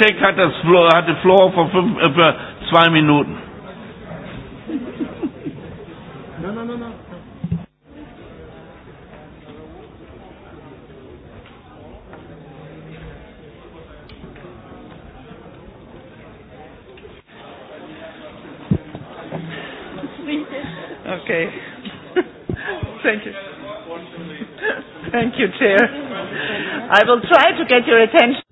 Check hat das Floor, hatte Floor vor äh, zwei Minuten. Okay. Thank you. Thank you, Chair. I will try to get your attention.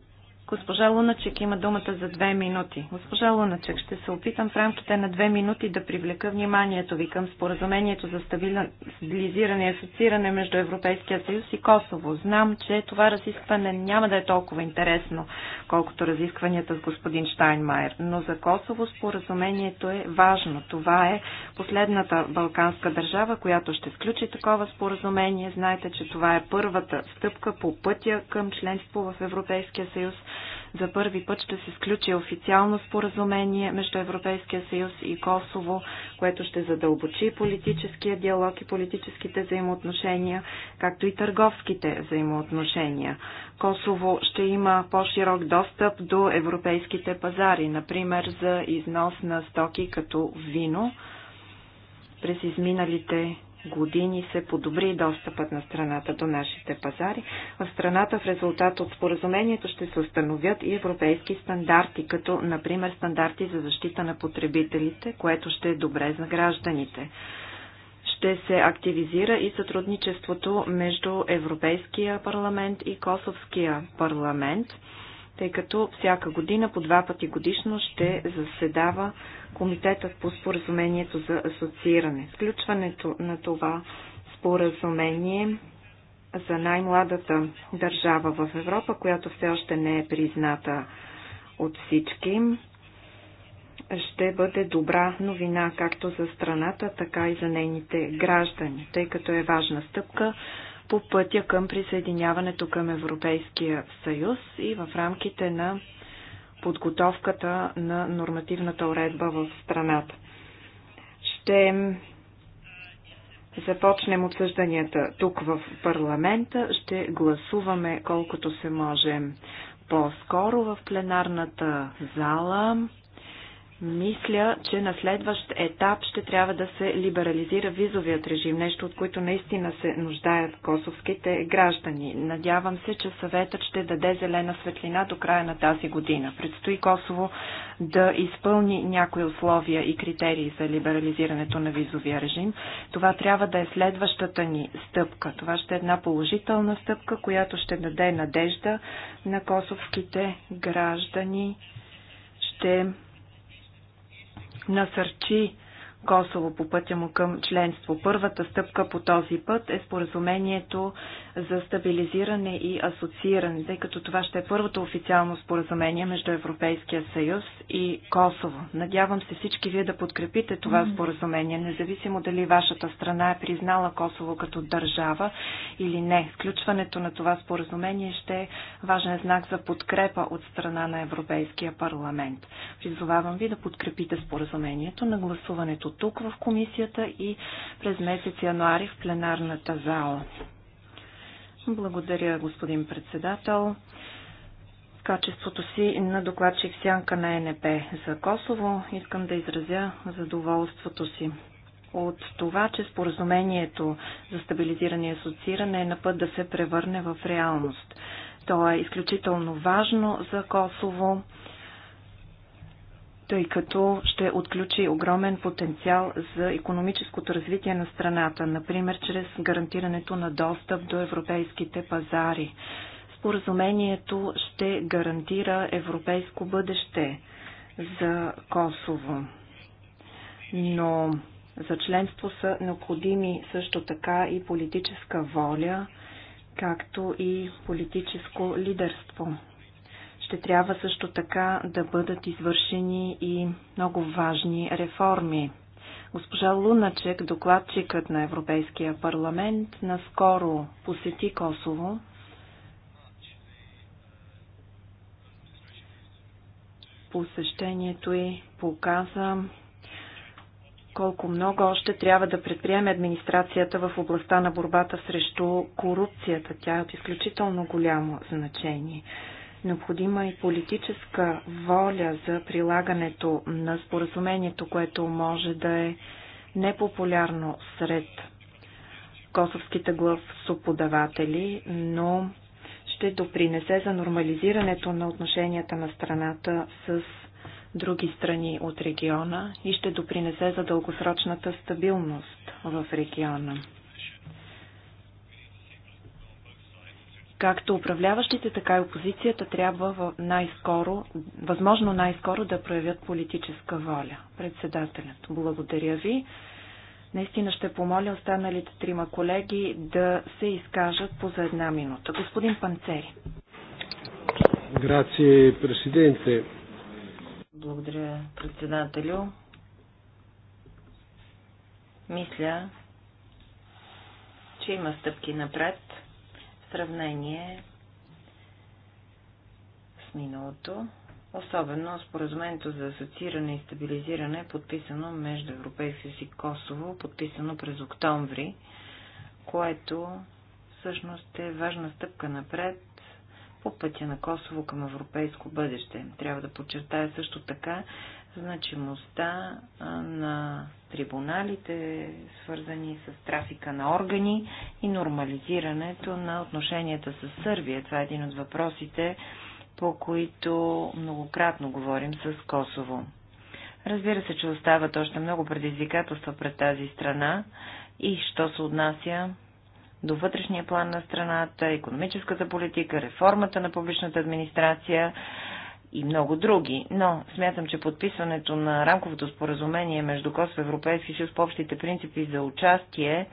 Госпожа Луначек има думата за две минути. Госпожа Луначек, ще се опитам в рамките на две минути да привлека вниманието ви към споразумението за стабилизиране и асоцииране между Европейския съюз и Косово. Знам, че това разискване няма да е толкова интересно, колкото разискванията с господин Штайнмайер, но за Косово споразумението е важно. Това е последната балканска държава, която ще сключи такова споразумение. Знаете, че това е първата стъпка по пътя към членство в Европейския съюз за първи път ще се сключи официално споразумение между Европейския съюз и Косово, което ще задълбочи политическия диалог и политическите взаимоотношения, както и търговските взаимоотношения. Косово ще има по-широк достъп до европейските пазари, например за износ на стоки като вино. През изминалите години се подобри достъпът на страната до нашите пазари. В страната в резултат от споразумението ще се установят и европейски стандарти, като например стандарти за защита на потребителите, което ще е добре за гражданите ще се активизира и сътрудничеството между Европейския парламент и Косовския парламент, тъй като всяка година по два пъти годишно ще заседава Комитетът по споразумението за асоцииране. Сключването на това споразумение за най-младата държава в Европа, която все още не е призната от всички, ще бъде добра новина както за страната, така и за нейните граждани, тъй като е важна стъпка по пътя към присъединяването към Европейския съюз и в рамките на подготовката на нормативната уредба в страната. Ще започнем обсъжданията тук в парламента. Ще гласуваме колкото се може по-скоро в пленарната зала. Мисля, че на следващ етап ще трябва да се либерализира визовият режим, нещо от което наистина се нуждаят косовските граждани. Надявам се, че съветът ще даде зелена светлина до края на тази година. Предстои Косово да изпълни някои условия и критерии за либерализирането на визовия режим. Това трябва да е следващата ни стъпка. Това ще е една положителна стъпка, която ще даде надежда на косовските граждани. Ще насърчи Косово по пътя му към членство. Първата стъпка по този път е споразумението за стабилизиране и асоцииране, тъй като това ще е първото официално споразумение между Европейския съюз и Косово. Надявам се всички вие да подкрепите това споразумение, независимо дали вашата страна е признала Косово като държава или не. Включването на това споразумение ще е важен знак за подкрепа от страна на Европейския парламент. Призовавам ви да подкрепите споразумението на гласуването тук в комисията и през месец януари в пленарната зала. Благодаря, господин председател. В качеството си на докладчик сянка на ЕНП за Косово искам да изразя задоволството си от това, че споразумението за стабилизиране и асоцииране е на път да се превърне в реалност. То е изключително важно за Косово, тъй като ще отключи огромен потенциал за економическото развитие на страната, например чрез гарантирането на достъп до европейските пазари. Споразумението ще гарантира европейско бъдеще за Косово. Но за членство са необходими също така и политическа воля, както и политическо лидерство ще трябва също така да бъдат извършени и много важни реформи. Госпожа Луначек, докладчикът на Европейския парламент, наскоро посети Косово. Посещението й показа колко много още трябва да предприеме администрацията в областта на борбата срещу корупцията. Тя е от изключително голямо значение. Необходима е политическа воля за прилагането на споразумението, което може да е непопулярно сред косовските гласоподаватели, но ще допринесе за нормализирането на отношенията на страната с други страни от региона и ще допринесе за дългосрочната стабилност в региона. както управляващите, така и опозицията трябва най-скоро, възможно най-скоро да проявят политическа воля. Председателят, благодаря ви. Наистина ще помоля останалите трима колеги да се изкажат по за една минута. Господин Панцери. Грация, президенте. Благодаря, председателю. Мисля, че има стъпки напред – сравнение с миналото, особено споразумението за асоцииране и стабилизиране, подписано между Европейския си Косово, подписано през октомври, което всъщност е важна стъпка напред по пътя на Косово към европейско бъдеще. Трябва да подчертая също така, значимостта на трибуналите, свързани с трафика на органи и нормализирането на отношенията с Сърбия. Това е един от въпросите, по които многократно говорим с Косово. Разбира се, че остават още много предизвикателства пред тази страна и що се отнася до вътрешния план на страната, економическата политика, реформата на публичната администрация, и много други, но смятам, че подписването на рамковото споразумение между Косово и Европейски съюз по общите принципи за участие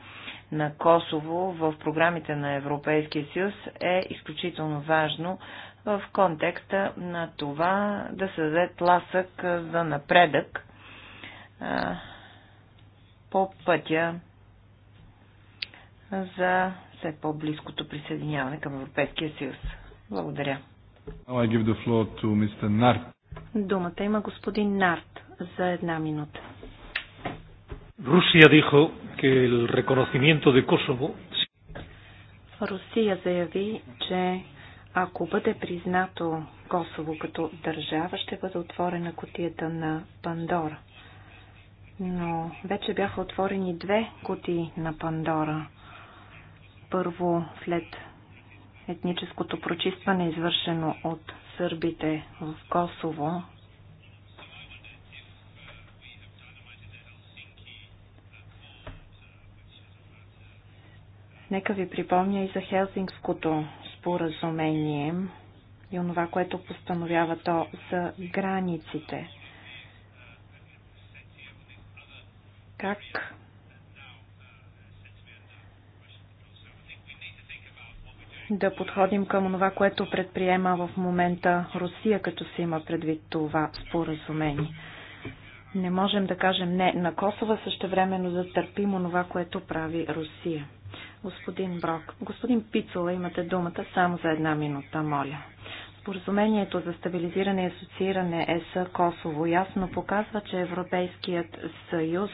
на Косово в програмите на Европейския съюз е изключително важно в контекста на това да се даде тласък за напредък по пътя за все по-близкото присъединяване към Европейския съюз. Благодаря. Думата има господин Нарт за една минута. Русия dijo que el reconocimiento de Kosovo... Русия заяви, че ако бъде признато Косово като държава, ще бъде отворена котията на Пандора. Но вече бяха отворени две котии на Пандора. Първо след етническото прочистване, извършено от сърбите в Косово, Нека ви припомня и за Хелсингското споразумение и онова, което постановява то за границите. Как да подходим към това, което предприема в момента Русия, като се има предвид това споразумение. Не можем да кажем не на Косова, същевременно да търпим онова, което прави Русия. Господин Брок, господин Пицола, имате думата само за една минута, моля. Споразумението за стабилизиране и асоцииране ЕС Косово ясно показва, че Европейският съюз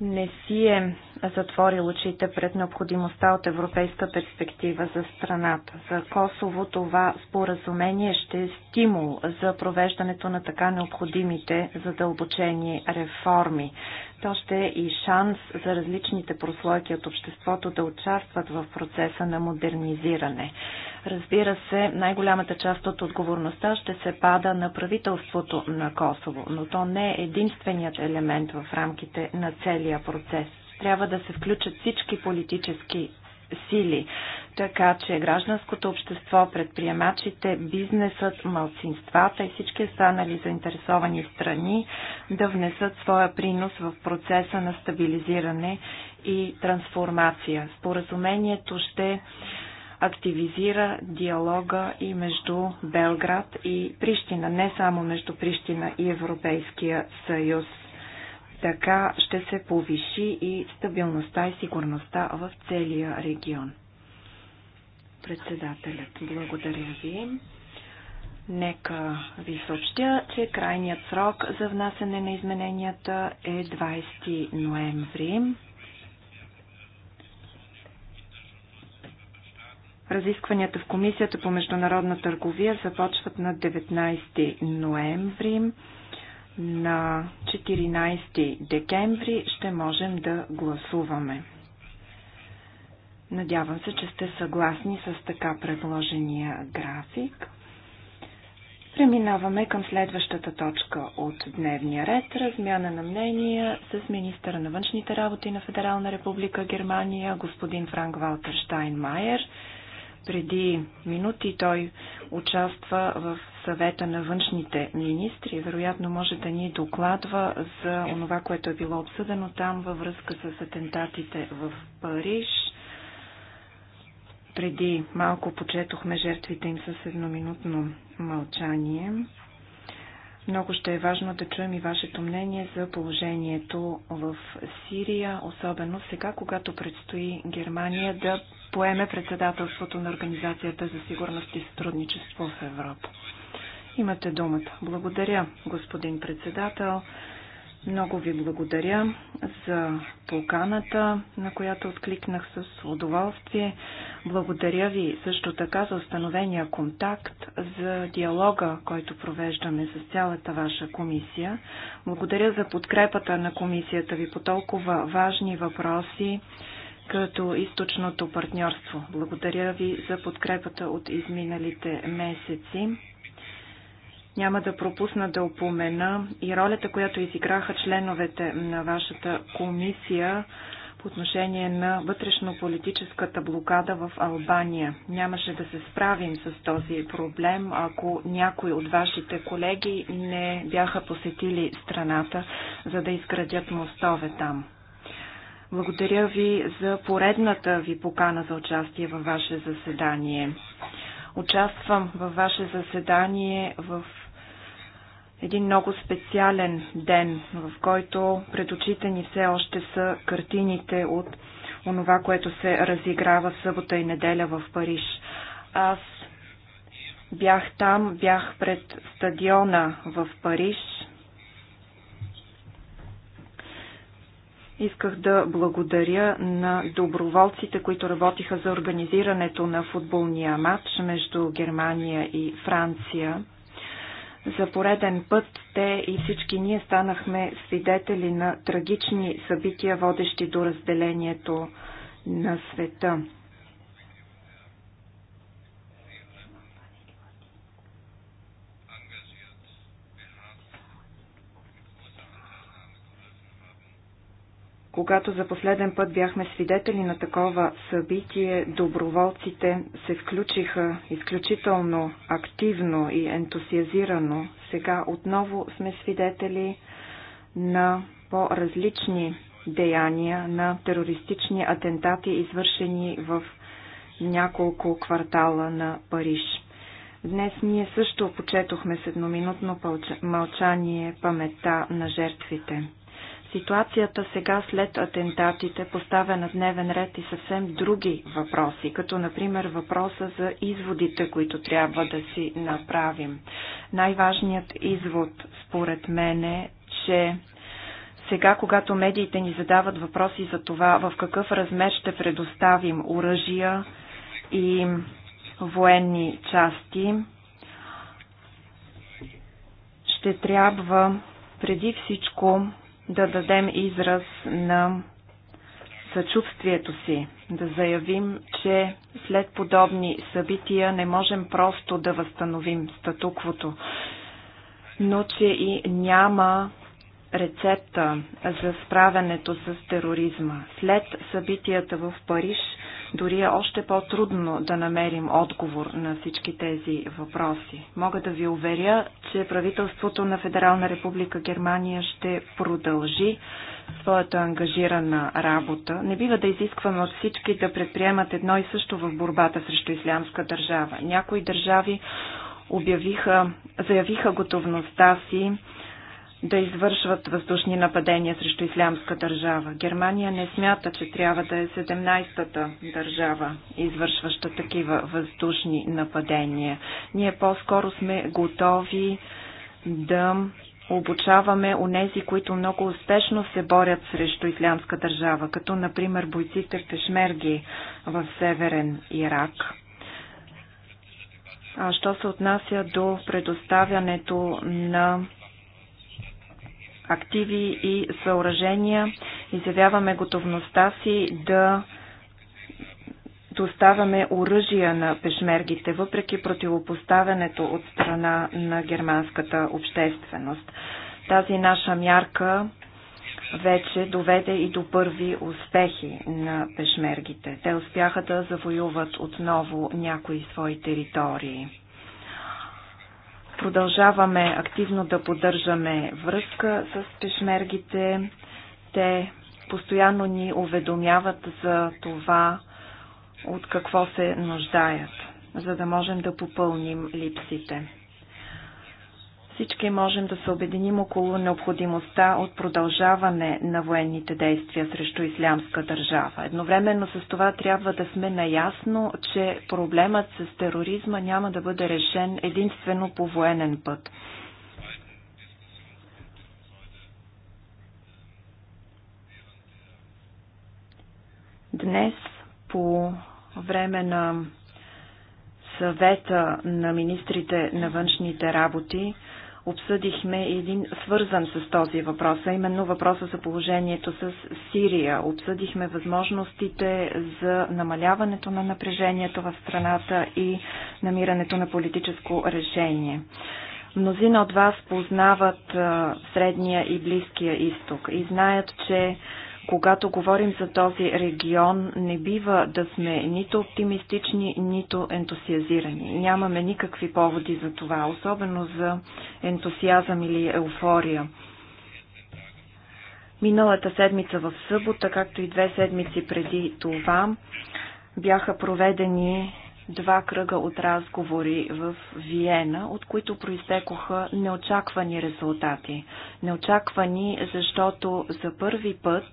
не си е затворил очите пред необходимостта от европейска перспектива за страната. За Косово това споразумение ще е стимул за провеждането на така необходимите задълбочени реформи. То ще е и шанс за различните прослойки от обществото да участват в процеса на модернизиране. Разбира се, най-голямата част от отговорността ще се пада на правителството на Косово, но то не е единственият елемент в рамките на целия процес. Трябва да се включат всички политически сили. Така че гражданското общество, предприемачите, бизнесът, малцинствата и всички останали заинтересовани страни да внесат своя принос в процеса на стабилизиране и трансформация. Споразумението ще активизира диалога и между Белград и Прищина, не само между Прищина и Европейския съюз. Така ще се повиши и стабилността и сигурността в целия регион. Председателят, благодаря ви. Нека ви съобщя, че крайният срок за внасене на измененията е 20 ноември. Разискванията в Комисията по международна търговия започват на 19 ноември на 14 декември ще можем да гласуваме. Надявам се, че сте съгласни с така предложения график. Преминаваме към следващата точка от дневния ред – размяна на мнения с министъра на външните работи на Федерална република Германия, господин Франк Валтер Штайнмайер – преди минути той участва в съвета на външните министри. Вероятно може да ни докладва за това, което е било обсъдено там във връзка с атентатите в Париж. Преди малко почетохме жертвите им с едноминутно мълчание. Много ще е важно да чуем и вашето мнение за положението в Сирия, особено сега, когато предстои Германия да поеме председателството на Организацията за сигурност и сътрудничество в Европа. Имате думата. Благодаря, господин председател. Много ви благодаря за поканата, на която откликнах с удоволствие. Благодаря ви също така за установения контакт, за диалога, който провеждаме с цялата ваша комисия. Благодаря за подкрепата на комисията ви по толкова важни въпроси, като източното партньорство. Благодаря ви за подкрепата от изминалите месеци. Няма да пропусна да упомена и ролята, която изиграха членовете на вашата комисия по отношение на вътрешно-политическата блокада в Албания. Нямаше да се справим с този проблем, ако някои от вашите колеги не бяха посетили страната, за да изградят мостове там. Благодаря ви за поредната ви покана за участие във ваше заседание. Участвам във ваше заседание в един много специален ден, в който пред очите ни все още са картините от онова, което се разиграва събота и неделя в Париж. Аз бях там, бях пред стадиона в Париж, Исках да благодаря на доброволците, които работиха за организирането на футболния матч между Германия и Франция. За пореден път те и всички ние станахме свидетели на трагични събития, водещи до разделението на света. Когато за последен път бяхме свидетели на такова събитие, доброволците се включиха изключително активно и ентусиазирано. Сега отново сме свидетели на по-различни деяния на терористични атентати, извършени в няколко квартала на Париж. Днес ние също почетохме с едноминутно мълчание паметта на жертвите. Ситуацията сега след атентатите поставя на дневен ред и съвсем други въпроси, като например въпроса за изводите, които трябва да си направим. Най-важният извод, според мен, е, че сега, когато медиите ни задават въпроси за това в какъв размер ще предоставим оръжия и военни части, ще трябва преди всичко да дадем израз на съчувствието си, да заявим, че след подобни събития не можем просто да възстановим статуквото, но че и няма рецепта за справянето с тероризма. След събитията в Париж дори е още по-трудно да намерим отговор на всички тези въпроси. Мога да ви уверя, че правителството на Федерална република Германия ще продължи своята ангажирана работа. Не бива да изискваме от всички да предприемат едно и също в борбата срещу ислямска държава. Някои държави обявиха, заявиха готовността си да извършват въздушни нападения срещу Ислямска държава. Германия не смята, че трябва да е 17-та държава, извършваща такива въздушни нападения. Ние по-скоро сме готови да обучаваме онези, които много успешно се борят срещу Ислямска държава, като например бойците в Пешмерги в Северен Ирак. А що се отнася до предоставянето на активи и съоръжения. Изявяваме готовността си да доставяме оръжия на пешмергите, въпреки противопоставянето от страна на германската общественост. Тази наша мярка вече доведе и до първи успехи на пешмергите. Те успяха да завоюват отново някои свои територии. Продължаваме активно да поддържаме връзка с пешмергите. Те постоянно ни уведомяват за това, от какво се нуждаят, за да можем да попълним липсите. Всички можем да се обединим около необходимостта от продължаване на военните действия срещу ислямска държава. Едновременно с това трябва да сме наясно, че проблемът с тероризма няма да бъде решен единствено по военен път. Днес по време на съвета на министрите на външните работи обсъдихме един свързан с този въпрос, а именно въпроса за положението с Сирия. Обсъдихме възможностите за намаляването на напрежението в страната и намирането на политическо решение. Мнозина от вас познават Средния и Близкия изток и знаят, че когато говорим за този регион, не бива да сме нито оптимистични, нито ентусиазирани. Нямаме никакви поводи за това, особено за ентусиазъм или еуфория. Миналата седмица в събота, както и две седмици преди това, бяха проведени два кръга от разговори в Виена, от които произтекоха неочаквани резултати. Неочаквани, защото за първи път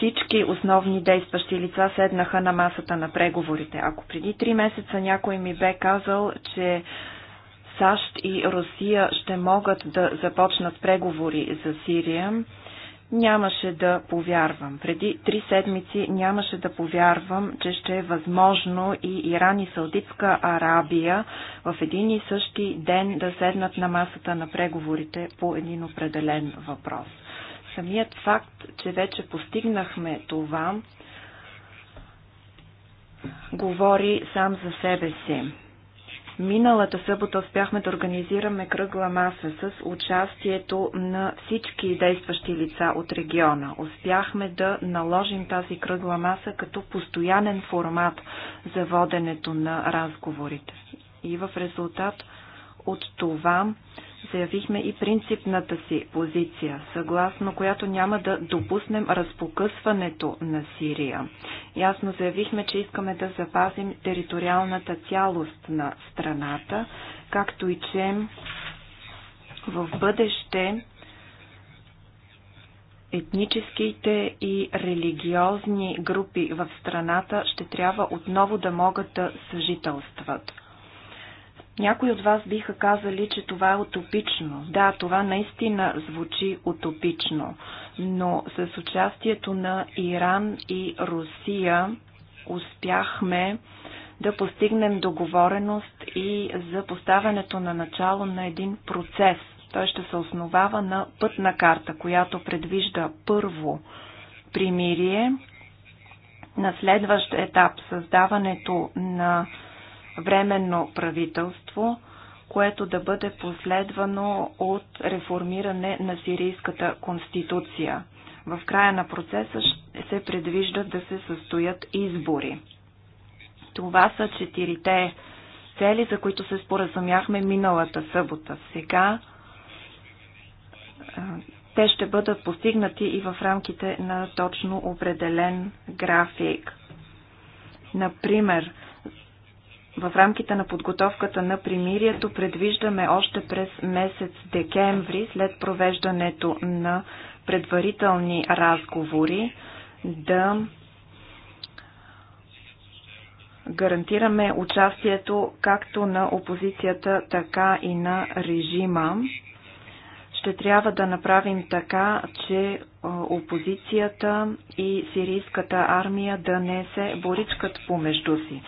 всички основни действащи лица седнаха на масата на преговорите. Ако преди три месеца някой ми бе казал, че САЩ и Русия ще могат да започнат преговори за Сирия, нямаше да повярвам. Преди три седмици нямаше да повярвам, че ще е възможно и Иран и Саудитска Арабия в един и същи ден да седнат на масата на преговорите по един определен въпрос. Самият факт, че вече постигнахме това, говори сам за себе си. Миналата събота успяхме да организираме кръгла маса с участието на всички действащи лица от региона. Успяхме да наложим тази кръгла маса като постоянен формат за воденето на разговорите. И в резултат от това заявихме и принципната си позиция, съгласно която няма да допуснем разпокъсването на Сирия. Ясно заявихме, че искаме да запазим териториалната цялост на страната, както и че в бъдеще етническите и религиозни групи в страната ще трябва отново да могат да съжителстват. Някои от вас биха казали, че това е утопично. Да, това наистина звучи утопично, но с участието на Иран и Русия успяхме да постигнем договореност и за поставянето на начало на един процес. Той ще се основава на пътна карта, която предвижда първо примирие, на следващ етап създаването на временно правителство, което да бъде последвано от реформиране на сирийската конституция. В края на процеса се предвижда да се състоят избори. Това са четирите цели, за които се споразумяхме миналата събота. Сега те ще бъдат постигнати и в рамките на точно определен график. Например, в рамките на подготовката на примирието предвиждаме още през месец декември, след провеждането на предварителни разговори, да гарантираме участието както на опозицията, така и на режима. Ще трябва да направим така, че е, опозицията и сирийската армия да не се боричкат помежду си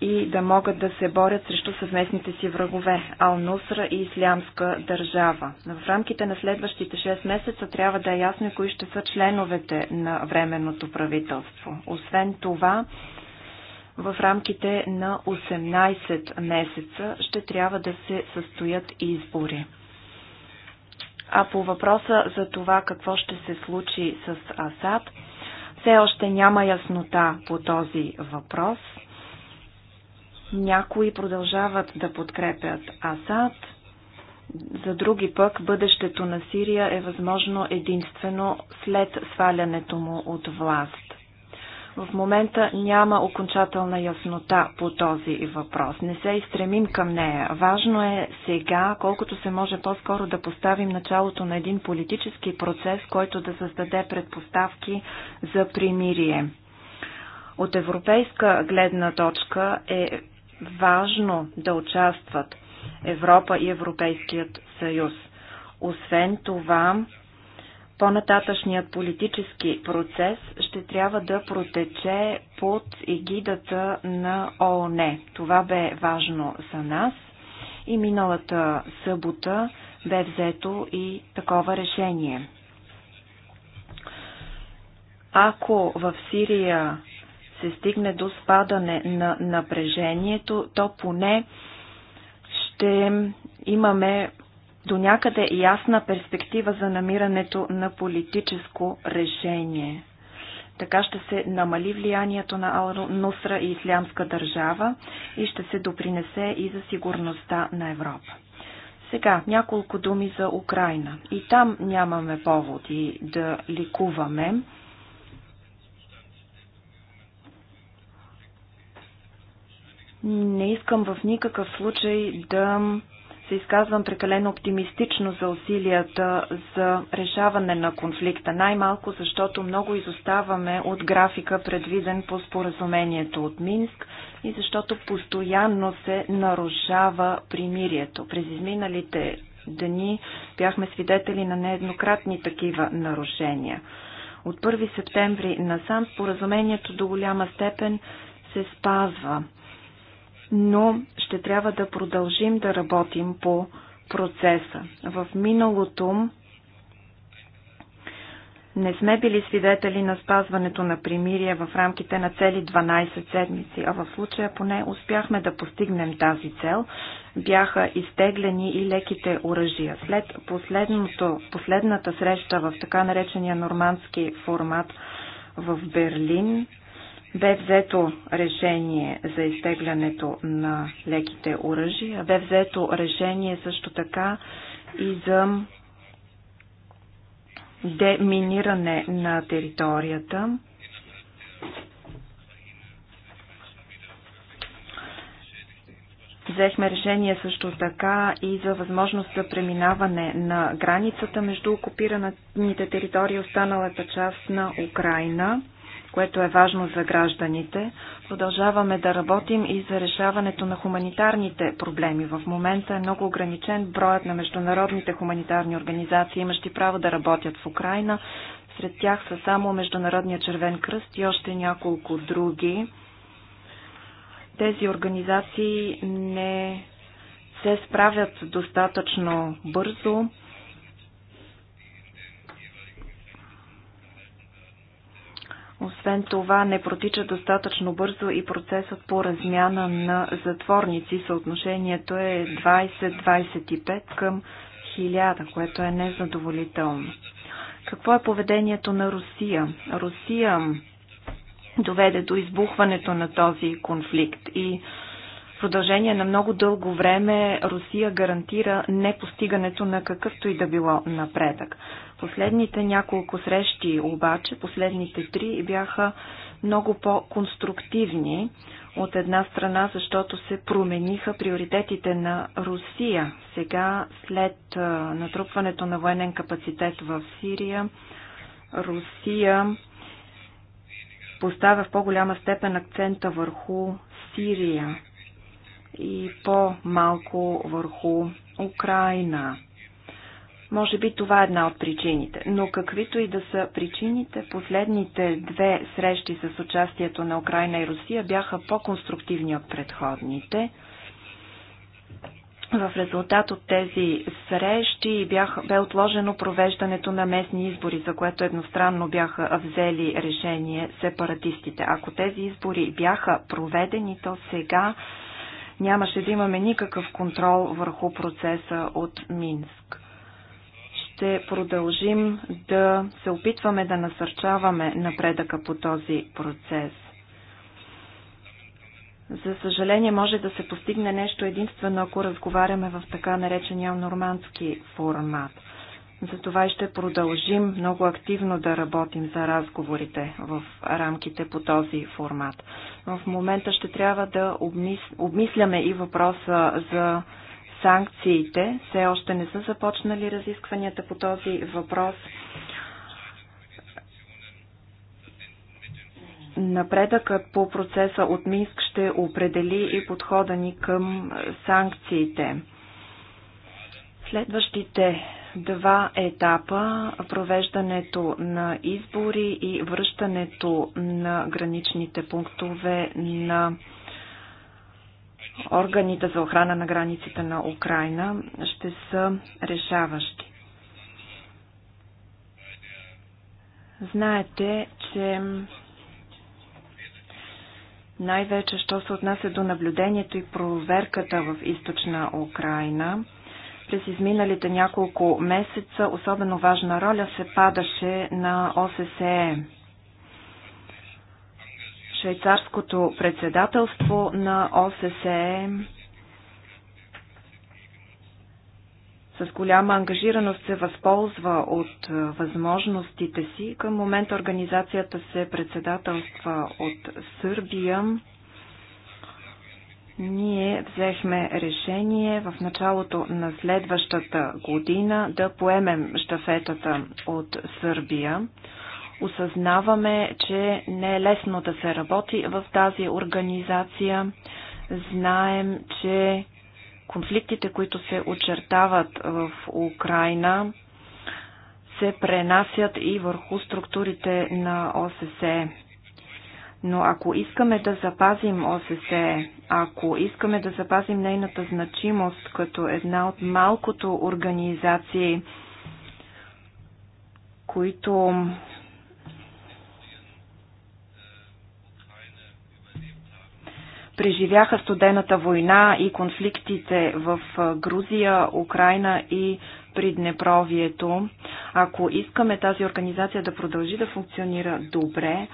и да могат да се борят срещу съвместните си врагове Ал-Нусра и Ислямска държава. В рамките на следващите 6 месеца трябва да е ясно и кои ще са членовете на временното правителство. Освен това, в рамките на 18 месеца ще трябва да се състоят избори. А по въпроса за това какво ще се случи с Асад, все още няма яснота по този въпрос – някои продължават да подкрепят Асад, за други пък бъдещето на Сирия е възможно единствено след свалянето му от власт. В момента няма окончателна яснота по този въпрос. Не се изстремим към нея. Важно е сега, колкото се може по-скоро да поставим началото на един политически процес, който да създаде предпоставки за примирие. От европейска гледна точка е важно да участват Европа и Европейският съюз. Освен това, по-нататъчният политически процес ще трябва да протече под егидата на ООН. Това бе важно за нас и миналата събота бе взето и такова решение. Ако в Сирия се стигне до спадане на напрежението, то поне ще имаме до някъде ясна перспектива за намирането на политическо решение. Така ще се намали влиянието на Ал-Нусра и Ислямска държава и ще се допринесе и за сигурността на Европа. Сега няколко думи за Украина. И там нямаме поводи да ликуваме. Не искам в никакъв случай да се изказвам прекалено оптимистично за усилията за решаване на конфликта, най-малко защото много изоставаме от графика, предвиден по споразумението от Минск и защото постоянно се нарушава примирието. През изминалите дни бяхме свидетели на нееднократни такива нарушения. От 1 септември насам споразумението до голяма степен се спазва но ще трябва да продължим да работим по процеса. В миналото не сме били свидетели на спазването на примирие в рамките на цели 12 седмици, а в случая поне успяхме да постигнем тази цел. Бяха изтеглени и леките оръжия. След последната среща в така наречения нормандски формат в Берлин, бе взето решение за изтеглянето на леките оръжия, бе взето решение също така и за деминиране на територията. Взехме решение също така и за възможност за преминаване на границата между окупираните територии и останалата част на Украина което е важно за гражданите. Продължаваме да работим и за решаването на хуманитарните проблеми. В момента е много ограничен броят на международните хуманитарни организации, имащи право да работят в Украина. Сред тях са само Международния червен кръст и още няколко други. Тези организации не се справят достатъчно бързо Освен това, не протича достатъчно бързо и процесът по размяна на затворници. Съотношението е 20-25 към 1000, което е незадоволително. Какво е поведението на Русия? Русия доведе до избухването на този конфликт и в продължение на много дълго време Русия гарантира непостигането на какъвто и да било напредък. Последните няколко срещи обаче, последните три, бяха много по-конструктивни от една страна, защото се промениха приоритетите на Русия. Сега, след натрупването на военен капацитет в Сирия, Русия поставя в по-голяма степен акцента върху Сирия и по-малко върху Украина. Може би това е една от причините. Но каквито и да са причините, последните две срещи с участието на Украина и Русия бяха по-конструктивни от предходните. В резултат от тези срещи бях, бе отложено провеждането на местни избори, за което едностранно бяха взели решение сепаратистите. Ако тези избори бяха проведени, то сега нямаше да имаме никакъв контрол върху процеса от Минск. Ще продължим да се опитваме да насърчаваме напредъка по този процес. За съжаление, може да се постигне нещо единствено, ако разговаряме в така наречения нормандски формат – затова това ще продължим много активно да работим за разговорите в рамките по този формат. В момента ще трябва да обмисляме и въпроса за санкциите. Все още не са започнали разискванията по този въпрос. Напредъкът по процеса от Минск ще определи и подхода ни към санкциите. Следващите два етапа провеждането на избори и връщането на граничните пунктове на органите за охрана на границите на Украина ще са решаващи. Знаете, че най-вече, що се отнася до наблюдението и проверката в източна Украина – през изминалите няколко месеца особено важна роля се падаше на ОССЕ. Швейцарското председателство на ОССЕ с голяма ангажираност се възползва от е, възможностите си. Към момента организацията се председателства от Сърбия ние взехме решение в началото на следващата година да поемем щафетата от Сърбия. Осъзнаваме, че не е лесно да се работи в тази организация. Знаем, че конфликтите, които се очертават в Украина, се пренасят и върху структурите на ОССЕ. Но ако искаме да запазим ОССЕ, ако искаме да запазим нейната значимост като една от малкото организации, които преживяха студената война и конфликтите в Грузия, Украина и Приднепровието. Ако искаме тази организация да продължи да функционира добре,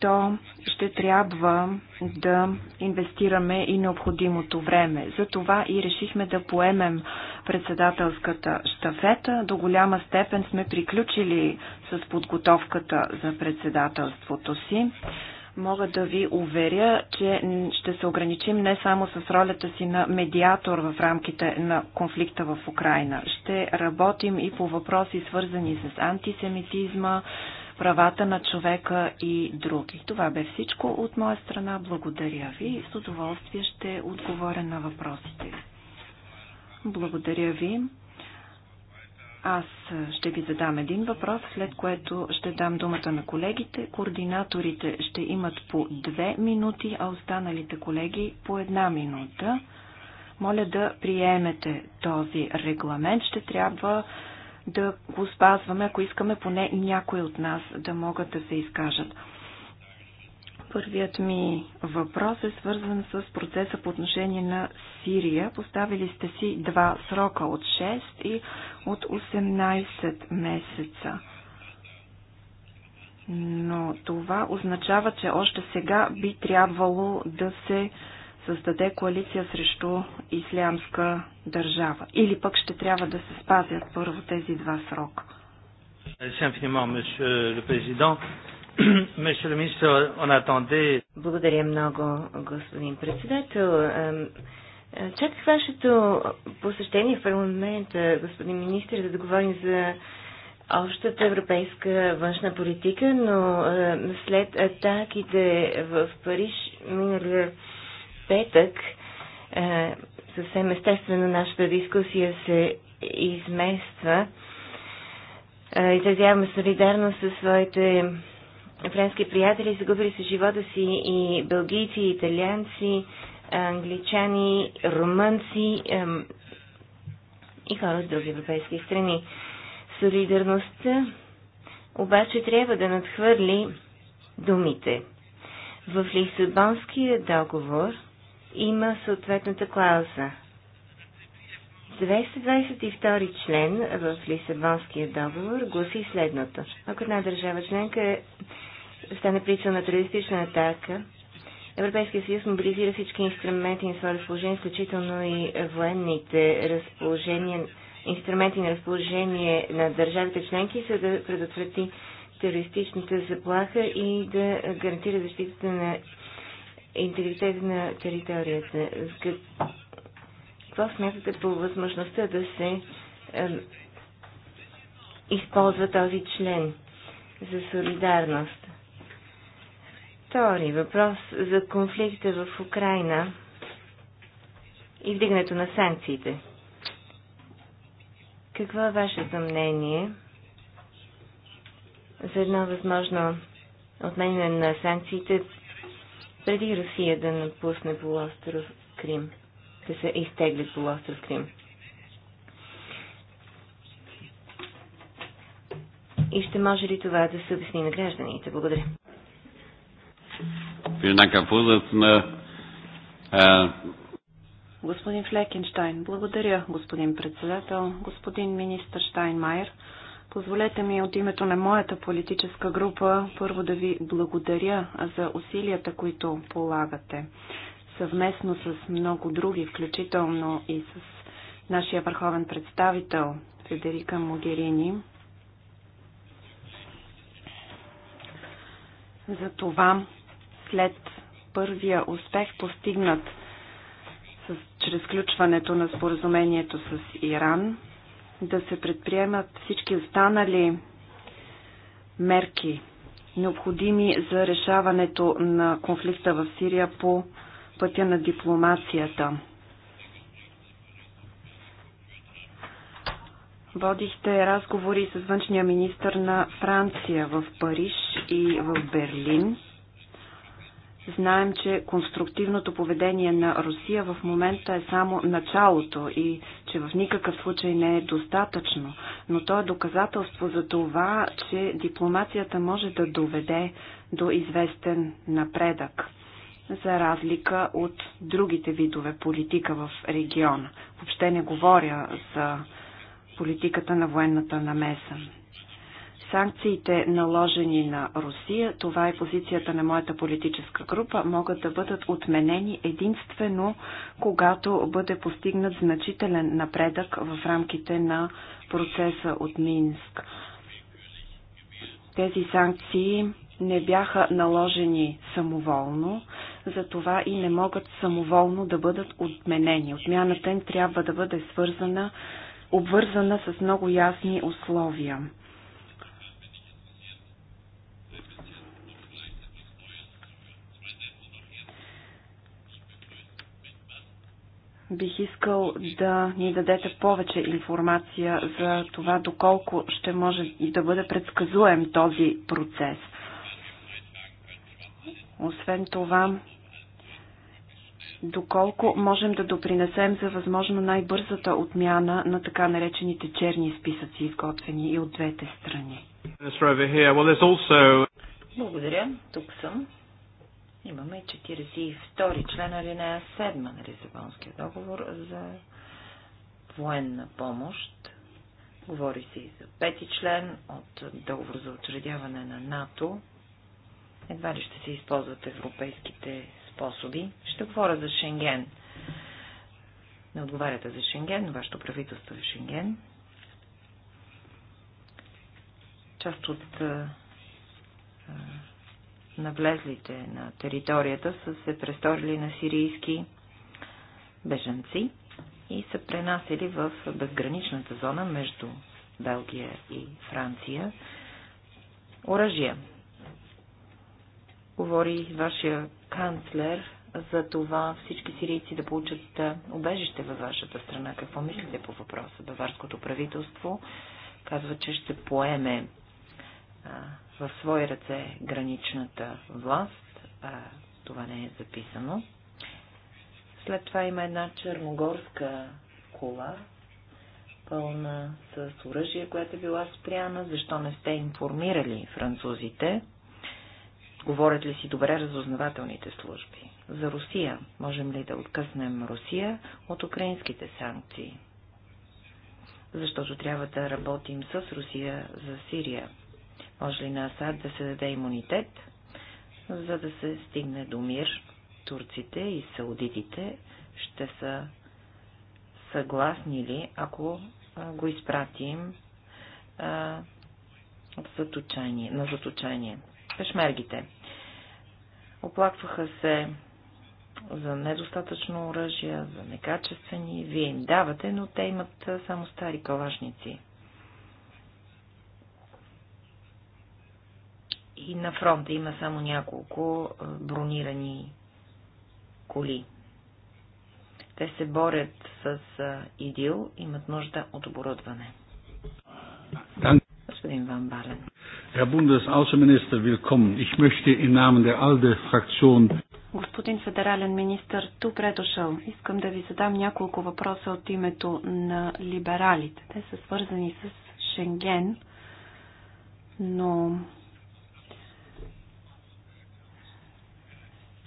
то ще трябва да инвестираме и необходимото време. Затова и решихме да поемем председателската штафета. До голяма степен сме приключили с подготовката за председателството си. Мога да ви уверя, че ще се ограничим не само с ролята си на медиатор в рамките на конфликта в Украина. Ще работим и по въпроси свързани с антисемитизма, правата на човека и други. Това бе всичко от моя страна. Благодаря ви и с удоволствие ще отговоря на въпросите ви. Благодаря ви. Аз ще ви задам един въпрос, след което ще дам думата на колегите. Координаторите ще имат по две минути, а останалите колеги по една минута. Моля да приемете този регламент. Ще трябва да го спазваме, ако искаме поне някои от нас да могат да се изкажат. Първият ми въпрос е свързан с процеса по отношение на Сирия. Поставили сте си два срока от 6 и от 18 месеца. Но това означава, че още сега би трябвало да се създаде коалиция срещу ислямска държава. Или пък ще трябва да се спазят първо тези два срока. Благодаря много, господин председател. Чаках вашето посещение в парламента, господин министр, за да говорим за общата европейска външна политика, но след атаките в Париж миналия петък е, съвсем естествено нашата дискусия се измества. Е, изразяваме солидарност със своите френски приятели, загубили се живота си и бългийци, и италианци, англичани, румънци и хора от други европейски страни. Солидарността обаче трябва да надхвърли думите. В Лисабонския договор – има съответната клауза. 222 член в Лисабонския договор гласи следното. Ако една държава членка е, стане прицел на терористична атака, Европейския съюз мобилизира всички инструменти на свое разположение, включително и военните разположения, инструменти на разположение на държавите членки, за да предотврати терористичната заплаха и да гарантира защитата на Интегритет на територията. Какво смятате по възможността да се е, използва този член за солидарност? Втори въпрос за конфликта в Украина и вдигането на санкциите. Какво е вашето мнение за едно възможно отменяне на санкциите преди Русия да напусне полуостров Крим, да се изтегли полуостров Крим. И ще може ли това да се обясни на гражданите? Благодаря. Господин Флекенштайн, благодаря, господин председател, господин министр Штайнмайер. Позволете ми от името на моята политическа група първо да ви благодаря за усилията, които полагате съвместно с много други, включително и с нашия върховен представител Федерика Могерини. За това след първия успех постигнат с, чрез включването на споразумението с Иран, да се предприемат всички останали мерки, необходими за решаването на конфликта в Сирия по пътя на дипломацията. Водихте разговори с външния министр на Франция в Париж и в Берлин. Знаем, че конструктивното поведение на Русия в момента е само началото и че в никакъв случай не е достатъчно, но то е доказателство за това, че дипломацията може да доведе до известен напредък, за разлика от другите видове политика в региона. Въобще не говоря за политиката на военната намеса санкциите наложени на Русия, това е позицията на моята политическа група, могат да бъдат отменени единствено, когато бъде постигнат значителен напредък в рамките на процеса от Минск. Тези санкции не бяха наложени самоволно, затова и не могат самоволно да бъдат отменени. Отмяната им трябва да бъде свързана, обвързана с много ясни условия. Бих искал да ни дадете повече информация за това, доколко ще може да бъде предсказуем този процес. Освен това, доколко можем да допринесем за възможно най-бързата отмяна на така наречените черни списъци, изготвени и от двете страни. Благодаря. Тук съм. Имаме 42 член алинея 7 на Лисабонския договор за военна помощ. Говори се и за пети член от договор за учредяване на НАТО. Едва ли ще се използват европейските способи. Ще говоря за Шенген. Не отговаряте за Шенген, но вашето правителство е Шенген. Част от навлезлите на територията са се престорили на сирийски бежанци и са пренасели в безграничната зона между Белгия и Франция оръжия. Говори вашия канцлер за това всички сирийци да получат убежище във вашата страна. Какво мислите по въпроса? Баварското правителство казва, че ще поеме в свои ръце граничната власт. А, това не е записано. След това има една черногорска кола, пълна с оръжие, което е била спряна. Защо не сте информирали французите? Говорят ли си добре разузнавателните служби? За Русия. Можем ли да откъснем Русия от украинските санкции? Защото трябва да работим с Русия за Сирия. Може ли на Асад да се даде имунитет, за да се стигне до мир? Турците и саудитите ще са съгласни ли, ако го изпратим а, заточание, на заточание. Пешмергите. Оплакваха се за недостатъчно оръжия, за некачествени. Вие им давате, но те имат само стари калашници. и на фронта има само няколко бронирани коли. Те се борят с ИДИЛ, имат нужда от оборудване. Господин Ван Бален. Herr Bundesaußenminister, willkommen. Ich möchte im Namen der ALDE-Fraktion Господин федерален министр, добре дошъл. Искам да ви задам няколко въпроса от името на либералите. Те са свързани с Шенген, но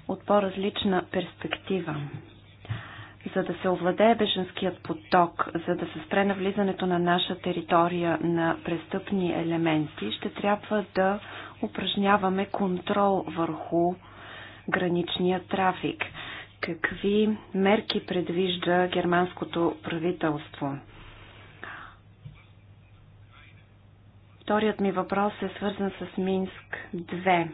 от по-различна перспектива. За да се овладее беженският поток, за да се спре навлизането на наша територия на престъпни елементи, ще трябва да упражняваме контрол върху граничния трафик. Какви мерки предвижда германското правителство? Вторият ми въпрос е свързан с Минск 2.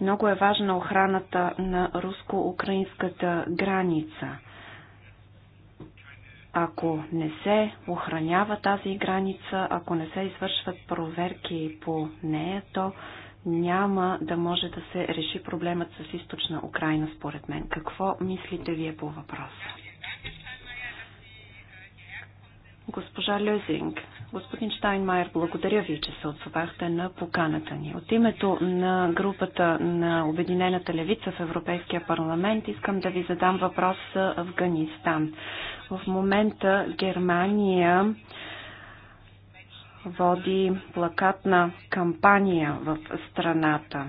Много е важна охраната на руско-украинската граница. Ако не се охранява тази граница, ако не се извършват проверки по нея, то няма да може да се реши проблемът с източна Украина, според мен. Какво мислите вие по въпроса? Госпожа Лезинг, господин Штайнмайер, благодаря ви, че се отзовахте на поканата ни. От името на групата на Обединената левица в Европейския парламент искам да ви задам въпрос за Афганистан. В момента Германия води плакатна кампания в страната,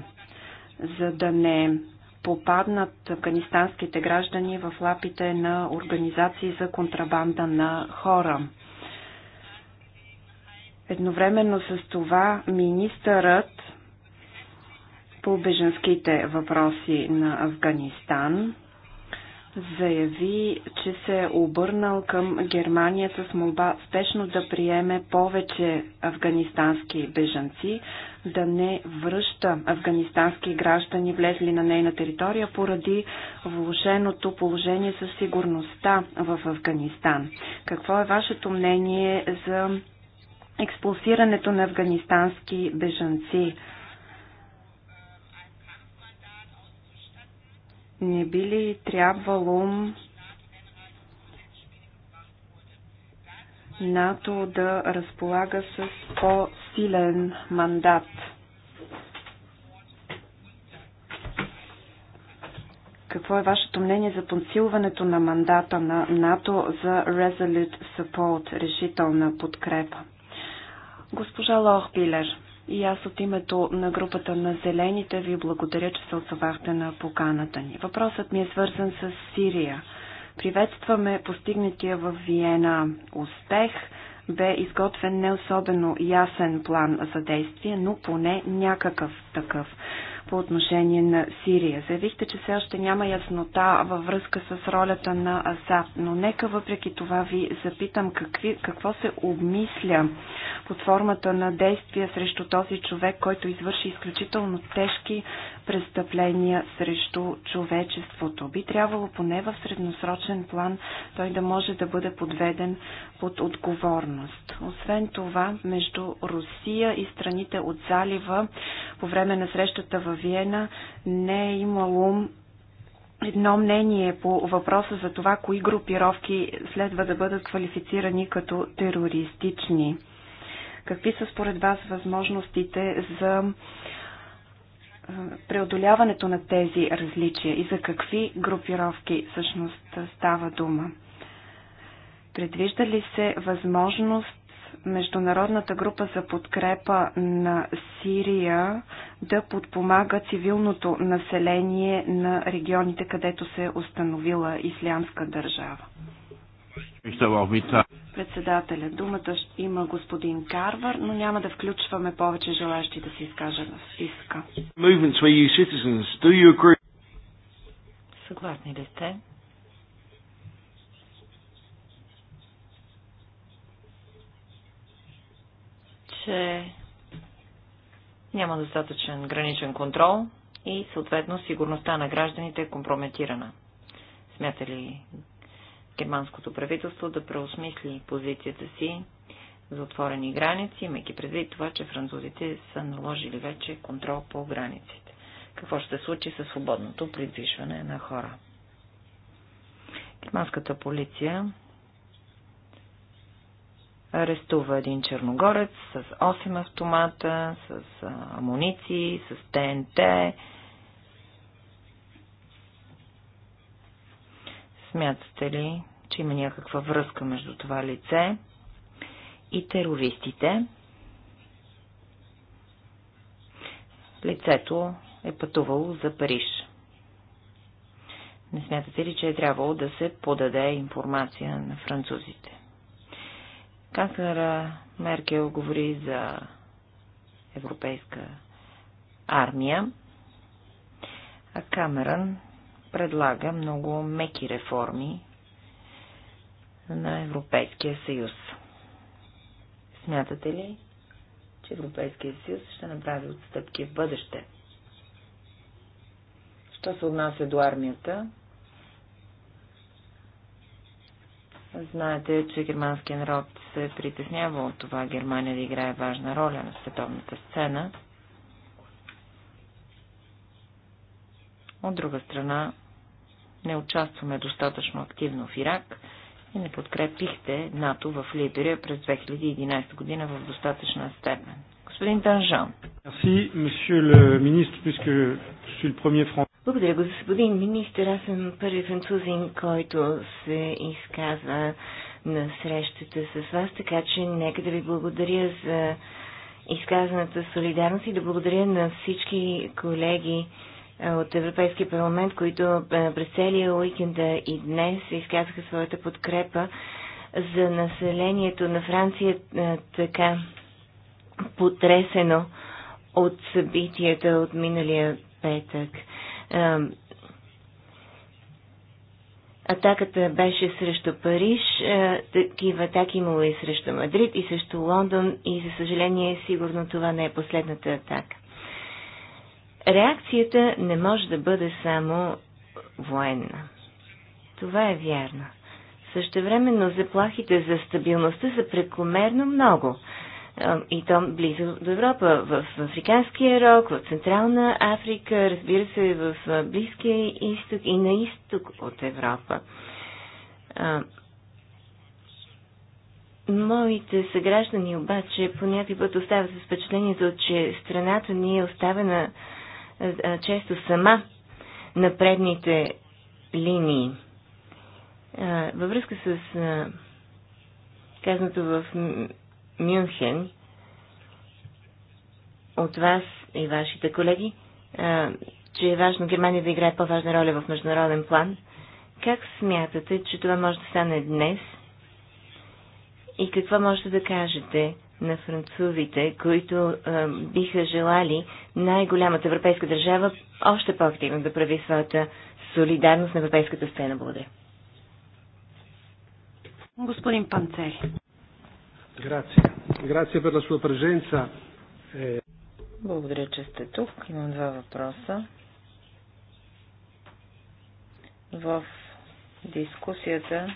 за да не попаднат афганистанските граждани в лапите на организации за контрабанда на хора. Едновременно с това министърът по беженските въпроси на Афганистан заяви, че се е обърнал към Германия с молба спешно да приеме повече афганистански бежанци, да не връща афганистански граждани, влезли на нейна територия, поради влошеното положение със сигурността в Афганистан. Какво е вашето мнение за експулсирането на афганистански бежанци. Не би ли трябвало НАТО да разполага с по-силен мандат? Какво е вашето мнение за подсилването на мандата на НАТО за Resolute Support, решителна подкрепа? Госпожа Лохбилер, и аз от името на групата на Зелените ви благодаря, че се отзовахте на поканата ни. Въпросът ми е свързан с Сирия. Приветстваме постигнатия в Виена успех. Бе изготвен не особено ясен план за действие, но поне някакъв такъв по отношение на Сирия. Заявихте, че все още няма яснота във връзка с ролята на Асад, но нека въпреки това ви запитам какви, какво се обмисля под формата на действия срещу този човек, който извърши изключително тежки престъпления срещу човечеството. Би трябвало поне в средносрочен план той да може да бъде подведен под отговорност. Освен това, между Русия и страните от залива по време на срещата във Виена не е имало едно мнение по въпроса за това, кои групировки следва да бъдат квалифицирани като терористични. Какви са според вас възможностите за преодоляването на тези различия и за какви групировки всъщност става дума? Предвижда ли се възможност Международната група за подкрепа на Сирия да подпомага цивилното население на регионите, където се е установила ислямска държава? Председателя, думата има господин Карвар, но няма да включваме повече желащи да се изкажат в списка. Съгласни ли сте? че няма достатъчен граничен контрол и съответно сигурността на гражданите е компрометирана. Смята ли германското правителство да преосмисли позицията си за отворени граници, имайки предвид това, че французите са наложили вече контрол по границите. Какво ще се случи със свободното придвижване на хора? Германската полиция арестува един черногорец с 8 автомата, с амуниции, с ТНТ, Смятате ли, че има някаква връзка между това лице и терористите? Лицето е пътувало за Париж. Не смятате ли, че е трябвало да се подаде информация на французите? Канцлера Меркел говори за европейска армия, а Камерън предлага много меки реформи на Европейския съюз. Смятате ли, че Европейския съюз ще направи отстъпки в бъдеще? Що се отнася до армията? Знаете, че германският народ се притеснява от това Германия да играе важна роля на световната сцена. От друга страна, не участваме достатъчно активно в Ирак и не подкрепихте НАТО в Либерия през 2011 година в достатъчна степен. Господин Данжан. Благодаря, господин министр. Аз съм първи французин, който се изказва на срещата с вас, така че нека да ви благодаря за изказаната солидарност и да благодаря на всички колеги от Европейския парламент, които е, през целия уикенда и днес изказаха своята подкрепа за населението на Франция е, така потресено от събитията от миналия петък. Е, атаката беше срещу Париж, такива атаки имало и срещу Мадрид, и срещу Лондон, и за съжаление сигурно това не е последната атака реакцията не може да бъде само военна. Това е вярно. Същевременно заплахите за стабилността са прекомерно много. И то близо до Европа, в Африканския рок, в Централна Африка, разбира се, в Близкия изток и на изток от Европа. Моите съграждани обаче по път остават с впечатлението, че страната ни е оставена е, често сама на предните линии. Е, във връзка с е, казаното в Мюнхен от вас и вашите колеги, че е важно Германия да играе по-важна роля в международен план. Как смятате, че това може да стане днес? И какво можете да кажете на французите, които е, биха желали най-голямата европейска държава още по-активно да прави своята солидарност на европейската сцена. Благодаря. Господин Панцери. Грация. Грация per la sua Благодаря, че сте тук. Имам два въпроса. В дискусията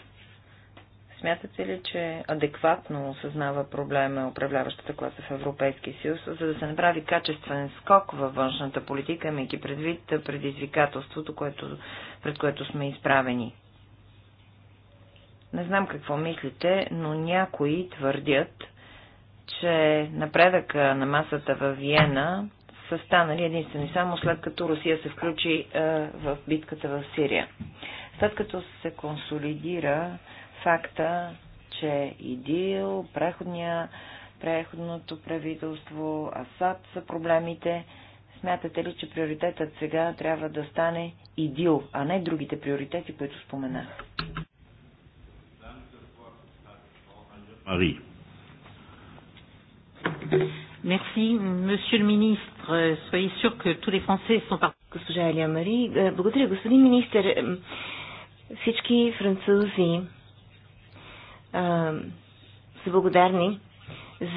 Смятате ли, че адекватно осъзнава проблема управляващата класа в Европейския съюз, за да се направи качествен скок във външната политика, имайки предвид предизвикателството, което, пред което сме изправени? Не знам какво мислите, но някои твърдят, че напредъка на масата във Виена са станали единствени само след като Русия се включи е, в битката в Сирия. След като се консолидира факта, че ИДИЛ, преходния, преходното правителство, АСАД са проблемите. Смятате ли, че приоритетът сега трябва да стане ИДИЛ, а не другите приоритети, които споменах? Мари. Merci, Monsieur le Ministre. Soyez sûr que tous les Français sont Госпожа Елия Мари, благодаря, господин министр. Всички французи а, са благодарни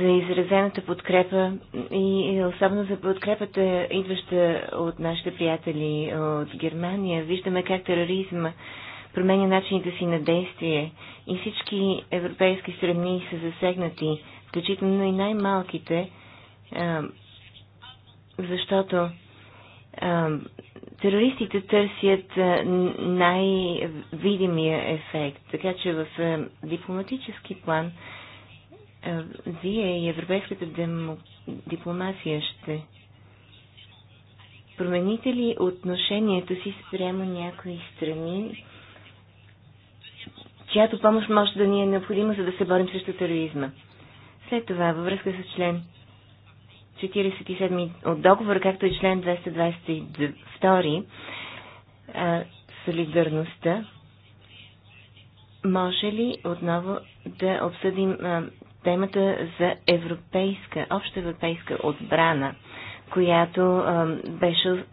за изразената подкрепа и особено за подкрепата, идваща от нашите приятели от Германия. Виждаме как тероризма променя начините си на действие и всички европейски страни са засегнати, включително и най-малките, защото терористите търсят най-видимия ефект. Така че в дипломатически план вие и европейската дипломация ще промените ли отношението си спрямо някои страни, чиято помощ може да ни е необходима, за да се борим срещу тероризма? След това, във връзка с член 47 от договора, както и член 222, солидарността, може ли отново да обсъдим темата за европейска, обща европейска отбрана, която беше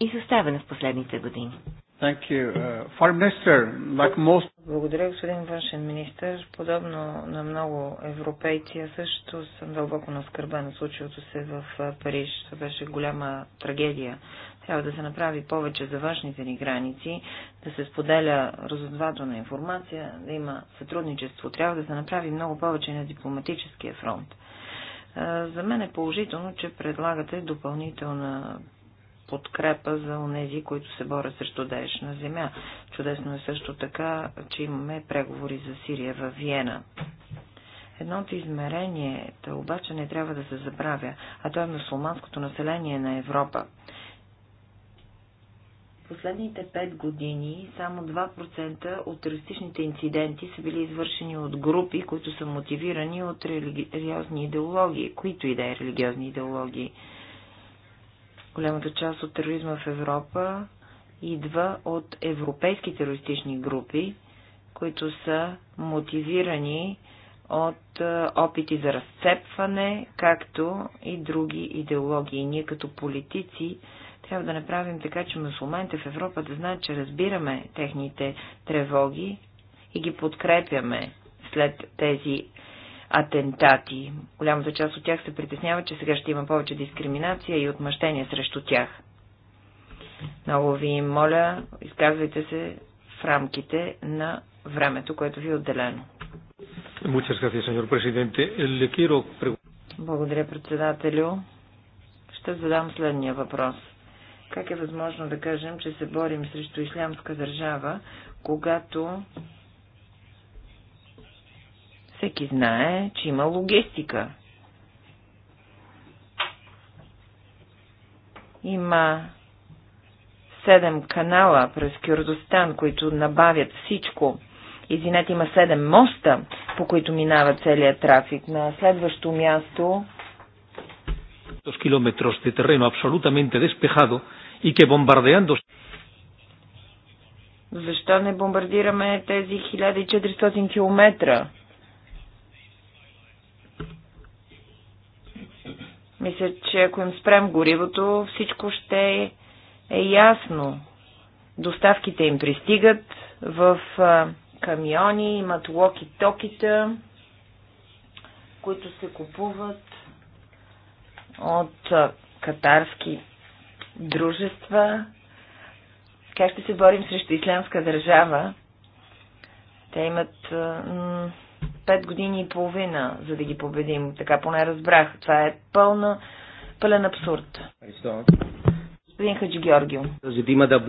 изоставена в последните години? Thank you. Uh, minister, like most... Благодаря, господин външен министр. Подобно на много европейци, аз също съм дълбоко наскърбен от случилото се в Париж. Това беше голяма трагедия. Трябва да се направи повече за външните ни граници, да се споделя разузнавателна информация, да има сътрудничество. Трябва да се направи много повече на дипломатическия фронт. За мен е положително, че предлагате допълнителна подкрепа за онези, които се борят срещу Даеш на земя. Чудесно е също така, че имаме преговори за Сирия в Виена. Едното измерение, та обаче не трябва да се забравя, а то е мусулманското население на Европа. Последните пет години само 2% от терористичните инциденти са били извършени от групи, които са мотивирани от религиозни идеологии, които и да е религиозни идеологии. Голямата част от тероризма в Европа идва от европейски терористични групи, които са мотивирани от е, опити за разцепване, както и други идеологии. Ние като политици трябва да направим така, че мусулманите в Европа да знаят, че разбираме техните тревоги и ги подкрепяме след тези атентати. Голямата част от тях се притесняват, че сега ще има повече дискриминация и отмъщение срещу тях. Много ви моля, изказвайте се в рамките на времето, което ви е отделено. Благодаря, председателю. Ще задам следния въпрос. Как е възможно да кажем, че се борим срещу ислямска държава, когато всеки знае, че има логистика. Има седем канала през Кюрдостан, които набавят всичко. Извинете, има седем моста, по които минава целият трафик. На следващо място... километров de terreno абсолютно despejado и que bombardeando... Защо не бомбардираме тези 1400 км? Мисля, че ако им спрем горивото, всичко ще е ясно. Доставките им пристигат в камиони, имат локи-токита, които се купуват от катарски дружества. Как ще се борим срещу ислямска държава? Те имат пет години и половина, за да ги победим. Така поне разбрах. Това е пълна, пълен абсурд. Господин Хаджи Георгио. Ζητήματα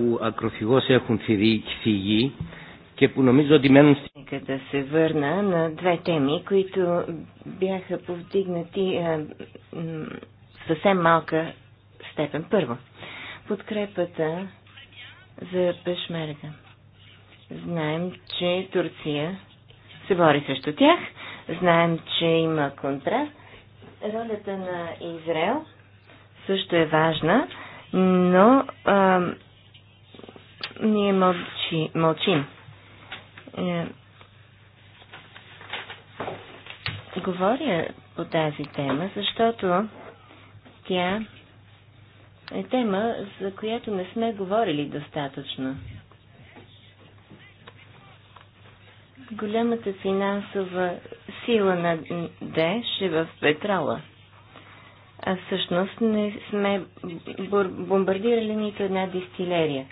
Нека да се върна на две теми, които бяха повдигнати а, е, съвсем малка степен. Първо, подкрепата за пешмерга. Знаем, че Турция се бори срещу тях. Знаем, че има контраст. Ролята на Израел също е важна, но а, ние мълчи, мълчим. Е, говоря по тази тема, защото тя е тема, за която не сме говорили достатъчно. Голямата финансова сила на ДЕШ е в петрола. А всъщност не сме бомбардирали нито една дистилерия.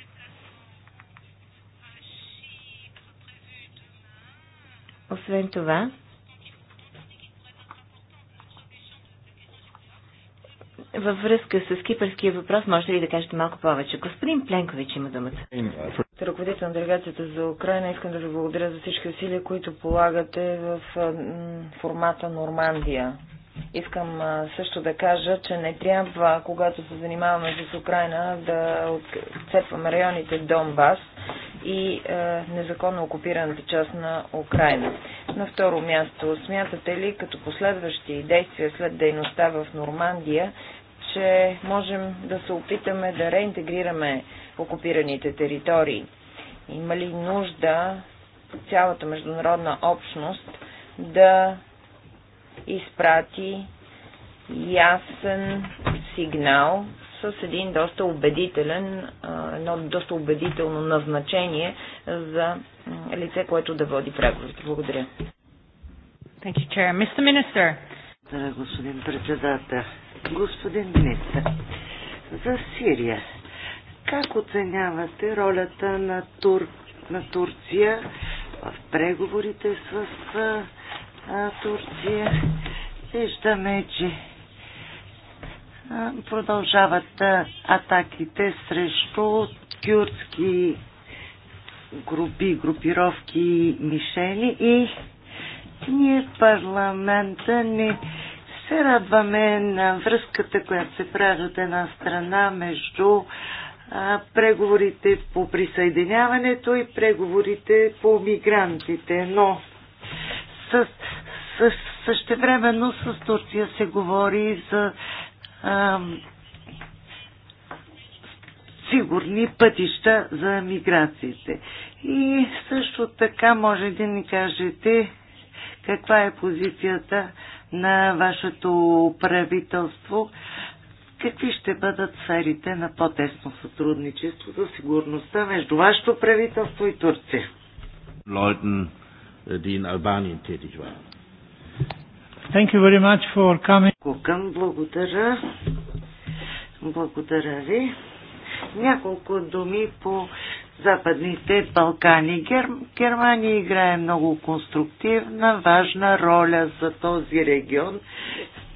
Освен това, във връзка с кипърския въпрос, може ли да кажете малко повече? Господин Пленкович има думата. Е, ръководител на делегацията за Украина, искам да ви благодаря за всички усилия, които полагате в формата Нормандия. Искам също да кажа, че не трябва, когато се занимаваме с Украина, да отцепваме районите Донбас и е, незаконно окупираната част на Украина. На второ място, смятате ли като последващи действия след дейността в Нормандия, че можем да се опитаме да реинтегрираме окупираните територии. Има ли нужда цялата международна общност да изпрати ясен сигнал с един доста убедителен, едно доста убедително назначение за лице, което да води преговорите. Благодаря. Thank you, Chair. Mr. Minister. господин председател. Господин министр, за Сирия как оценявате ролята на, Тур... на Турция в преговорите с а, Турция? Виждаме, че а, продължават а, атаките срещу кюртски групи, групировки мишени и ние в парламента не се радваме на връзката, която се прави от една страна между преговорите по присъединяването и преговорите по мигрантите, но с, времено същевременно с Турция се говори за а, сигурни пътища за миграциите. И също така може да ни кажете каква е позицията на вашето правителство какви ще бъдат сферите на по-тесно сътрудничество за сигурността между вашето правителство и Турция? Leuten, die in Albanien tätig waren. Thank you very much for coming. Кукъм, благодаря. Благодаря ви. Няколко думи по Западните Балкани. Гер... Германия играе много конструктивна, важна роля за този регион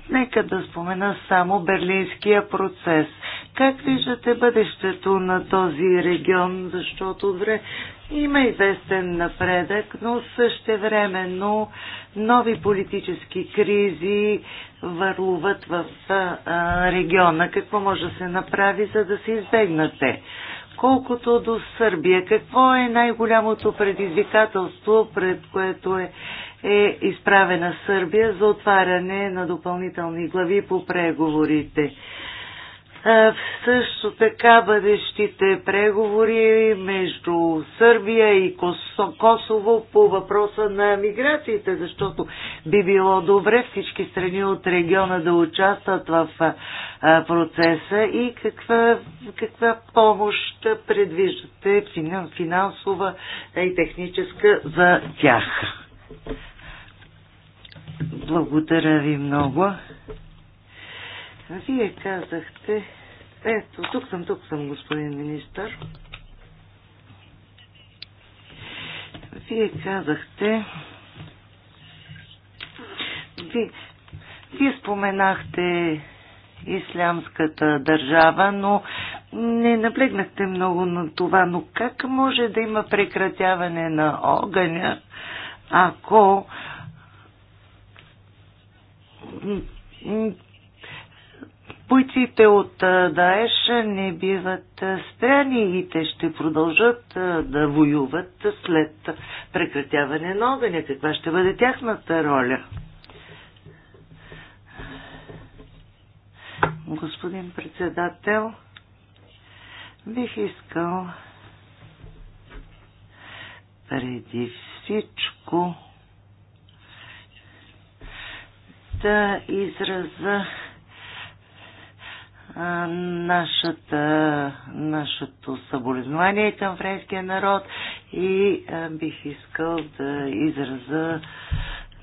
Нека да спомена само берлинския процес. Как виждате бъдещето на този регион, защото добре, има известен напредък, но същевременно нови политически кризи върлуват в региона. Какво може да се направи, за да се избегнате? Колкото до Сърбия, какво е най-голямото предизвикателство, пред което е е изправена Сърбия за отваряне на допълнителни глави по преговорите. Също така бъдещите преговори между Сърбия и Косово по въпроса на миграциите, защото би било добре всички страни от региона да участват в процеса и каква, каква помощ предвиждате финансова и техническа за тях. Благодаря ви много. Вие казахте... Ето, тук съм, тук съм, господин министър. Вие казахте... Вие, вие споменахте ислямската държава, но не наблегнахте много на това. Но как може да има прекратяване на огъня, ако бойците от Даеш не биват спряни и те ще продължат да воюват след прекратяване на огъня. Каква ще бъде тяхната роля? Господин председател, бих искал преди всичко да израза нашата, нашето съболезнование към френския народ и а, бих искал да израза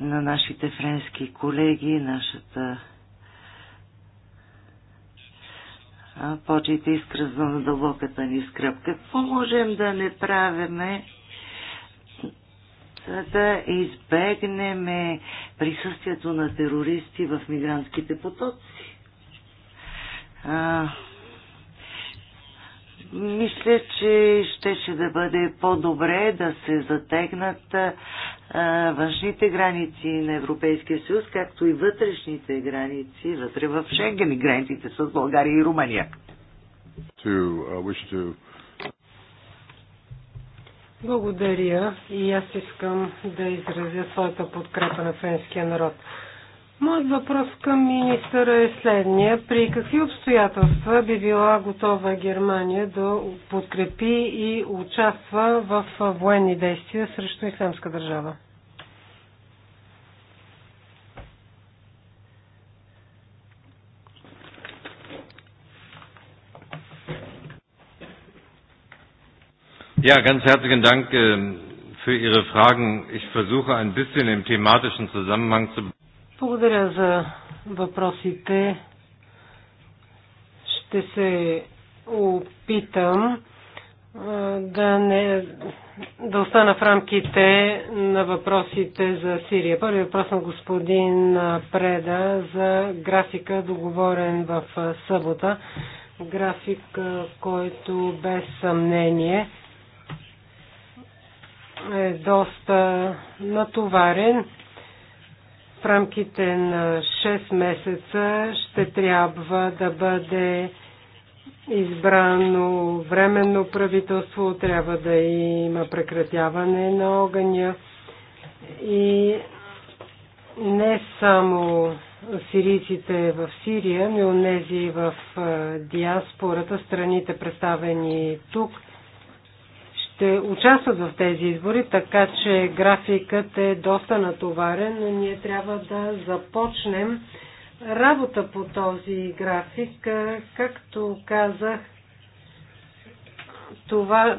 на нашите френски колеги нашата почет и изкръзна на дълбоката ни скръпка. Какво можем да не правиме да избегнем присъствието на терористи в мигрантските потоци. А, мисля, че ще да бъде по-добре да се затегнат а, външните граници на Европейския съюз, както и вътрешните граници, вътре в Шенген и границите с България и Румъния. To, uh, wish to благодаря и аз искам да изразя своята подкрепа на френския народ. Моят въпрос към министъра е следния. При какви обстоятелства би била готова Германия да подкрепи и участва в военни действия срещу Исламска държава? Ja, ganz herzlichen Dank äh, für Ihre Fragen. Ich versuche ein bisschen im thematischen Zusammenhang zu. Благодаря за въпросите. Ще се опитам да не да остана в рамките на въпросите за Сирия. Първият въпрос на господин Преда за графика, договорен в събота. График, който без съмнение е доста натоварен. В рамките на 6 месеца ще трябва да бъде избрано временно правителство, трябва да има прекратяване на огъня и не само сирийците в Сирия, но и в диаспората, страните представени тук – ще участват в тези избори, така че графикът е доста натоварен, но ние трябва да започнем работа по този график. Както казах, това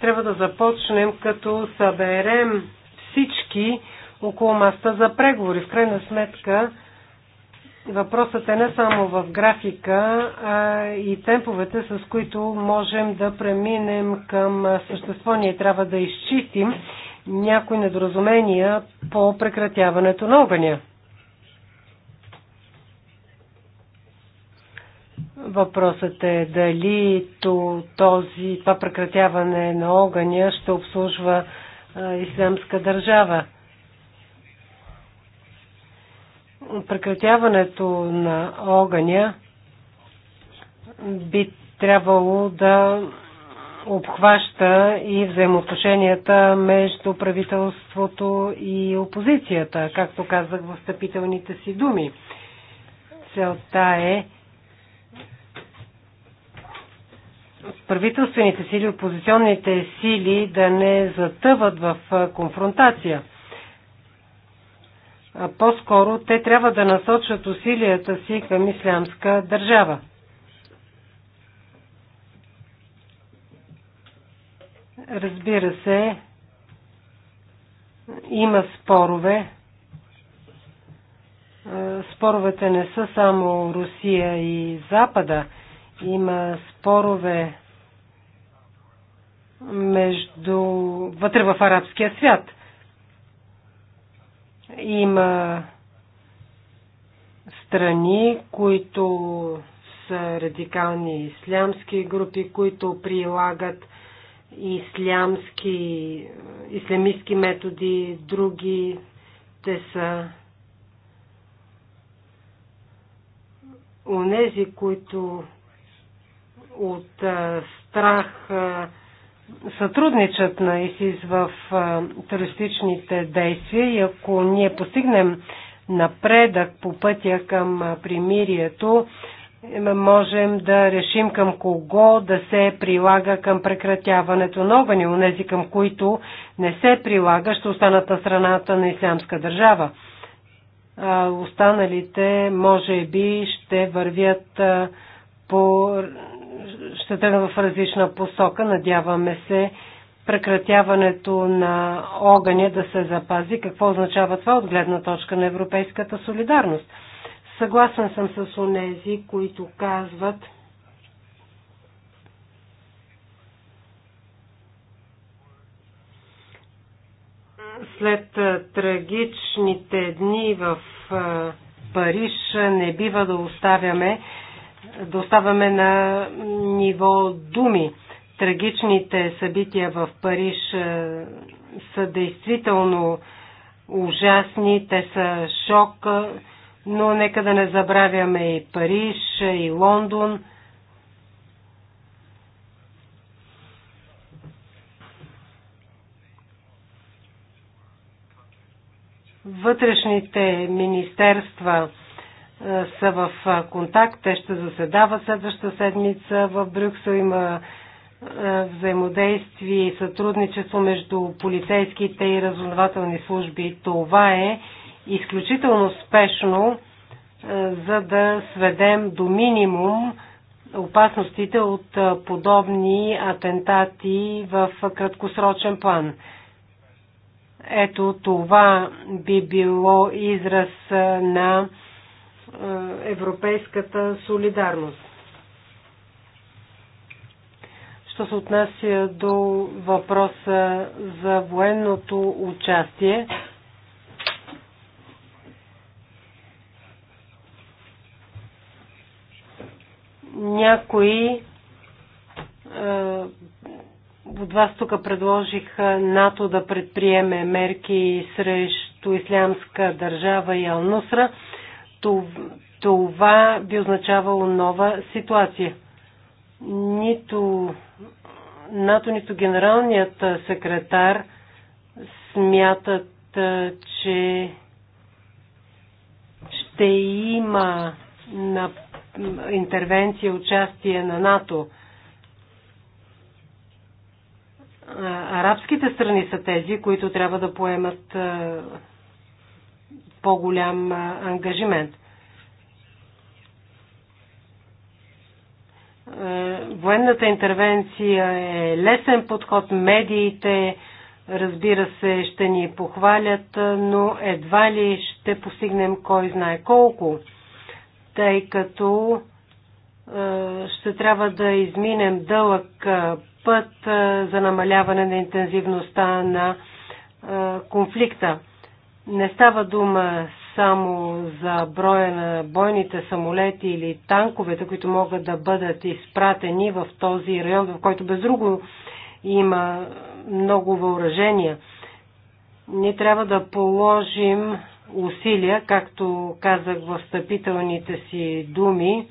трябва да започнем като съберем всички около маста за преговори. В крайна сметка Въпросът е не само в графика а и темповете, с които можем да преминем към същество. Ние трябва да изчистим някои недоразумения по прекратяването на огъня. Въпросът е дали този, това прекратяване на огъня ще обслужва ислямска държава. прекратяването на огъня би трябвало да обхваща и взаимоотношенията между правителството и опозицията, както казах в встъпителните си думи. Целта е правителствените сили, опозиционните сили да не затъват в конфронтация. По-скоро те трябва да насочат усилията си към ислямска държава. Разбира се, има спорове. Споровете не са само Русия и Запада. Има спорове между вътре в арабския свят – има страни, които са радикални ислямски групи, които прилагат ислямски, ислямистски методи, други те са унези, които от страх сътрудничат на ИСИС в терористичните действия и ако ние постигнем напредък по пътя към примирието, можем да решим към кого да се прилага към прекратяването на огъня. Унези към които не се прилага, ще останат на страната на Ислямска държава. А останалите, може би, ще вървят по ще тръгна в различна посока. Надяваме се прекратяването на огъня да се запази. Какво означава това от гледна точка на европейската солидарност? Съгласен съм с онези, които казват, след трагичните дни в Париж не бива да оставяме да оставаме на ниво думи. Трагичните събития в Париж е, са действително ужасни, те са шок, е, но нека да не забравяме и Париж, е, и Лондон. Вътрешните министерства са в контакт. Те ще заседават следваща седмица в Брюксел. Има взаимодействие и сътрудничество между полицейските и разузнавателни служби. Това е изключително спешно, за да сведем до минимум опасностите от подобни атентати в краткосрочен план. Ето това би било израз на е, европейската солидарност. Що се отнася до въпроса за военното участие, някои е, от вас тук предложиха НАТО да предприеме мерки срещу Ислямска държава и Алнусра това би означавало нова ситуация. Нито НАТО, нито генералният секретар смятат, че ще има на интервенция, участие на НАТО. Арабските страни са тези, които трябва да поемат по-голям ангажимент. Е, военната интервенция е лесен подход, медиите, разбира се, ще ни похвалят, но едва ли ще постигнем кой знае колко, тъй като е, ще трябва да изминем дълъг път за намаляване на интензивността на конфликта. Не става дума само за броя на бойните самолети или танковете, които могат да бъдат изпратени в този район, в който без друго има много въоръжения. Ние трябва да положим усилия, както казах в стъпителните си думи,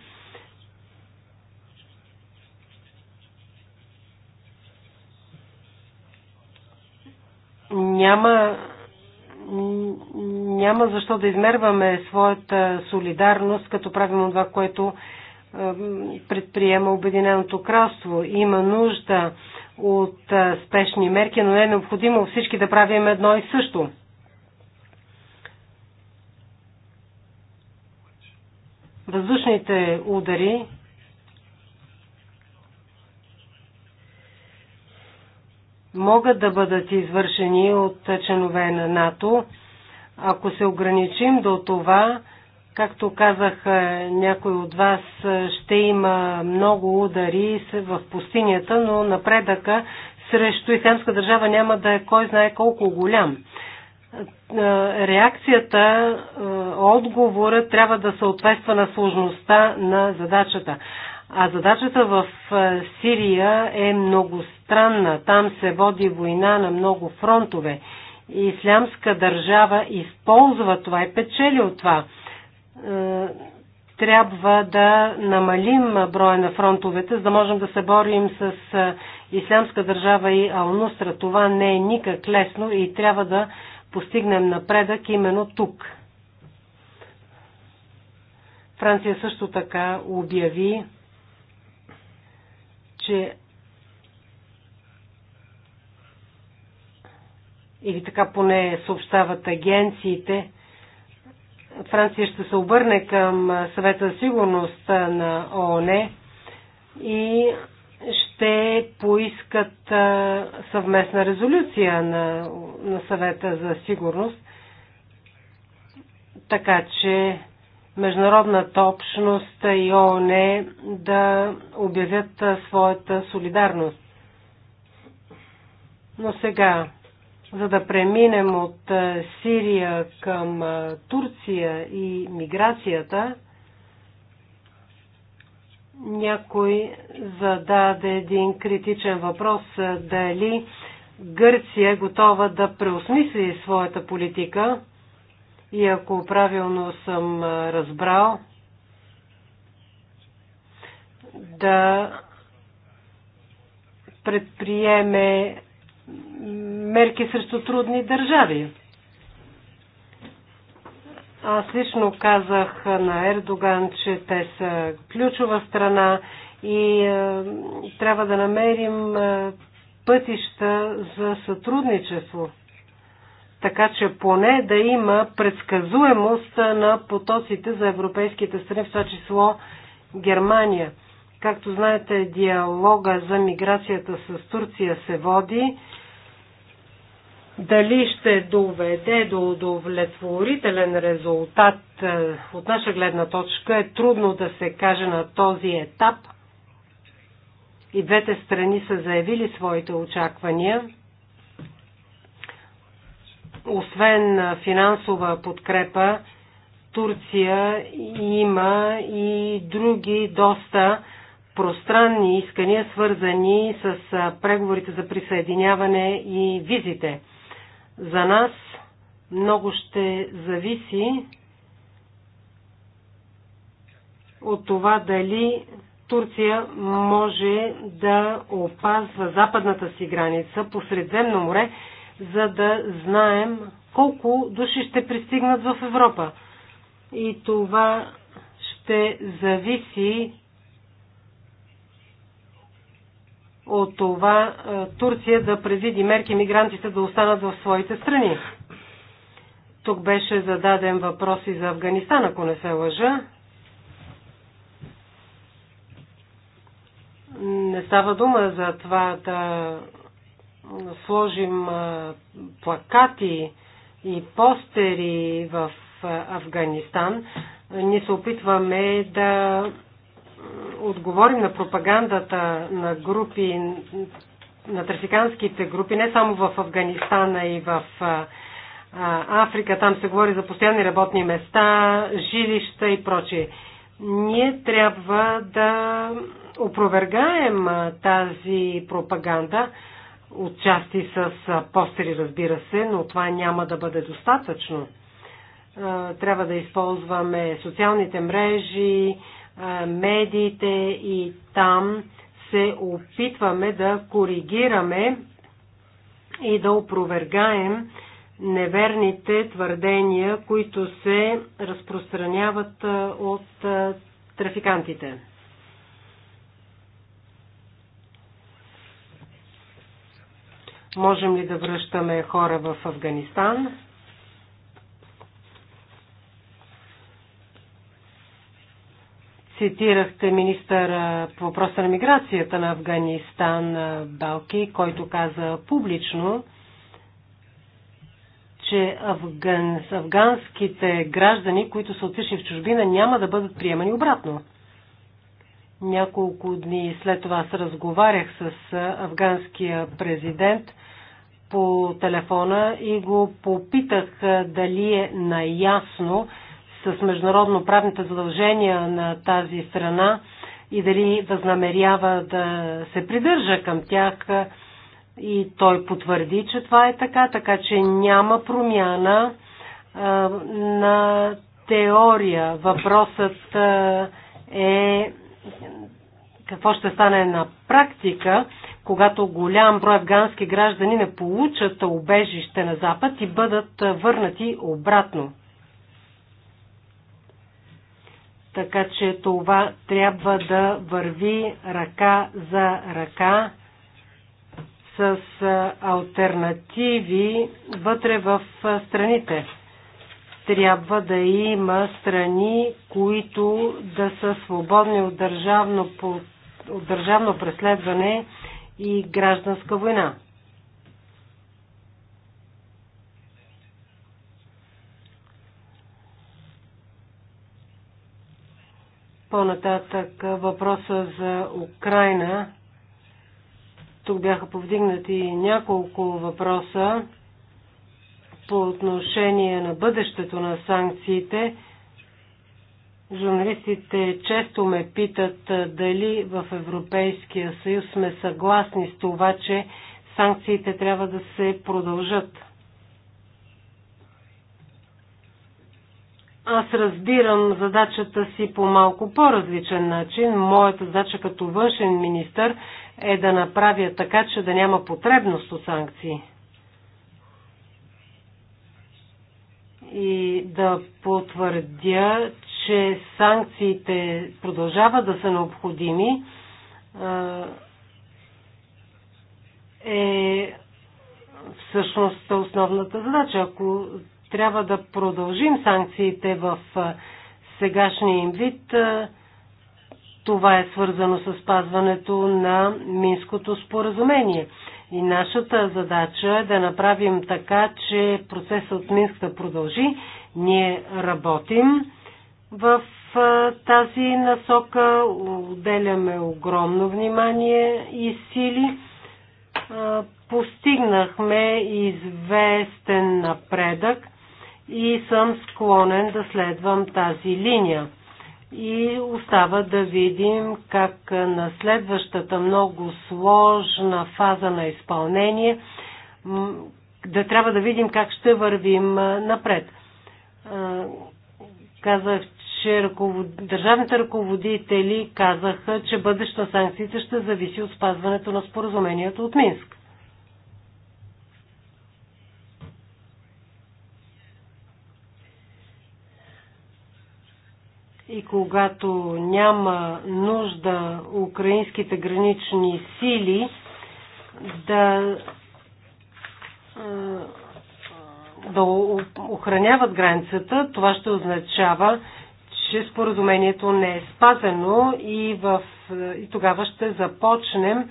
няма няма защо да измерваме своята солидарност, като правим това, което е, предприема Обединеното кралство. Има нужда от е, спешни мерки, но не е необходимо всички да правим едно и също. Въздушните удари могат да бъдат извършени от членове на НАТО. Ако се ограничим до това, както казах е, някой от вас, е, ще има много удари в пустинята, но напредъка срещу Исламска държава няма да е кой знае колко голям. Е, реакцията, отговора трябва да съответства на сложността на задачата. А задачата в е, Сирия е много странна. Там се води война на много фронтове. Ислямска държава използва това и печели от това. Е, трябва да намалим броя на фронтовете, за да можем да се борим с е, Ислямска държава и Алнустра. Това не е никак лесно и трябва да постигнем напредък именно тук. Франция също така обяви че или така поне съобщават агенциите, Франция ще се обърне към съвета за сигурност на ООН и ще поискат съвместна резолюция на, на съвета за сигурност, така че международната общност и ООН е да обявят своята солидарност. Но сега, за да преминем от Сирия към Турция и миграцията, някой зададе един критичен въпрос дали Гърция е готова да преосмисли своята политика и ако правилно съм разбрал, да предприеме мерки срещу трудни държави. Аз лично казах на Ердоган, че те са ключова страна и е, трябва да намерим е, пътища за сътрудничество така че поне да има предсказуемост на потоците за европейските страни, в това число Германия. Както знаете, диалога за миграцията с Турция се води. Дали ще доведе до удовлетворителен резултат от наша гледна точка е трудно да се каже на този етап. И двете страни са заявили своите очаквания освен финансова подкрепа, Турция има и други доста пространни искания, свързани с преговорите за присъединяване и визите. За нас много ще зависи от това дали Турция може да опазва западната си граница по Средземно море, за да знаем колко души ще пристигнат в Европа. И това ще зависи от това е, Турция да предвиди мерки мигрантите да останат в своите страни. Тук беше зададен въпрос и за Афганистан, ако не се лъжа. Не става дума за това да сложим плакати и постери в Афганистан. Ние се опитваме да отговорим на пропагандата на групи, на трафиканските групи, не само в Афганистан, а и в Африка. Там се говори за постоянни работни места, жилища и прочие. Ние трябва да опровергаем тази пропаганда отчасти с постери, разбира се, но това няма да бъде достатъчно. Трябва да използваме социалните мрежи, медиите и там се опитваме да коригираме и да опровергаем неверните твърдения, които се разпространяват от трафикантите. Можем ли да връщаме хора в Афганистан? Цитирахте министър по въпроса на миграцията на Афганистан Балки, който каза публично, че афган, афганските граждани, които са отишли в чужбина, няма да бъдат приемани обратно. Няколко дни след това се разговарях с афганския президент по телефона и го попитах дали е наясно с международно-правните задължения на тази страна и дали възнамерява да се придържа към тях. И той потвърди, че това е така, така че няма промяна а, на теория. Въпросът а, е какво ще стане на практика когато голям брой афгански граждани не получат убежище на Запад и бъдат върнати обратно. Така че това трябва да върви ръка за ръка с альтернативи вътре в страните. Трябва да има страни, които да са свободни от държавно, от държавно преследване и гражданска война. По-нататък въпроса за Украина. Тук бяха повдигнати няколко въпроса по отношение на бъдещето на санкциите – Журналистите често ме питат дали в Европейския съюз сме съгласни с това, че санкциите трябва да се продължат. Аз разбирам задачата си по малко по-различен начин. Моята задача като външен министър е да направя така, че да няма потребност от санкции. и да потвърдя, че санкциите продължават да са необходими, е всъщност основната задача. Ако трябва да продължим санкциите в сегашния им вид, това е свързано с спазването на Минското споразумение. И нашата задача е да направим така, че процесът от Минск да продължи. Ние работим в тази насока, отделяме огромно внимание и сили. Постигнахме известен напредък и съм склонен да следвам тази линия. И остава да видим как на следващата много сложна фаза на изпълнение да трябва да видим как ще вървим напред. Казах, че ръковод... държавните ръководители казаха, че бъдещето на санкциите ще зависи от спазването на споразумението от Минск. И когато няма нужда украинските гранични сили да, да охраняват границата, това ще означава, че споразумението не е спазено и, в, и тогава ще започнем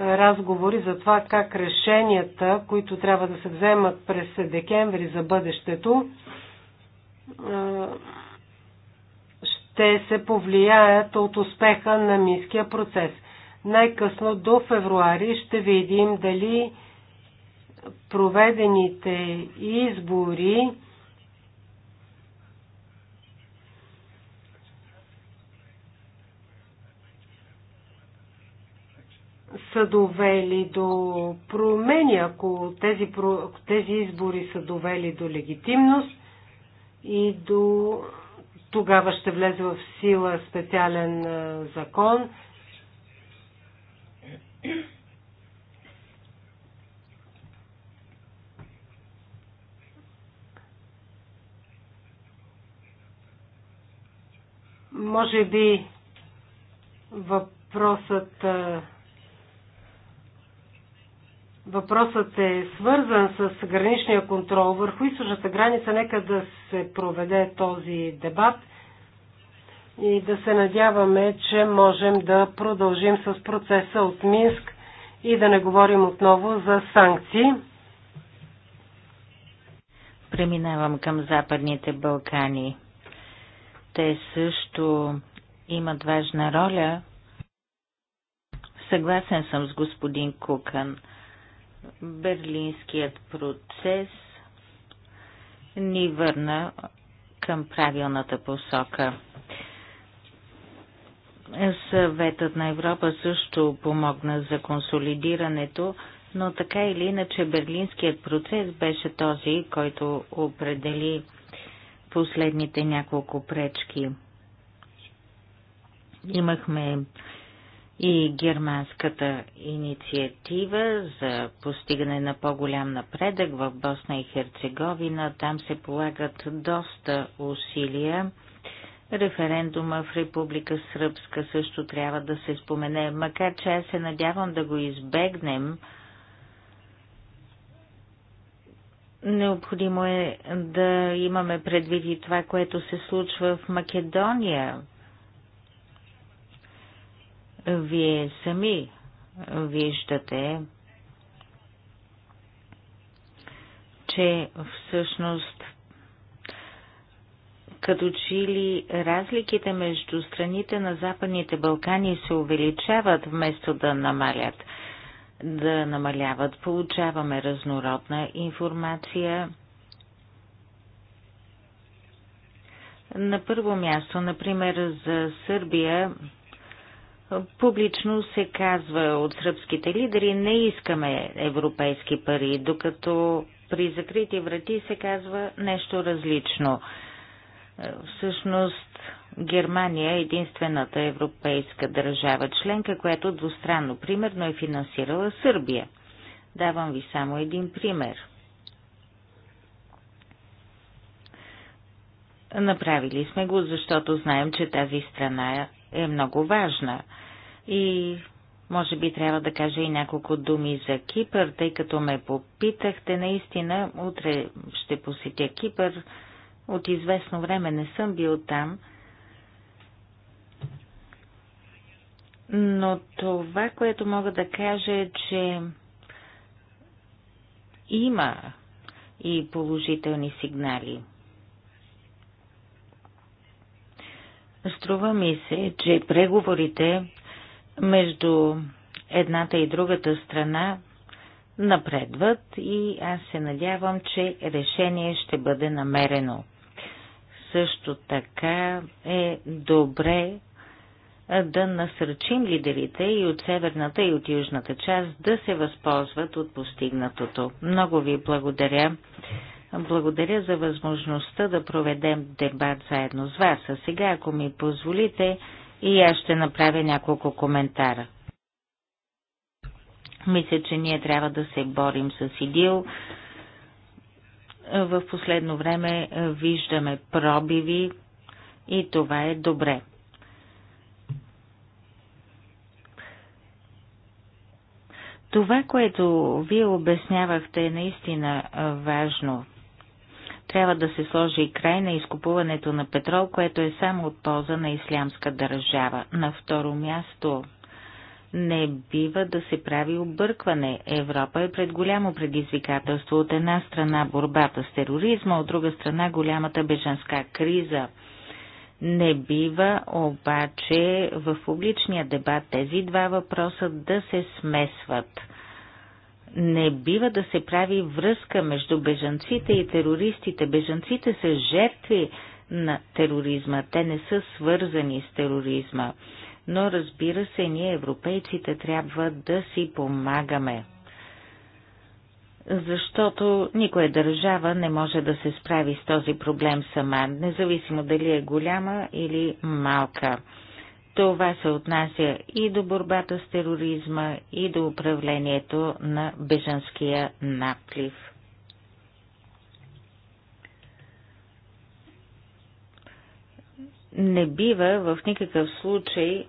разговори за това как решенията, които трябва да се вземат през декември за бъдещето, ще се повлияят от успеха на минския процес. Най-късно до февруари ще видим дали проведените избори са довели до промени, ако тези, тези избори са довели до легитимност и до тогава ще влезе в сила специален закон. Може би въпросът въпросът е свързан с граничния контрол върху източната граница, нека да се проведе този дебат и да се надяваме, че можем да продължим с процеса от Минск и да не говорим отново за санкции. Преминавам към Западните Балкани. Те също имат важна роля. Съгласен съм с господин Кукан – Берлинският процес ни върна към правилната посока. Съветът на Европа също помогна за консолидирането, но така или иначе берлинският процес беше този, който определи последните няколко пречки. Имахме и германската инициатива за постигане на по-голям напредък в Босна и Херцеговина. Там се полагат доста усилия. Референдума в Република Сръбска също трябва да се спомене, макар че аз се надявам да го избегнем. Необходимо е да имаме предвид и това, което се случва в Македония вие сами виждате, че всъщност като че ли разликите между страните на Западните Балкани се увеличават вместо да намалят. Да намаляват. Получаваме разнородна информация. На първо място, например, за Сърбия Публично се казва от сръбските лидери, не искаме европейски пари, докато при закрити врати се казва нещо различно. Е, всъщност Германия е единствената европейска държава членка, която двустранно примерно е финансирала Сърбия. Давам ви само един пример. Направили сме го, защото знаем, че тази страна е много важна. И може би трябва да кажа и няколко думи за Кипър, тъй като ме попитахте. Наистина, утре ще посетя Кипър. От известно време не съм бил там. Но това, което мога да кажа е, че има и положителни сигнали. Струва ми се, че преговорите между едната и другата страна напредват и аз се надявам, че решение ще бъде намерено. Също така е добре да насърчим лидерите и от северната и от южната част да се възползват от постигнатото. Много ви благодаря благодаря за възможността да проведем дебат заедно с вас. А сега, ако ми позволите, и аз ще направя няколко коментара. Мисля, че ние трябва да се борим с ИДИЛ. В последно време виждаме пробиви и това е добре. Това, което вие обяснявахте е наистина важно трябва да се сложи и край на изкупуването на петрол, което е само от полза на ислямска държава. На второ място не бива да се прави объркване. Европа е пред голямо предизвикателство. От една страна борбата с тероризма, от друга страна голямата бежанска криза. Не бива обаче в публичния дебат тези два въпроса да се смесват – не бива да се прави връзка между бежанците и терористите. Бежанците са жертви на тероризма. Те не са свързани с тероризма. Но разбира се, ние европейците трябва да си помагаме. Защото никоя държава не може да се справи с този проблем сама, независимо дали е голяма или малка. Това се отнася и до борбата с тероризма, и до управлението на бежанския наплив. Не бива в никакъв случай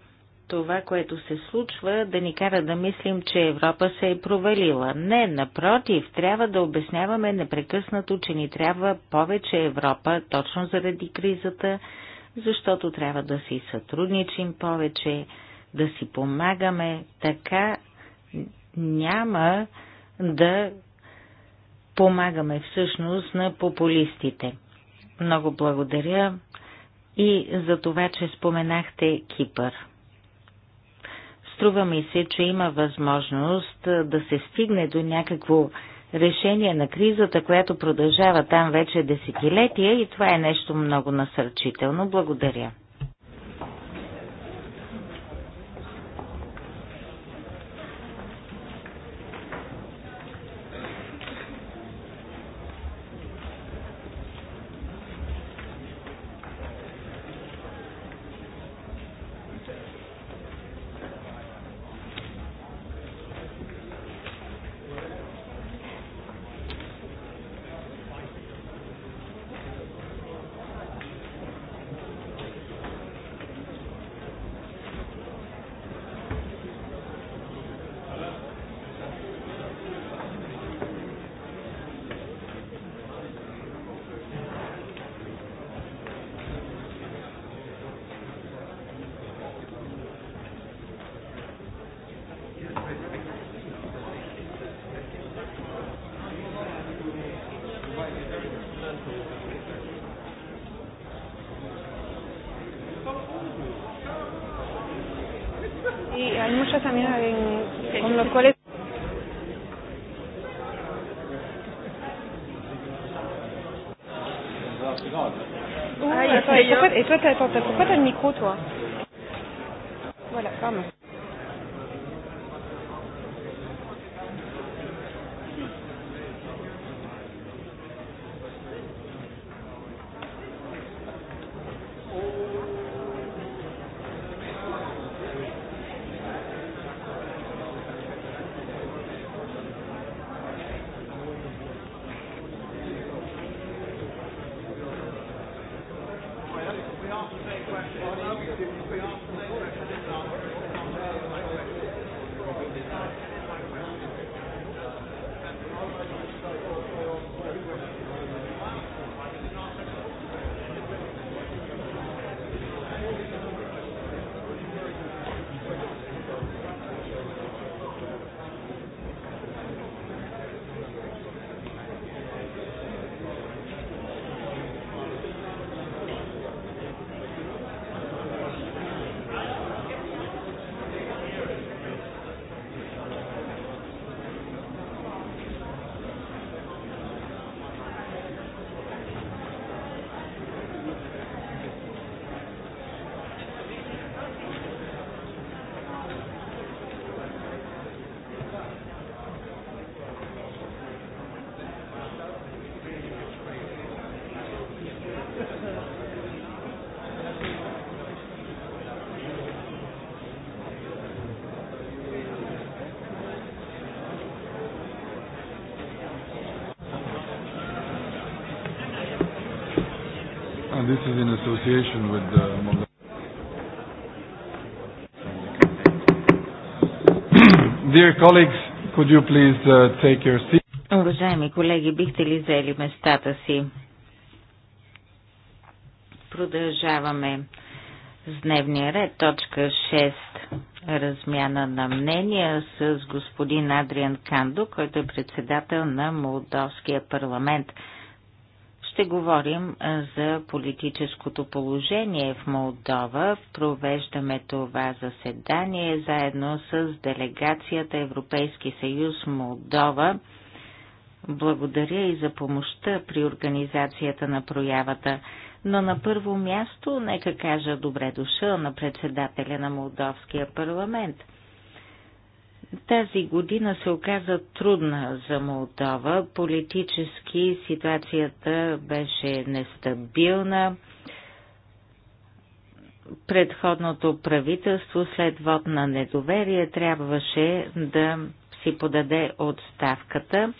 това, което се случва, да ни кара да мислим, че Европа се е провалила. Не, напротив, трябва да обясняваме непрекъснато, че ни трябва повече Европа, точно заради кризата, защото трябва да си сътрудничим повече, да си помагаме, така няма да помагаме всъщност на популистите. Много благодаря и за това, че споменахте Кипър. Струва ми се, че има възможност да се стигне до някакво решение на кризата, която продължава там вече десетилетия и това е нещо много насърчително. Благодаря. Dear colleagues, could you please uh, take your seat? Уважаеми колеги, бихте ли взели местата си? Продължаваме с дневния ред. Точка 6. Размяна на мнения с господин Адриан Кандо, който е председател на Молдовския парламент ще говорим за политическото положение в Молдова. Провеждаме това заседание заедно с делегацията Европейски съюз Молдова. Благодаря и за помощта при организацията на проявата. Но на първо място нека кажа добре дошъл на председателя на Молдовския парламент – тази година се оказа трудна за Молдова. Политически ситуацията беше нестабилна. Предходното правителство след вод на недоверие трябваше да си подаде отставката,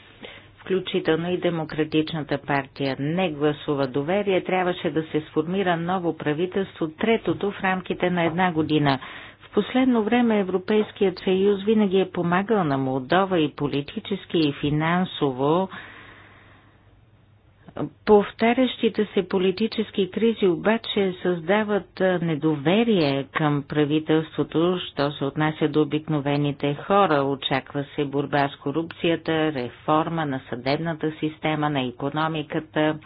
включително и Демократичната партия не гласува доверие, трябваше да се сформира ново правителство, третото в рамките на една година последно време Европейският съюз винаги е помагал на Молдова и политически и финансово. Повтарящите се политически кризи обаче създават недоверие към правителството, що се отнася до обикновените хора. Очаква се борба с корупцията, реформа на съдебната система, на економиката.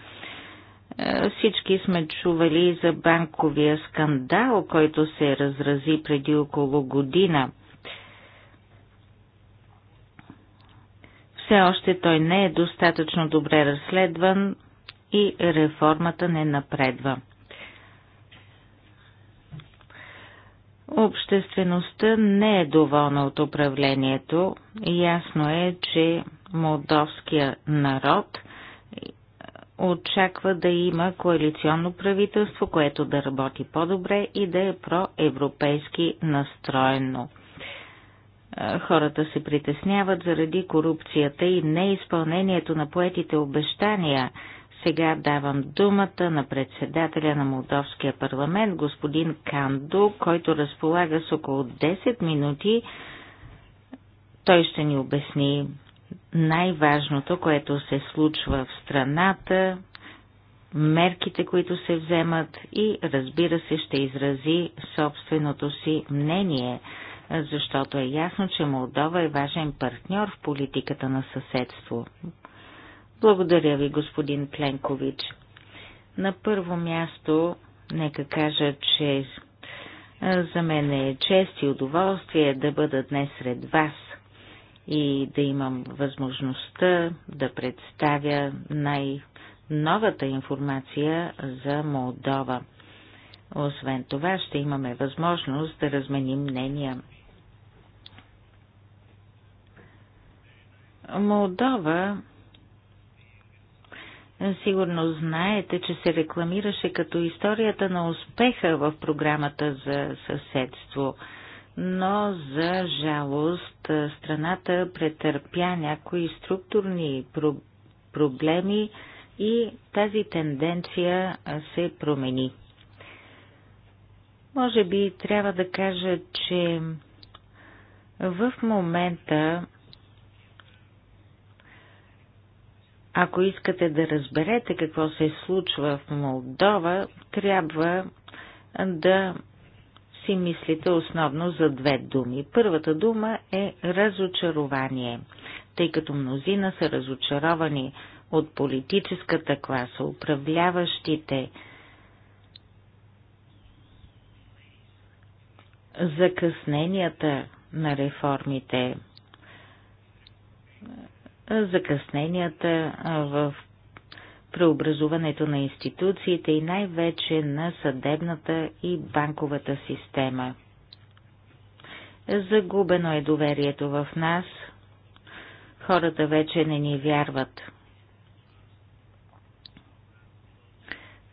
Е, всички сме чували за банковия скандал, който се разрази преди около година. Все още той не е достатъчно добре разследван и реформата не напредва. Обществеността не е доволна от управлението. Ясно е, че молдовския народ – очаква да има коалиционно правителство, което да работи по-добре и да е проевропейски настроено. Хората се притесняват заради корупцията и неизпълнението на поетите обещания. Сега давам думата на председателя на Молдовския парламент, господин Канду, който разполага с около 10 минути. Той ще ни обясни най-важното, което се случва в страната, мерките, които се вземат и разбира се ще изрази собственото си мнение, защото е ясно, че Молдова е важен партньор в политиката на съседство. Благодаря ви, господин Пленкович. На първо място, нека кажа, че за мен е чест и удоволствие да бъда днес сред вас – и да имам възможността да представя най-новата информация за Молдова. Освен това, ще имаме възможност да разменим мнения. Молдова Сигурно знаете, че се рекламираше като историята на успеха в програмата за съседство – но за жалост страната претърпя някои структурни проблеми и тази тенденция се промени. Може би трябва да кажа, че в момента, ако искате да разберете какво се случва в Молдова, трябва да си мислите основно за две думи. Първата дума е разочарование, тъй като мнозина са разочаровани от политическата класа, управляващите, закъсненията на реформите, закъсненията в преобразуването на институциите и най-вече на съдебната и банковата система. Загубено е доверието в нас. Хората вече не ни вярват.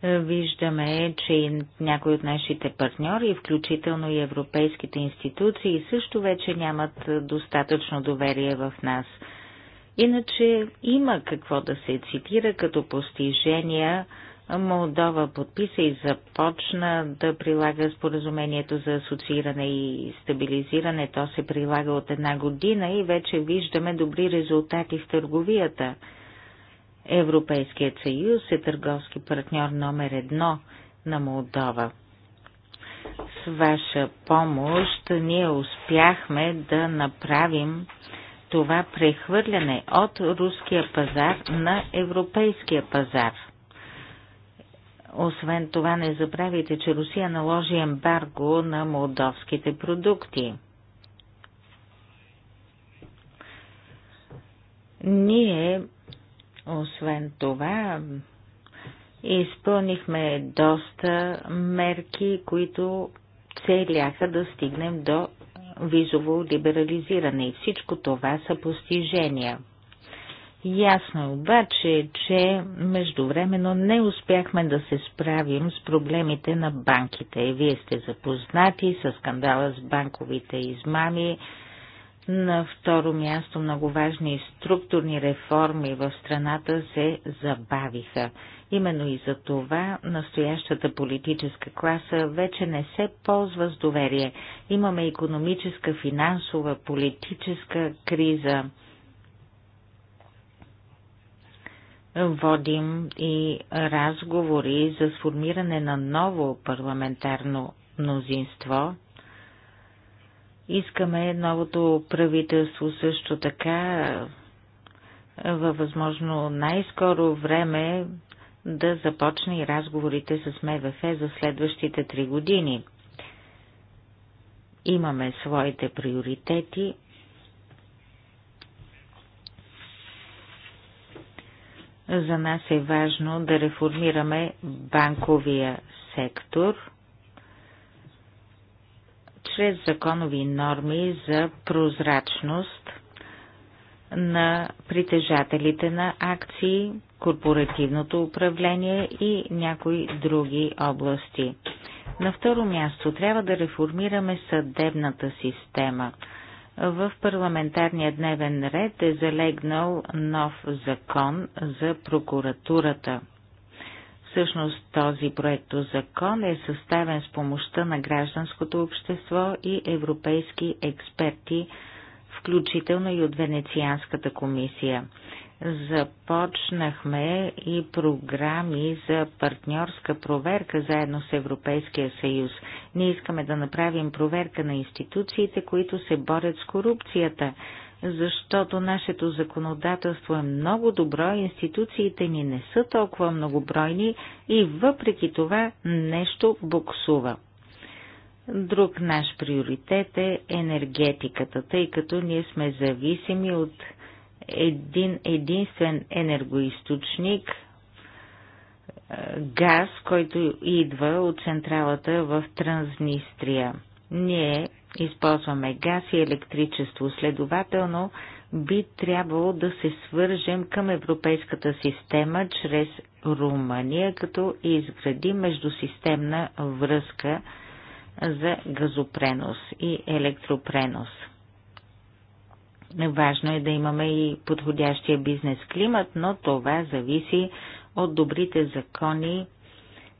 Виждаме, че някои от нашите партньори, включително и европейските институции, също вече нямат достатъчно доверие в нас – Иначе има какво да се цитира като постижения. Молдова подписа и започна да прилага споразумението за асоцииране и стабилизиране. То се прилага от една година и вече виждаме добри резултати в търговията. Европейският съюз е търговски партньор номер едно на Молдова. С ваша помощ ние успяхме да направим това прехвърляне от руския пазар на европейския пазар. Освен това, не забравяйте, че Русия наложи ембарго на молдовските продукти. Ние, освен това, изпълнихме доста мерки, които целяха да стигнем до визово либерализиране и всичко това са постижения. Ясно е обаче, че междувременно не успяхме да се справим с проблемите на банките. Вие сте запознати с скандала с банковите измами. На второ място много важни структурни реформи в страната се забавиха. Именно и за това настоящата политическа класа вече не се ползва с доверие. Имаме економическа, финансова, политическа криза. Водим и разговори за сформиране на ново парламентарно мнозинство. Искаме новото правителство също така във възможно най-скоро време да започне и разговорите с МВФ за следващите три години. Имаме своите приоритети. За нас е важно да реформираме банковия сектор чрез законови норми за прозрачност на притежателите на акции, корпоративното управление и някои други области. На второ място трябва да реформираме съдебната система. В парламентарния дневен ред е залегнал нов закон за прокуратурата. Всъщност този проекто закон е съставен с помощта на гражданското общество и европейски експерти, включително и от Венецианската комисия започнахме и програми за партньорска проверка заедно с Европейския съюз. Ние искаме да направим проверка на институциите, които се борят с корупцията, защото нашето законодателство е много добро, институциите ни не са толкова многобройни и въпреки това нещо буксува. Друг наш приоритет е енергетиката, тъй като ние сме зависими от един единствен енергоисточник е, газ, който идва от централата в Транснистрия. Ние използваме газ и електричество, следователно би трябвало да се свържем към европейската система чрез Румъния, като изгради междусистемна връзка за газопренос и електропренос. Важно е да имаме и подходящия бизнес климат, но това зависи от добрите закони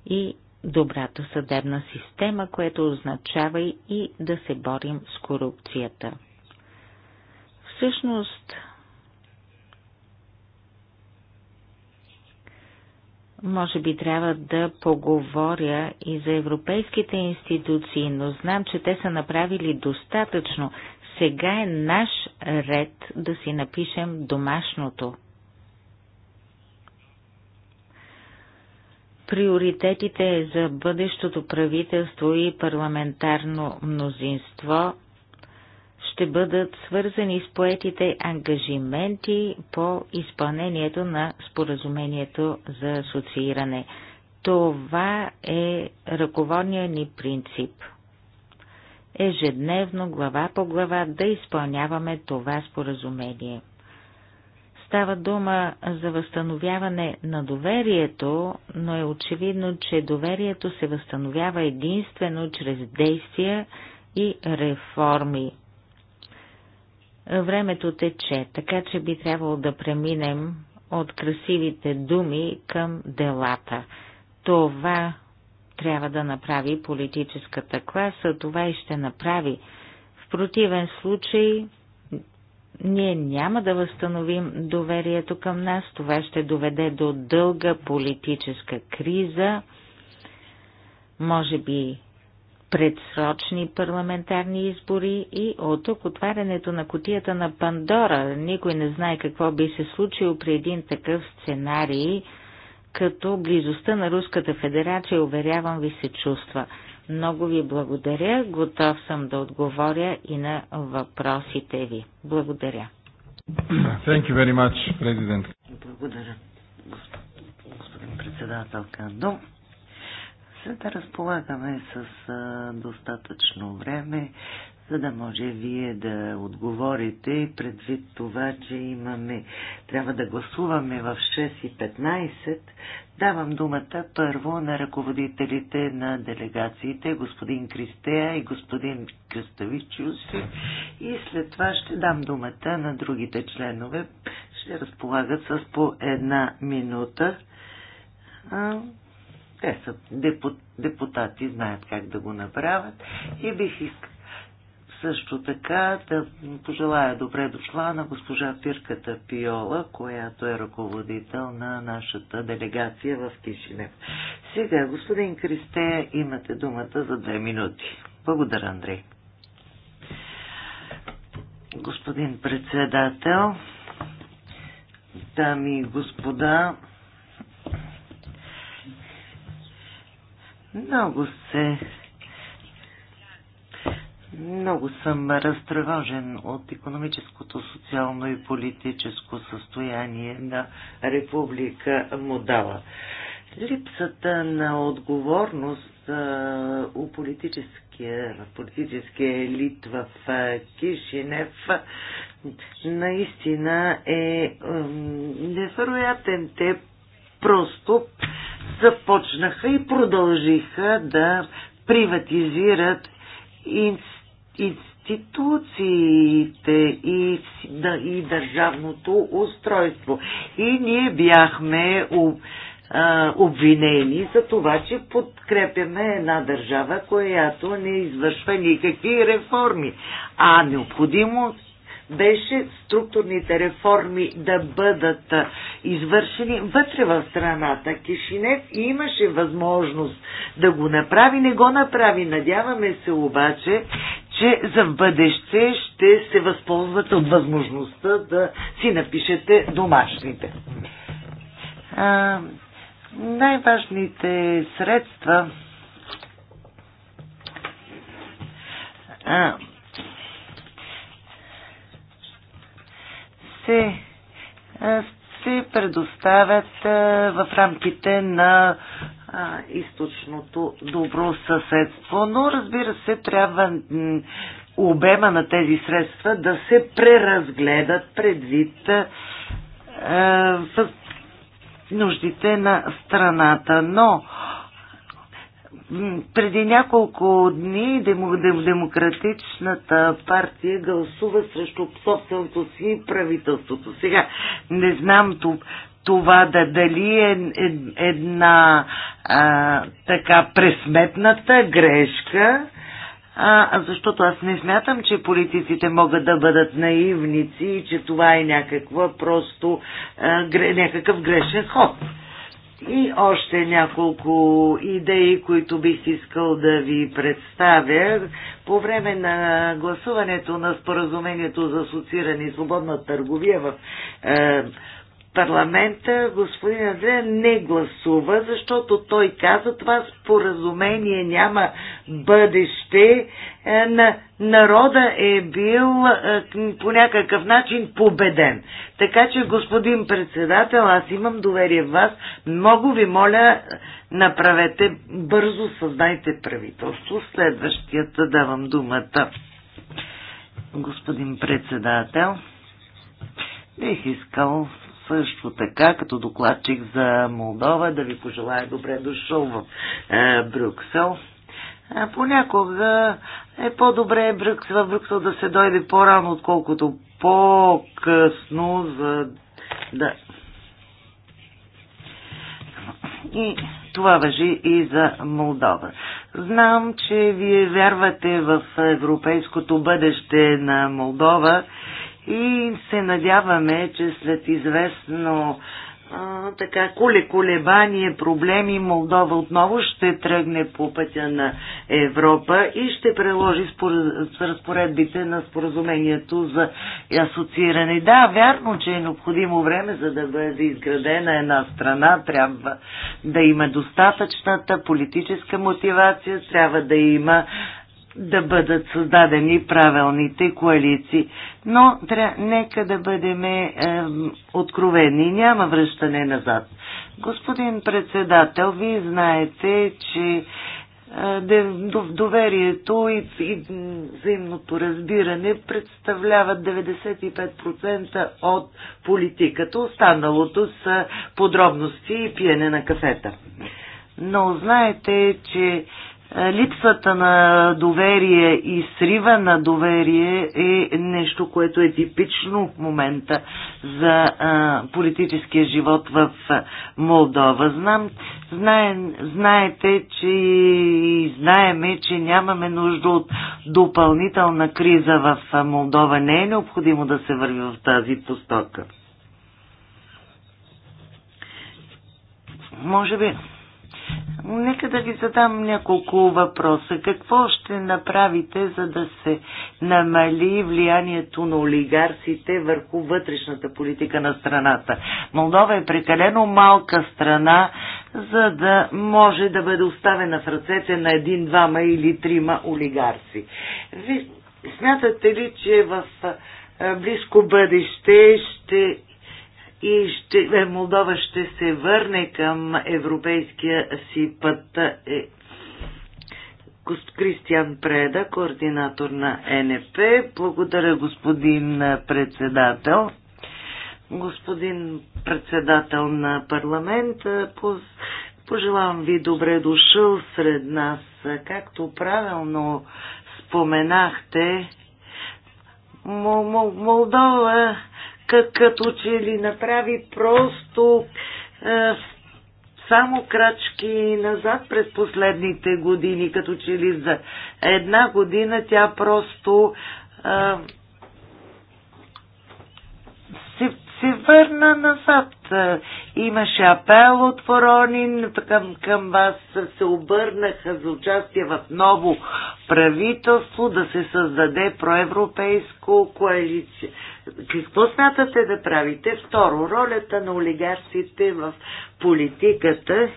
и добрата съдебна система, което означава и да се борим с корупцията. Всъщност, може би трябва да поговоря и за европейските институции, но знам, че те са направили достатъчно. Сега е наш ред да си напишем домашното. Приоритетите за бъдещото правителство и парламентарно мнозинство ще бъдат свързани с поетите ангажименти по изпълнението на споразумението за асоцииране. Това е ръководният ни принцип – ежедневно, глава по глава, да изпълняваме това споразумение. Става дума за възстановяване на доверието, но е очевидно, че доверието се възстановява единствено чрез действия и реформи. Времето тече, така че би трябвало да преминем от красивите думи към делата. Това трябва да направи политическата класа, това и ще направи. В противен случай ние няма да възстановим доверието към нас, това ще доведе до дълга политическа криза, може би предсрочни парламентарни избори и от тук отварянето на котията на Пандора. Никой не знае какво би се случило при един такъв сценарий – като близостта на Руската федерация, уверявам ви, се чувства. Много ви благодаря. Готов съм да отговоря и на въпросите ви. Благодаря. Thank you very much, President. Благодаря, господин председател Кандо. Сега да разполагаме с достатъчно време, за да може вие да отговорите предвид това, че имаме, трябва да гласуваме в 6.15. Давам думата първо на ръководителите на делегациите, господин Кристея и господин Кръставичус и след това ще дам думата на другите членове. Ще разполагат с по една минута. Те са депутати, знаят как да го направят и бих искал също така да пожелая добре дошла на госпожа Пирката Пиола, която е ръководител на нашата делегация в Кишинев. Сега, господин Кристе, имате думата за две минути. Благодаря, Андрей. Господин председател, дами и господа, много се много съм разтревожен от економическото, социално и политическо състояние на Република Модала. Липсата на отговорност а, у политическия, политическия елит в а, Кишинев наистина е а, невероятен. Те просто започнаха и продължиха да приватизират институции институциите и, да, и държавното устройство. И ние бяхме об, а, обвинени за това, че подкрепяме една държава, която не извършва никакви реформи. А необходимо беше структурните реформи да бъдат извършени вътре в страната. Кишинев имаше възможност да го направи, не го направи. Надяваме се обаче, че за в бъдеще ще се възползвате от възможността да си напишете домашните. най-важните средства а, се, се предоставят в рамките на а, източното добро съседство, но разбира се, трябва обема на тези средства да се преразгледат предвид а, в нуждите на страната. Но преди няколко дни демократичната партия гласува срещу собственото си правителството. Сега не знам това да дали е една а, така пресметната грешка, а, защото аз не смятам, че политиците могат да бъдат наивници и че това е някаква просто а, гре, някакъв грешен ход. И още няколко идеи, които бих искал да ви представя. По време на гласуването на споразумението за асоцииране и свободна търговия в е, парламента господин Андрея не гласува, защото той каза това споразумение няма бъдеще. Е, на народа е бил е, по някакъв начин победен. Така че, господин председател, аз имам доверие в вас. Много ви моля, направете бързо, създайте правителство. Следващият давам думата. Господин председател, бих искал също така, като докладчик за Молдова, да ви пожелая добре дошъл в е, Брюксел. А понякога е по-добре Брюксел в Брюксел да се дойде по-рано, отколкото по-късно, за да... И това въжи и за Молдова. Знам, че вие вярвате в европейското бъдеще на Молдова и се надяваме, че след известно а, така коле колебание, проблеми, Молдова отново ще тръгне по пътя на Европа и ще преложи спор... разпоредбите на споразумението за асоцииране. Да, вярно, че е необходимо време, за да бъде изградена една страна, трябва да има достатъчната политическа мотивация, трябва да има да бъдат създадени правилните коалиции. Но тря, нека да бъдем е, откровени. Няма връщане назад. Господин председател, вие знаете, че е, доверието и, и взаимното разбиране представляват 95% от политиката. Останалото са подробности и пиене на кафета. Но знаете, че е, липсата на доверие и срива на доверие е нещо, което е типично в момента за а, е, политическия живот в е, Молдова. Знам, знае, знаете, че и знаеме, че нямаме нужда от допълнителна криза в Молдова. Не е необходимо да се върви в тази постока. Може би Нека да ви задам няколко въпроса. Какво ще направите, за да се намали влиянието на олигарсите върху вътрешната политика на страната? Молдова е прекалено малка страна, за да може да бъде оставена в ръцете на един, двама или трима олигарси. Ви смятате ли, че в близко бъдеще ще и ще, е, Молдова ще се върне към европейския си път. Е, Кристиан Преда, координатор на НП. Благодаря, господин председател. Господин председател на парламента, пожелавам ви добре дошъл сред нас. Както правилно споменахте, Молдова като че ли направи просто е, само крачки назад през последните години, като че ли за една година тя просто е, се върна назад. Имаше апел от Воронин към, към вас, се обърнаха за участие в ново правителство, да се създаде проевропейско коалиция. Какво смятате да правите? Второ, ролята на олигарсите в политиката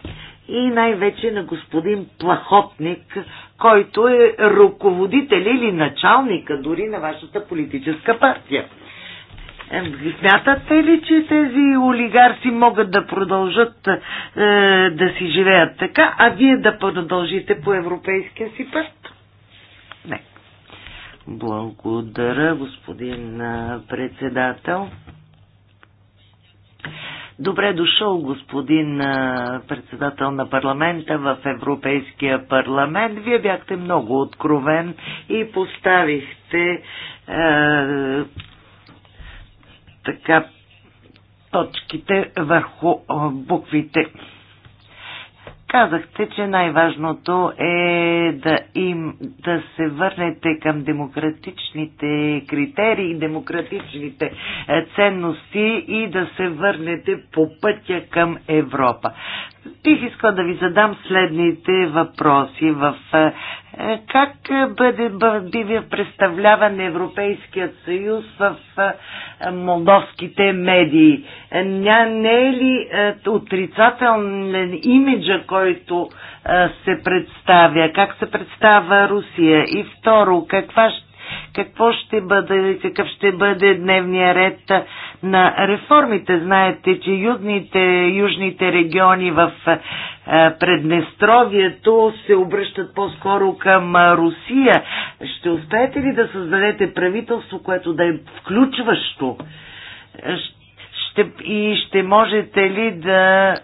и най-вече на господин Плахотник, който е ръководител или началника дори на вашата политическа партия. Смятате ли, че тези олигарси могат да продължат е, да си живеят така, а вие да продължите по европейския си път? Не. Благодаря, господин е, председател. Добре дошъл, господин е, председател на парламента в Европейския парламент. Вие бяхте много откровен и поставихте е, така точките върху буквите. Казахте, че най-важното е да, им, да се върнете към демократичните критерии, демократичните е, ценности и да се върнете по пътя към Европа. Бих искала да ви задам следните въпроси. В е, е, как е, бъде, бива представляван Европейският съюз в е, молдовските медии? Ня, не е ли отрицателен имиджа, който се представя? Как се представя Русия? И второ, каква ще какво ще бъде, какъв ще бъде дневния ред на реформите. Знаете, че юдните, южните региони в е, Преднестровието се обръщат по-скоро към е, Русия. Ще успеете ли да създадете правителство, което да е включващо? Е, ще, и ще можете ли да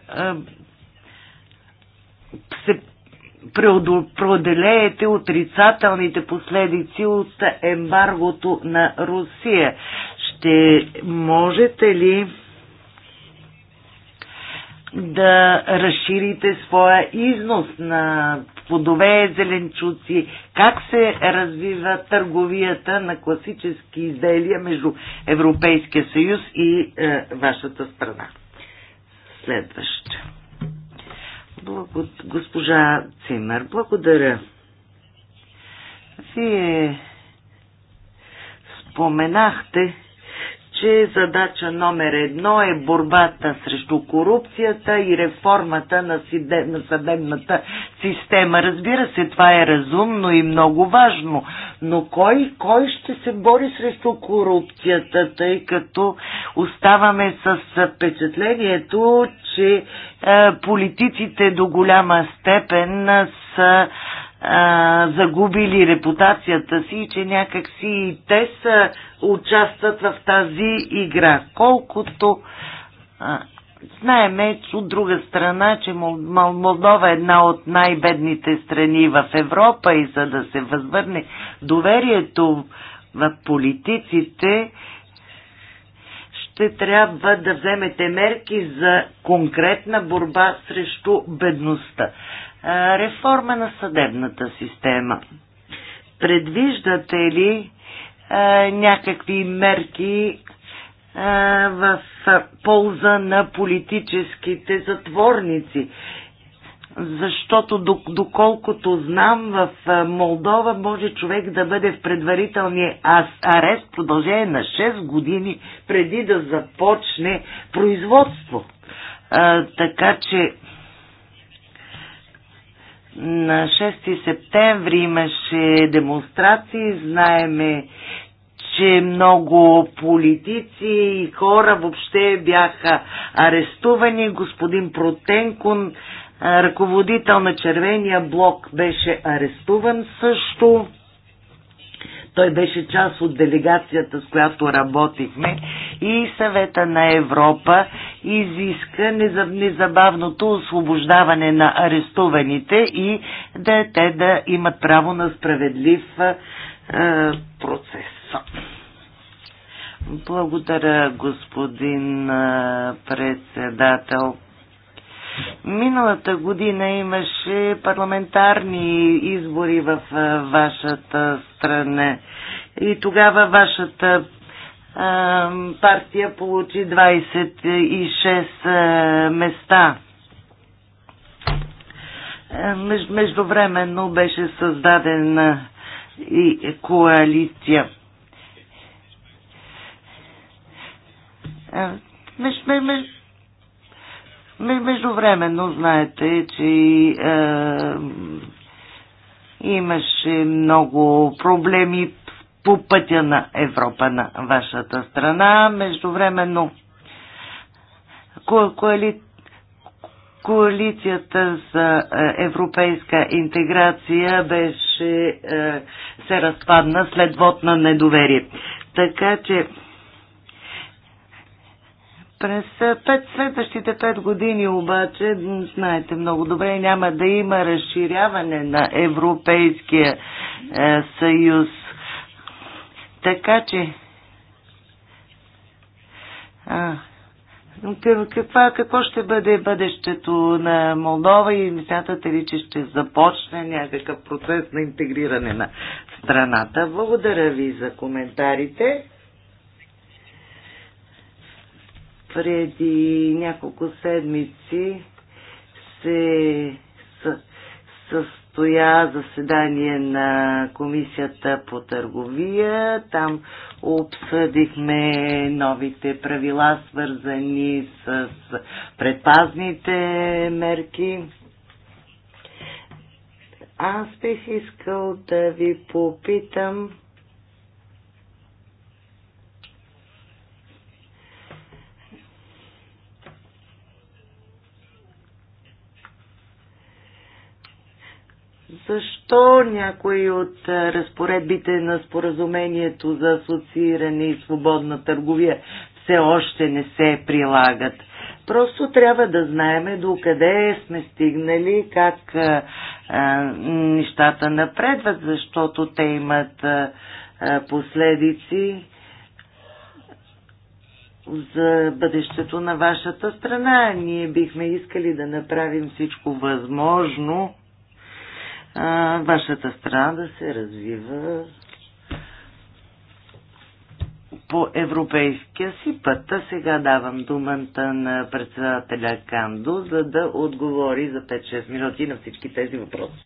се преодолеете отрицателните последици от ембаргото на Русия? Ще можете ли да разширите своя износ на плодове, зеленчуци, как се развива търговията на класически изделия между Европейския съюз и е, вашата страна. Следваща. Благод... Госпожа Цимер, благодаря. Вие споменахте, че задача номер едно е борбата срещу корупцията и реформата на, сиде, на съдебната система. Разбира се, това е разумно и много важно, но кой, кой ще се бори срещу корупцията, тъй като оставаме с впечатлението, че е, политиците до голяма степен са а, загубили репутацията си и че някакси и те са, участват в тази игра. Колкото а, знаеме от друга страна, че Молдова е една от най-бедните страни в Европа и за да се възвърне доверието в политиците, ще трябва да вземете мерки за конкретна борба срещу бедността. Реформа на съдебната система. Предвиждате ли някакви мерки в полза на политическите затворници? защото доколкото знам, в Молдова може човек да бъде в предварителния арест в продължение на 6 години преди да започне производство. А, така че на 6 септември имаше демонстрации, знаеме, че много политици и хора въобще бяха арестувани. Господин Протенкун, ръководител на Червения блок, беше арестуван също. Той беше част от делегацията, с която работихме и съвета на Европа изиска незабавното освобождаване на арестуваните и да те да имат право на справедлив е, процес. Благодаря, господин председател. Миналата година имаше парламентарни избори в вашата страна и тогава вашата партия получи 26 места. Междувременно беше създадена и коалиция. Между, между, Междувременно знаете, че е, имаше много проблеми по пътя на Европа на вашата страна. Междувременно ко- коали... коалицията за е, европейска интеграция беше е, се разпадна след вод на недоверие. Така че през пет, следващите пет години обаче, знаете много добре, няма да има разширяване на Европейския е, съюз. Така че. А, каква, какво ще бъде бъдещето на Молдова и смятате ли, че ще започне някакъв процес на интегриране на страната? Благодаря ви за коментарите. преди няколко седмици се състоя заседание на комисията по търговия. Там обсъдихме новите правила, свързани с предпазните мерки. Аз бих искал да ви попитам защо някои от разпоредбите на споразумението за асоцииране и свободна търговия все още не се прилагат. Просто трябва да знаеме докъде сме стигнали, как а, нещата напредват, защото те имат а, последици за бъдещето на вашата страна. Ние бихме искали да направим всичко възможно а, вашата страна да се развива по европейския си път. А сега давам думата на председателя Канду, за да отговори за 5-6 минути на всички тези въпроси.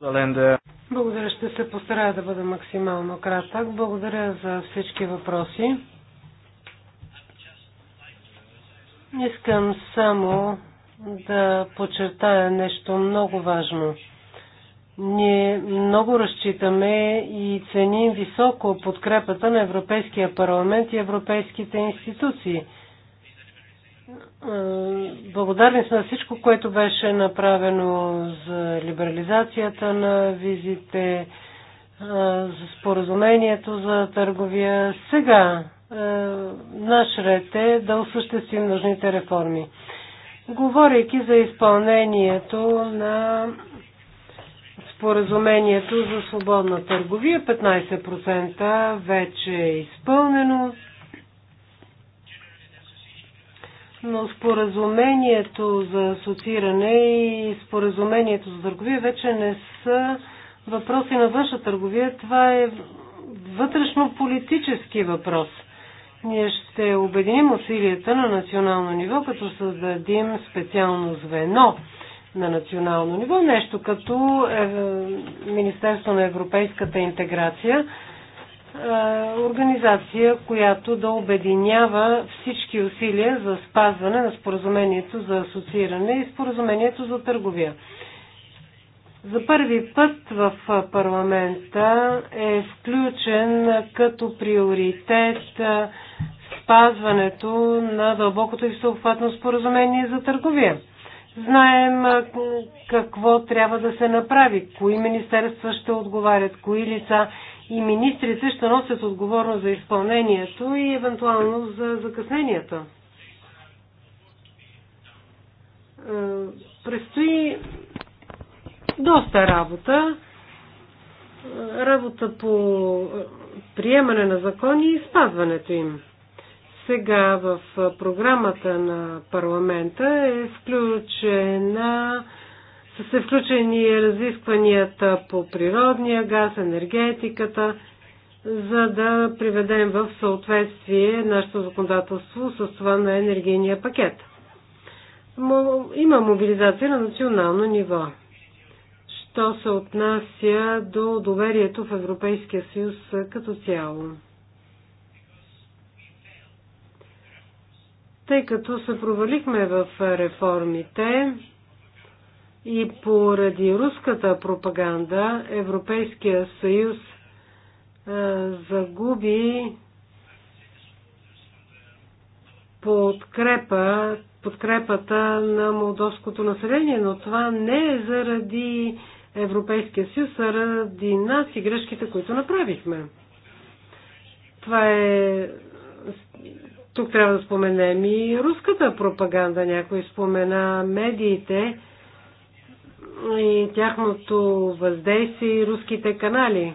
Благодаря, ще се постарая да бъда максимално кратък. Благодаря за всички въпроси. Искам само да подчертая нещо много важно – ние много разчитаме и ценим високо подкрепата на Европейския парламент и европейските институции. Е, благодарни сме на всичко, което беше направено за либерализацията на визите, е, за споразумението за търговия. Сега е, наш ред е да осъществим нужните реформи. Говорейки за изпълнението на споразумението за свободна търговия. 15% вече е изпълнено. Но споразумението за асоцииране и споразумението за търговия вече не са въпроси на външна търговия. Това е вътрешно-политически въпрос. Ние ще обединим усилията на национално ниво, като създадим специално звено на национално ниво, нещо като е, Министерство на европейската интеграция, е, организация, която да обединява всички усилия за спазване на споразумението за асоцииране и споразумението за търговия. За първи път в парламента е включен като приоритет е, спазването на дълбокото и всеобхватно споразумение за търговия. Знаем какво трябва да се направи, кои министерства ще отговарят, кои лица и министрите ще носят отговорност за изпълнението и евентуално за закъсненията. Престои доста работа. Работа по приемане на закони и спазването им. Сега в програмата на парламента е включена са се включени разискванията по природния газ, енергетиката, за да приведем в съответствие нашето законодателство с това на енергийния пакет. Има мобилизация на национално ниво. Що се отнася до доверието в Европейския съюз като цяло? Тъй като се провалихме в реформите и поради руската пропаганда Европейския съюз загуби подкрепа, подкрепата на молдовското население, но това не е заради Европейския съюз, а заради нас и грешките, които направихме. Това е тук трябва да споменем и руската пропаганда. Някой спомена медиите и тяхното въздействие и руските канали.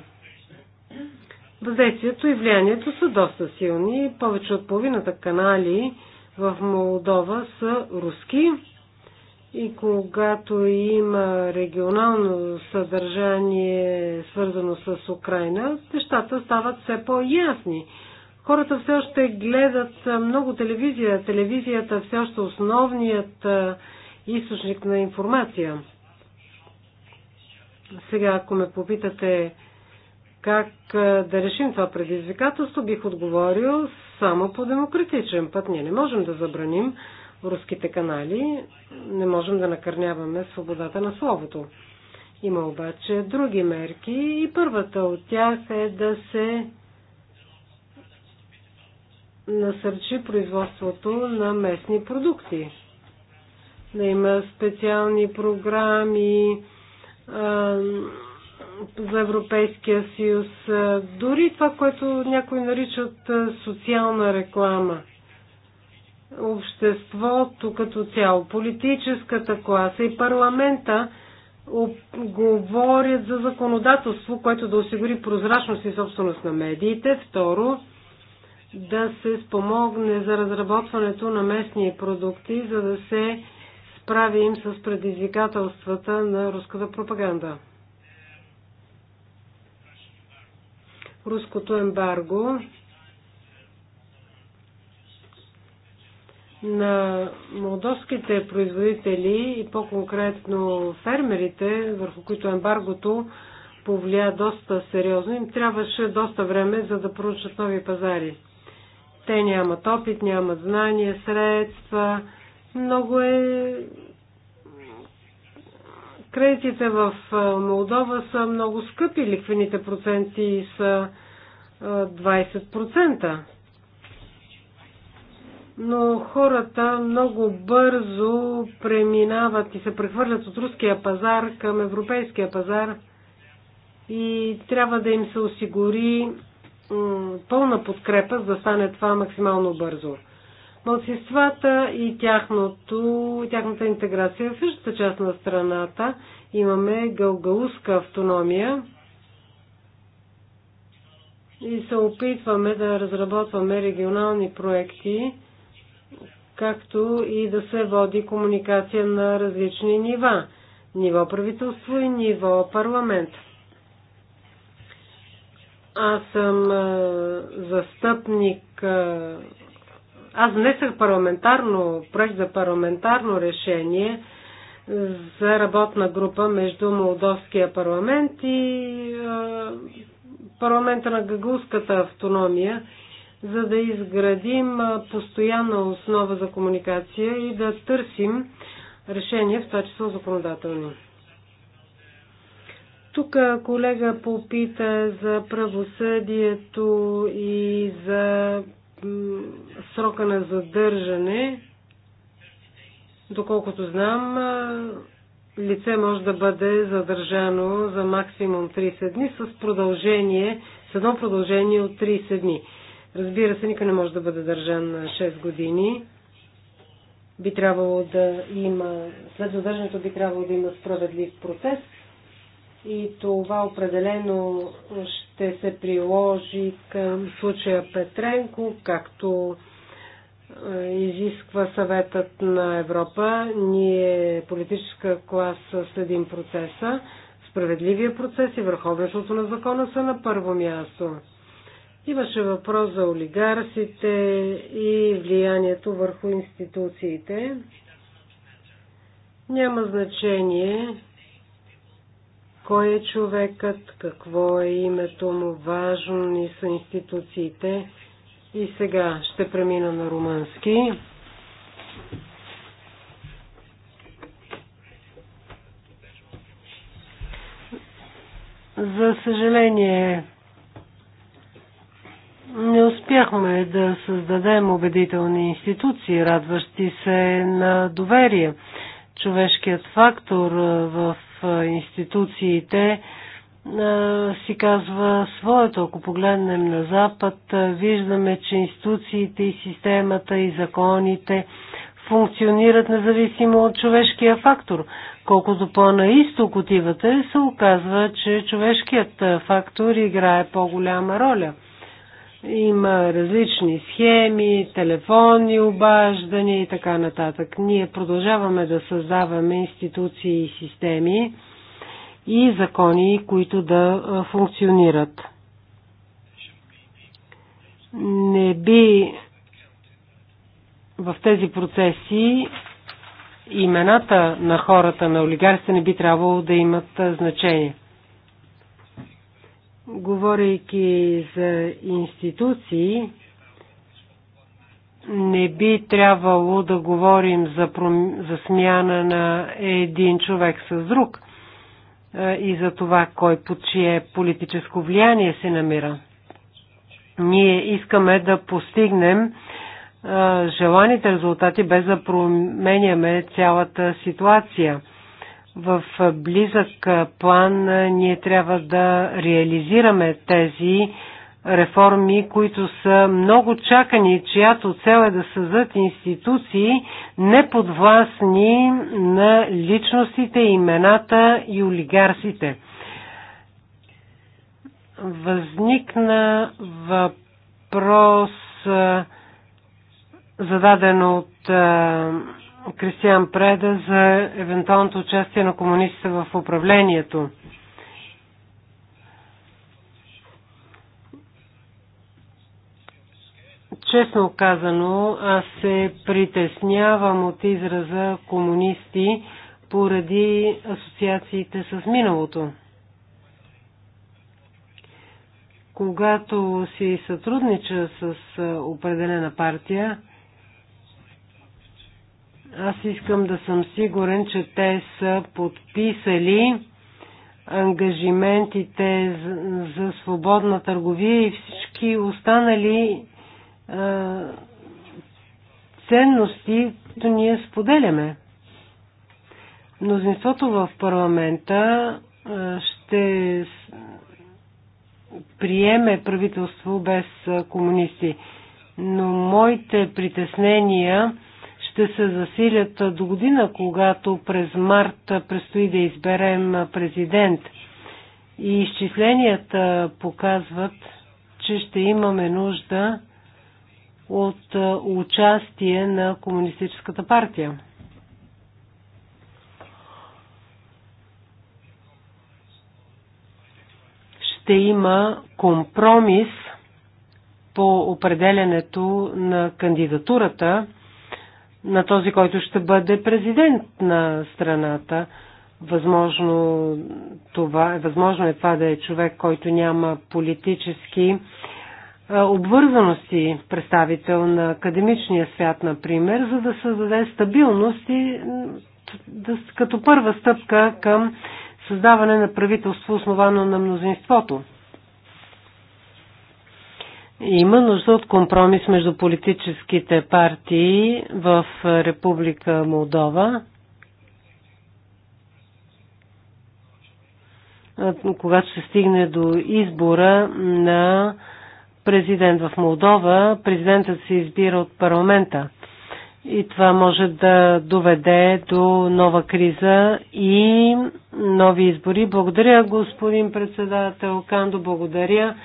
Въздействието и влиянието са доста силни. Повече от половината канали в Молдова са руски. И когато има регионално съдържание, свързано с Украина, нещата стават все по-ясни. Хората все още гледат много телевизия. Телевизията е все още основният източник на информация. Сега, ако ме попитате как да решим това предизвикателство, бих отговорил само по демократичен път. Ние не можем да забраним руските канали, не можем да накърняваме свободата на словото. Има обаче други мерки и първата от тях е да се насърчи производството на местни продукти. Да има специални програми а, за Европейския съюз. Дори това, което някои наричат социална реклама. Обществото като цяло, политическата класа и парламента говорят за законодателство, което да осигури прозрачност и собственост на медиите. Второ, да се спомогне за разработването на местни продукти, за да се справим с предизвикателствата на руската пропаганда. Руското ембарго на молдовските производители и по-конкретно фермерите, върху които ембаргото повлия доста сериозно, им трябваше доста време за да проучат нови пазари. Те нямат опит, нямат знания, средства. Много е. Кредитите в Молдова са много скъпи, ликвените проценти са 20%. Но хората много бързо преминават и се прехвърлят от руския пазар към европейския пазар и трябва да им се осигури пълна подкрепа, за да стане това максимално бързо. Малцинствата и тяхното, тяхната интеграция в същата част на страната имаме гългауска автономия и се опитваме да разработваме регионални проекти, както и да се води комуникация на различни нива. Ниво правителство и ниво парламент – аз съм застъпник. Аз внесах парламентарно, проект за парламентарно решение за работна група между Молдовския парламент и парламента на Гагулската автономия, за да изградим постоянна основа за комуникация и да търсим решения, в това число законодателно. Тук колега попита за правосъдието и за срока на задържане. Доколкото знам, лице може да бъде задържано за максимум 30 дни с продължение, с едно продължение от 30 дни. Разбира се, никой не може да бъде държан на 6 години. Би трябвало да има, след задържането би трябвало да има справедлив процес – и това определено ще се приложи към случая Петренко, както е, изисква съветът на Европа. Ние, политическа класа, следим процеса. Справедливия процес и върховенството на закона са на първо място. Имаше въпрос за олигарсите и влиянието върху институциите. Няма значение кой е човекът, какво е името му, важно ни са институциите. И сега ще премина на румънски. За съжаление, не успяхме да създадем убедителни институции, радващи се на доверие. Човешкият фактор в институциите си казва своето. Ако погледнем на Запад, виждаме, че институциите и системата и законите функционират независимо от човешкия фактор. Колкото по-на изток отивате, се оказва, че човешкият фактор играе по-голяма роля – има различни схеми, телефонни обаждания и така нататък. Ние продължаваме да създаваме институции и системи и закони, които да функционират. Не би в тези процеси имената на хората на олигарите не би трябвало да имат значение. Говорейки за институции, не би трябвало да говорим за, пром... за смяна на един човек с друг и за това кой под чие политическо влияние се намира. Ние искаме да постигнем желаните резултати без да променяме цялата ситуация – в близък план ние трябва да реализираме тези реформи, които са много чакани, чиято цел е да създадат институции неподвластни на личностите, имената и олигарсите. Възникна въпрос зададен от Кристиан Преда за евентуалното участие на комунистите в управлението. Честно казано, аз се притеснявам от израза комунисти поради асоциациите с миналото. Когато си сътруднича с определена партия, аз искам да съм сигурен, че те са подписали ангажиментите за свободна търговия и всички останали а, ценности, които ние споделяме. Мнозинството в парламента а, ще приеме правителство без комунисти. Но моите притеснения ще се засилят до година, когато през март предстои да изберем президент. И изчисленията показват, че ще имаме нужда от участие на Комунистическата партия. Ще има компромис по определенето на кандидатурата на този, който ще бъде президент на страната. Възможно, това, е, възможно е това да е човек, който няма политически обвързаности, представител на академичния свят, например, за да създаде стабилност и да, като първа стъпка към създаване на правителство, основано на мнозинството. Има нужда от компромис между политическите партии в Република Молдова. Когато се стигне до избора на президент в Молдова, президентът се избира от парламента. И това може да доведе до нова криза и нови избори. Благодаря, господин председател Кандо. Благодаря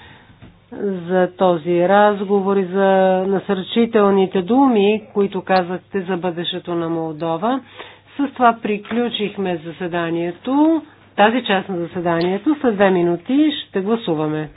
за този разговор и за насърчителните думи, които казахте за бъдещето на Молдова. С това приключихме заседанието, тази част на заседанието. След две минути ще гласуваме.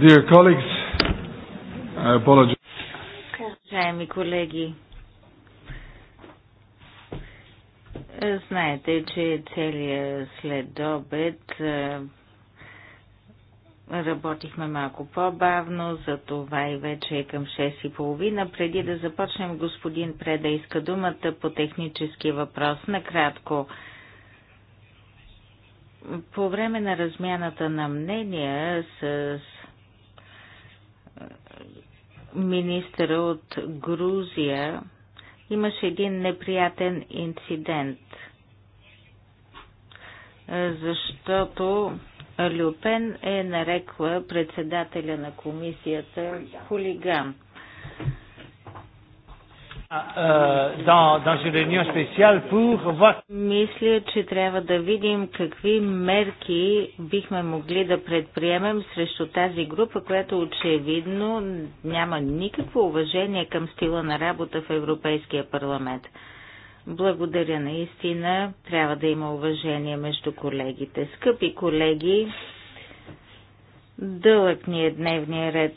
Dear colleagues, I apologize. Уважаеми колеги, знаете, че целият след обед работихме малко по-бавно, за това и вече е към 6.30. Преди да започнем, господин Преда иска думата по технически въпрос. Накратко, по време на размяната на мнения с министъра от Грузия имаше един неприятен инцидент, защото Люпен е нарекла председателя на комисията хулиган. Мисля, че трябва да видим какви мерки бихме могли да предприемем срещу тази група, която очевидно няма никакво уважение към стила на работа в Европейския парламент. Благодаря наистина. Трябва да има уважение между колегите. Скъпи колеги, дълъг ни е дневния ред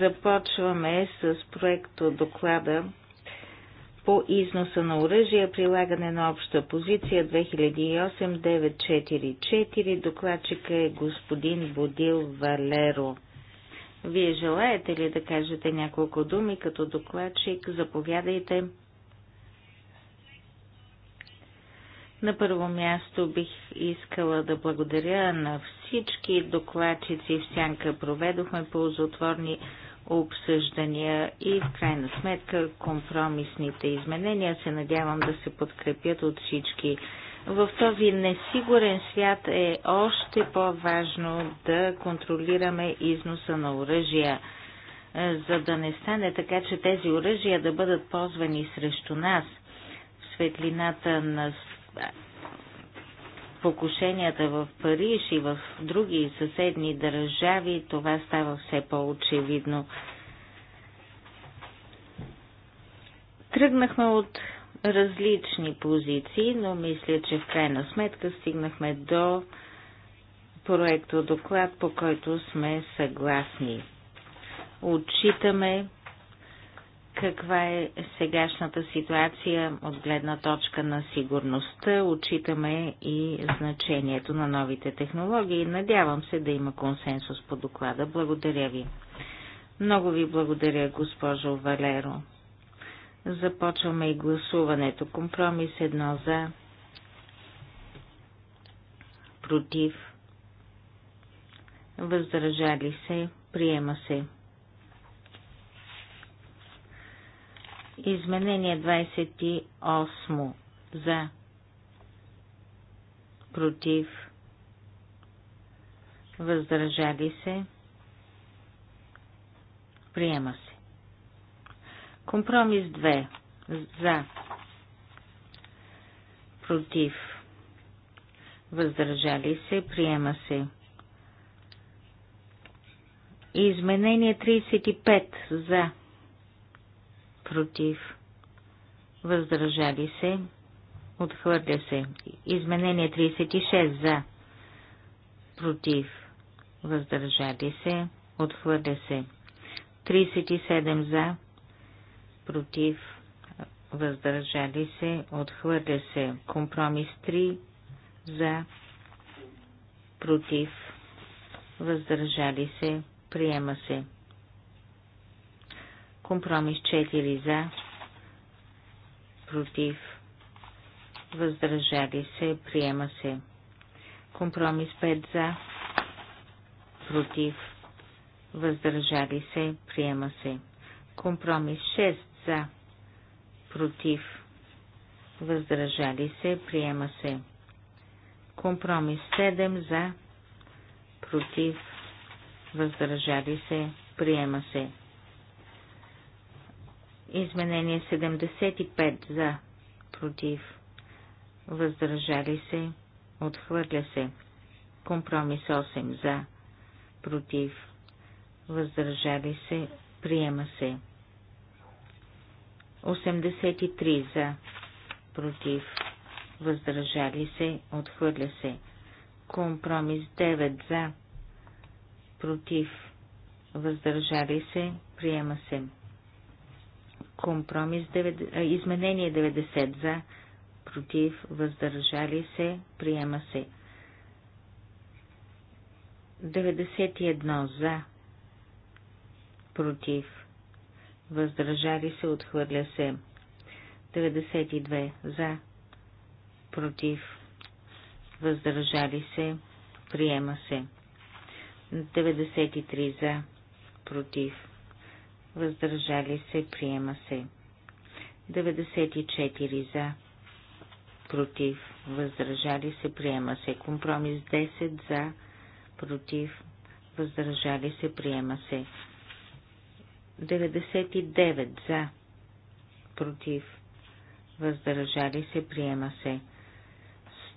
Започваме с проекто доклада по износа на оръжия, прилагане на обща позиция 2008-944. Докладчика е господин Бодил Валеро. Вие желаете ли да кажете няколко думи като докладчик? Заповядайте. На първо място бих искала да благодаря на всички докладчици в Сянка. Проведохме ползотворни обсъждания и в крайна сметка компромисните изменения се надявам да се подкрепят от всички. В този несигурен свят е още по-важно да контролираме износа на оръжия, за да не стане така, че тези оръжия да бъдат ползвани срещу нас. В светлината на покушенията в Париж и в други съседни държави, това става все по-очевидно. Тръгнахме от различни позиции, но мисля, че в крайна сметка стигнахме до проекто доклад, по който сме съгласни. Отчитаме каква е сегашната ситуация от гледна точка на сигурността. Отчитаме и значението на новите технологии. Надявам се да има консенсус по доклада. Благодаря ви. Много ви благодаря, госпожо Валеро. Започваме и гласуването. Компромис едно за, против, въздържали се, приема се. Изменение 28 за против въздържали се приема се. Компромис 2 за против въздържали се приема се. Изменение 35 за против, въздържали се, отхвърля се. Изменение 36 за, против, въздържали се, отхвърля се. 37 за, против, въздържали се, отхвърля се. Компромис 3 за, против, въздържали се, приема се. Компромис 4 за, против, въздържали се, приема се. Компромис 5 за, против, въздържали се, приема се. Компромис 6 за, против, въздържали се, приема се. Компромис 7 за, против, въздържали се, приема се. Изменение 75 за, против, въздържали се, отхвърля се. Компромис 8 за, против, въздържали се, приема се. 83 за, против, въздържали се, отхвърля се. Компромис 9 за, против, въздържали се, приема се. Компромис изменение 90 за, против, въздържали се, приема се. 91 за, против, въздържали се, отхвърля се. 92 за, против, въздържали се, приема се. 93 за, против, въздържали се, приема се. 94 за, против, въздържали се, приема се. Компромис 10 за, против, въздържали се, приема се. 99 за, против, въздържали се, приема се.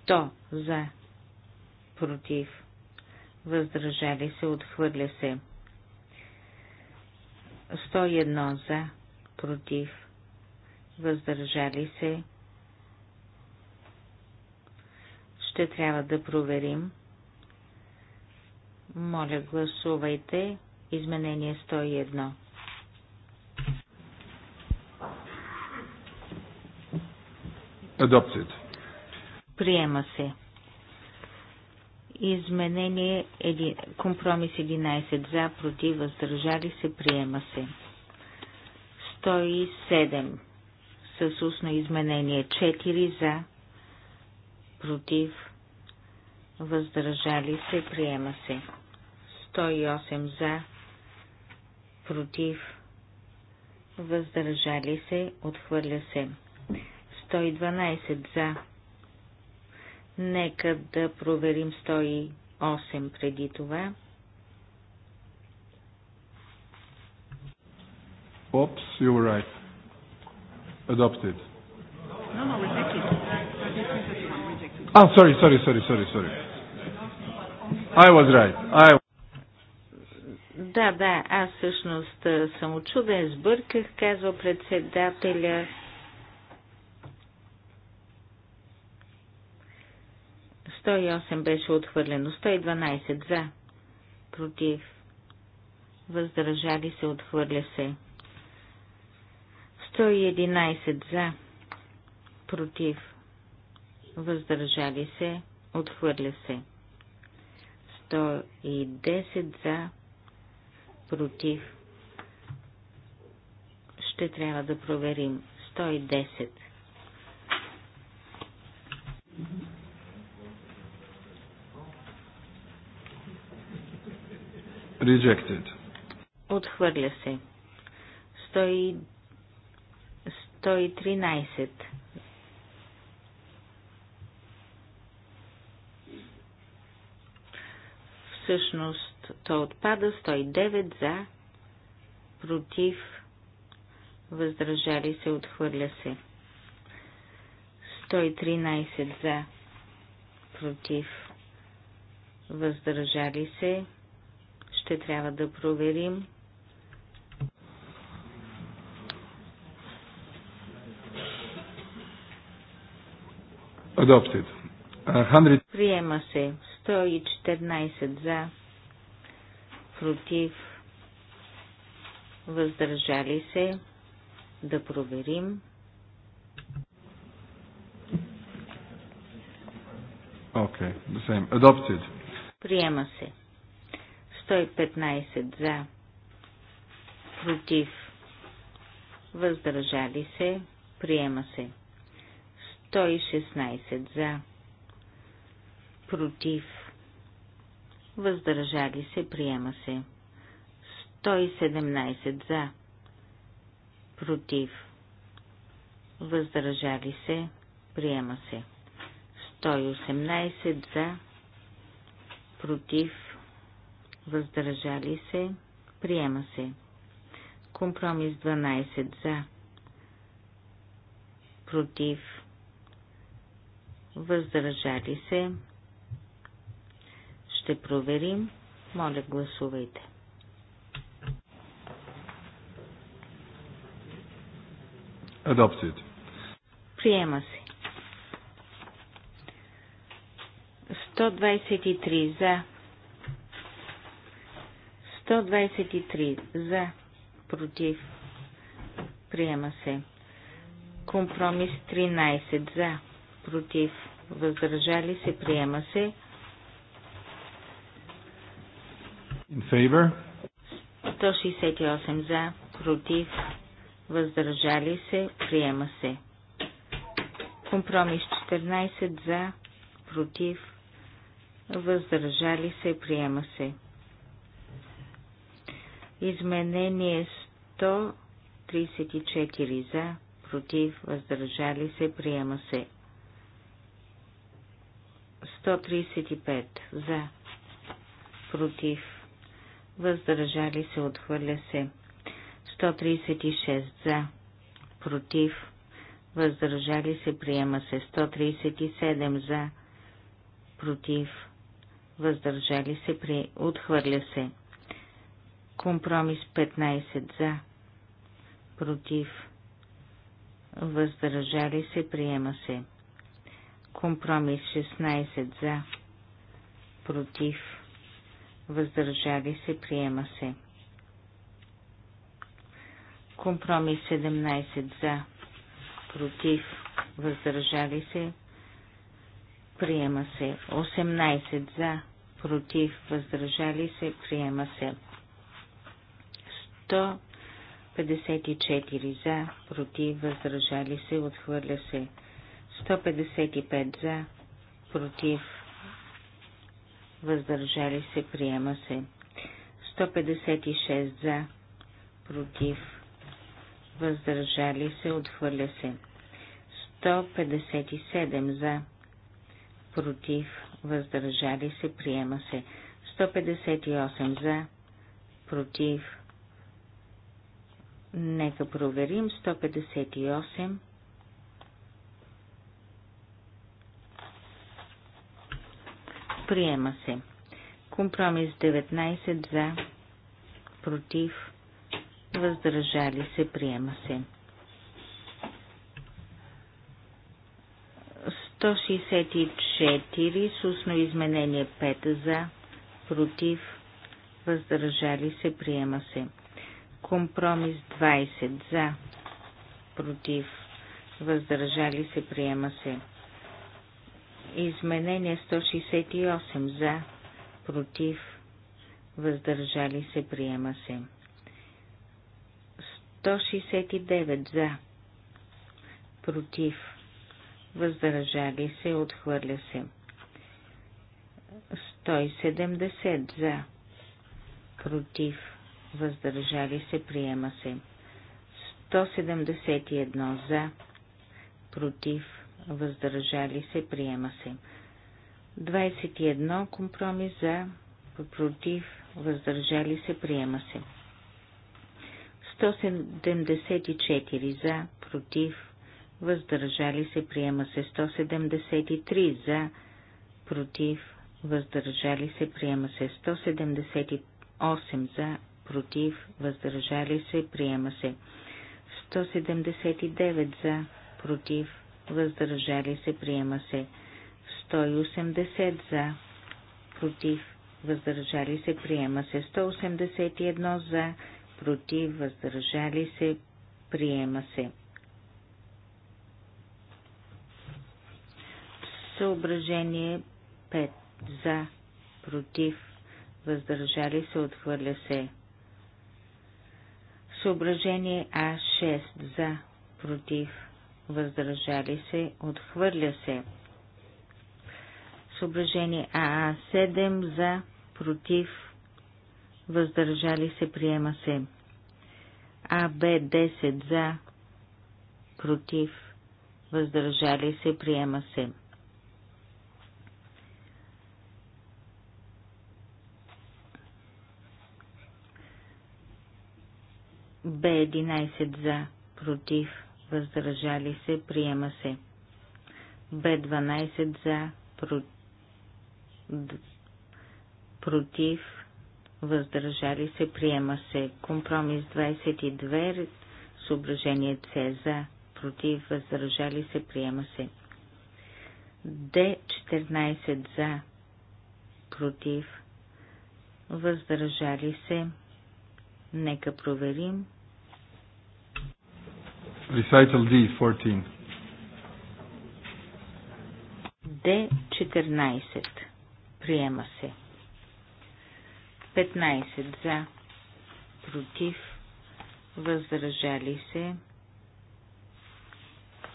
100 за, против, въздържали се, отхвърля се. 101 за, против, въздържали се. Ще трябва да проверим. Моля, гласувайте изменение 101. Adopted. Приема се. Изменение еди... компромис 11 за, против, въздържали се, приема се. 107 с устно изменение 4 за, против, въздържали се, приема се. 108 за, против, въздържали се, отхвърля се. 112 за, Нека да проверим 108 преди това. Oops, you were right. Adopted. No, no, rejected. Ah, sorry, sorry, sorry, sorry, sorry. I was right. I... Да, да, аз всъщност съм очуден, сбърках, казва председателя. 108 беше отхвърлено. 112 за. Против. Въздържали се. Отхвърля се. 111 за. Против. Въздържали се. Отхвърля се. 110 за. Против. Ще трябва да проверим. 110. Rejected. Отхвърля се. 113. Всъщност то отпада 109 за, против, въздържали се, отхвърля се. 113 за, против, въздържали се, ще трябва да проверим. Adopted. 100... Uh, Приема се 114 за, против, въздържали се, да проверим. Okay, the same. Adopted. Приема се. 115 за, против, въздържали се, приема се. 116 за, против, въздържали се, приема се. 117 за, против, въздържали се, приема се. 118 за, против, въздържали се, приема се. Компромис 12 за, против, въздържали се. Ще проверим. Моля, гласувайте. Adopted. Приема се. 123 за, 123 за, против, приема се. Компромис 13 за, против, въздържали се, приема се. In favor. 168 за, против, въздържали се, приема се. Компромис 14 за, против, въздържали се, приема се. Изменение 134 за, против, въздържали се, приема се. 135 за, против, въздържали се, отхвърля се. 136 за, против, въздържали се, приема се. 137 за, против, въздържали се, при... отхвърля се. Компромис 15 за. Против. Въздържали се. Приема се. Компромис 16 за. Против. Въздържали се. Приема се. Компромис 17 за. Против. Въздържали се. Приема се. 18 за. Против. Въздържали се. Приема се. 154 за, против, въздържали се, отхвърля се. 155 за, против, въздържали се, приема се. 156 за, против, въздържали се, отхвърля се. 157 за, против, въздържали се, приема се. 158 за, против, Нека проверим 158. Приема се. Компромис 19 за, против, въздържали се, приема се. 164 с устно изменение 5 за, против, въздържали се, приема се. Компромис 20 за, против, въздържали се, приема се. Изменение 168 за, против, въздържали се, приема се. 169 за, против, въздържали се, отхвърля се. 170 за, против, въздържали се, приема се. 171 за, против, въздържали се, приема се. 21 компромис за, против, въздържали се, приема се. 174 за, против, въздържали се, приема се. 173 за, против, въздържали се, приема се. 178 за, против, въздържали се, приема се. 179 за, против, въздържали се, приема се. 180 за, против, въздържали се, приема се. 181 за, против, въздържали се, приема се. Съображение 5 за, против, въздържали се, отхвърля се. Съображение А6 за, против, въздържали се, отхвърля се. Съображение АА7 за, против, въздържали се, приема се. АБ10 за, против, въздържали се, приема се. Б11 за, против, въздържали се, приема се. Б12 за, про... против, въздържали се, приема се. Компромис 22, съображение С за, против, въздържали се, приема се. Д14 за, против, въздържали се. Нека проверим. Recital D14. D14. Приема се. 15 за. Против. Въздържали се.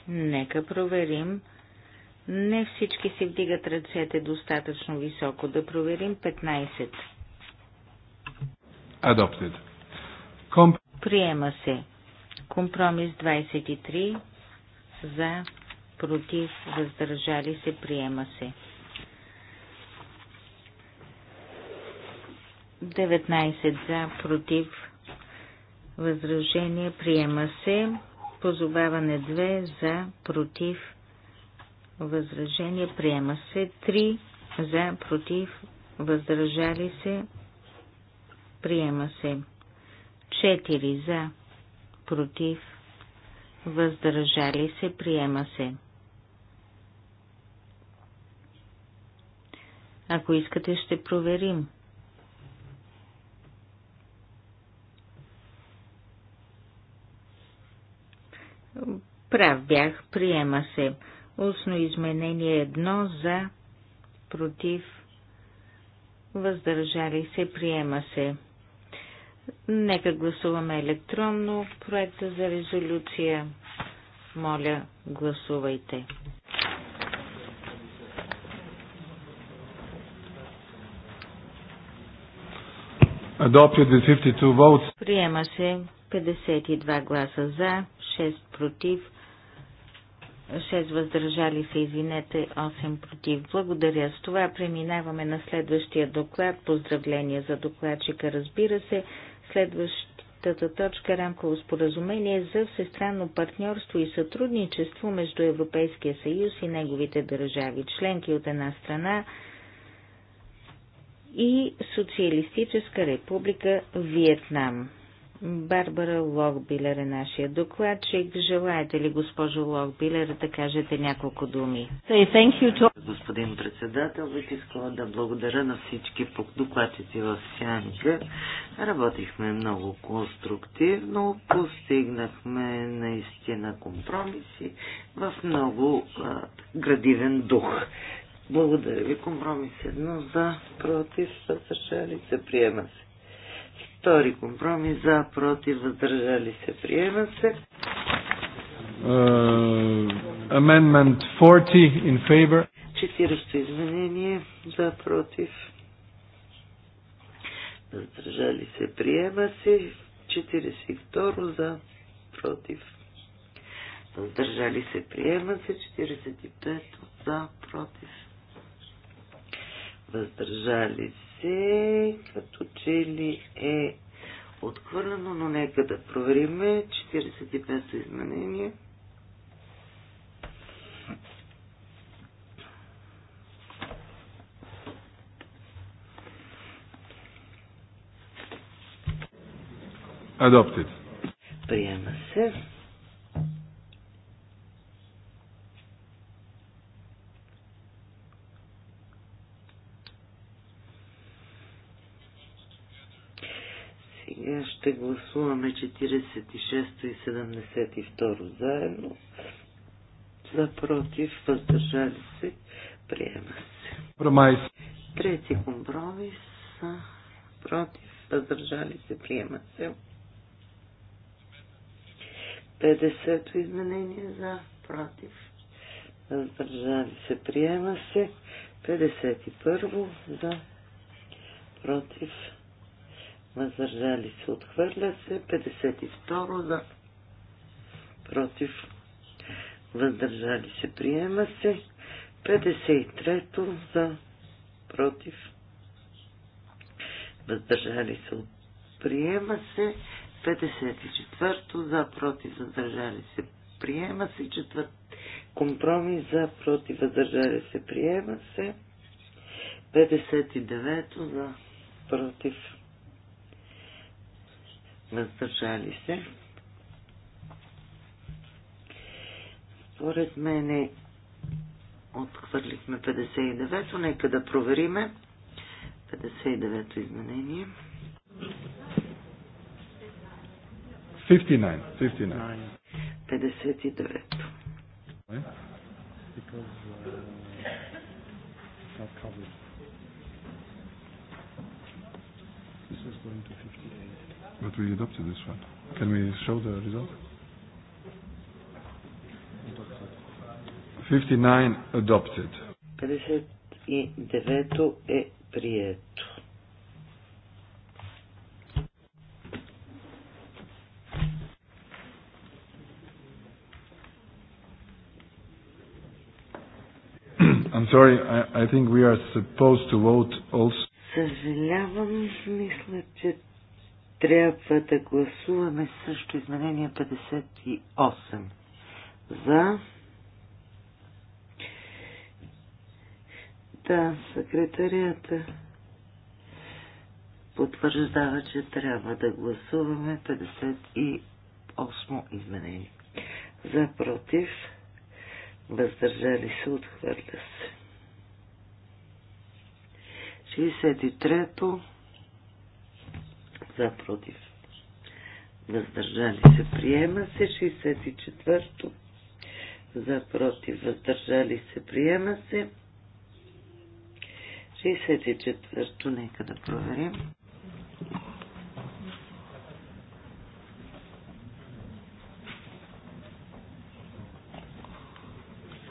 Нека проверим. Не всички си вдигат ръцете достатъчно високо. Да проверим 15. Adopted. Приема се. Компромис 23 за, против, въздържали се, приема се. 19 за, против, възражение, приема се. Позоваване 2 за, против, възражение, приема се. 3 за, против, въздържали се, приема се. 4 за, против, въздържали се, приема се. Ако искате, ще проверим. Прав бях, приема се. Устно изменение едно за, против, въздържали се, приема се. Нека гласуваме електронно проекта за резолюция. Моля, гласувайте. Adopted with 52 votes. Приема се 52 гласа за, 6 против, 6 въздържали се, извинете, 8 против. Благодаря. С това преминаваме на следващия доклад. Поздравления за докладчика, разбира се. Следващата точка рамково споразумение за всестранно партньорство и сътрудничество между Европейския съюз и неговите държави, членки от една страна и Социалистическа република Виетнам. Барбара Лохбилер е нашия докладчик. Желаете ли, госпожо Лохбилер, да кажете няколко думи? Господин председател, бих искала да благодаря на всички докладчици в Сянка. Работихме много конструктивно, постигнахме наистина компромиси в много а, градивен дух. Благодаря ви, компромис едно за, против, съсъщали се, приема се. Втори компромис за, против, въздържали се, приема се. Uh, amendment 40 in favor. 40 изменение за, против. Въздържали се, приема се. 42 за, против. Въздържали се, приема се. 45 за, против. Въздържали се се, като че ли е отхвърлено, но нека да провериме 45-то изменение. Adopted. Приема се. ще гласуваме 46 и 72 заедно. За против, въздържали се, приема се. Промайс. Трети компромис. Против, въздържали се, приема се. 50-то изменение за против. Въздържали се, приема се. 51-во за против въздържали се, отхвърля се, 52 за, против, въздържали се, приема се, 53 за, против, въздържали се, приема се, 54 за, против, въздържали се, приема се, четвърт, компромис за, против, въздържали се, приема се, 59 за, против, въздържали се. Според мене отхвърлихме 59-то. Нека да провериме. 59-то изменение. 59. 59. 59-то. This is going to 58. But we adopted this one. Can we show the result? 59 adopted. 59 е прието. I'm sorry, I, I think we are supposed to vote also. Съжалявам, мисля, че трябва да гласуваме също изменение 58. За. Да, секретарията потвърждава, че трябва да гласуваме 58 изменение. За против, въздържали се, отхвърля се. 63-то за против. Въздържали се приема се 64-то. За против въздържали се приема се 64-то. Нека да проверим.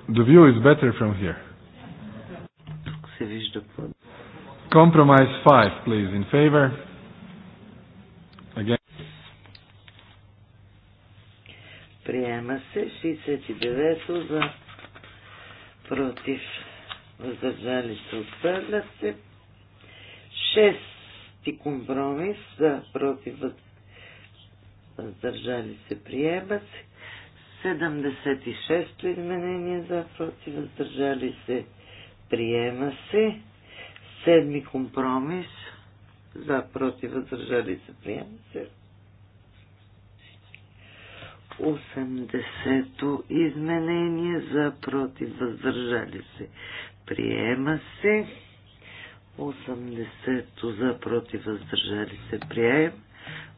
The view is better from here. Тук се вижда Compromise 5, please, in favor. Приема се 69-то за против. Въздържали се отхвърлят се. 6 компромис за против. Въздържали се приемат се. 76-то изменение за против. Въздържали се приема се. Седми компромис за против. Въздържали се приема се. 80-то изменение за против въздържали се. Приема се. 80-то за против въздържали се. Прием.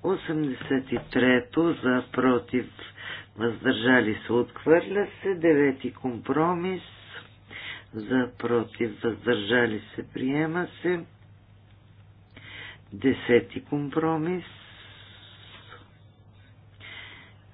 83-то за против въздържали се. Отхвърля се. 9-ти компромис за против въздържали се. Приема се. Десети компромис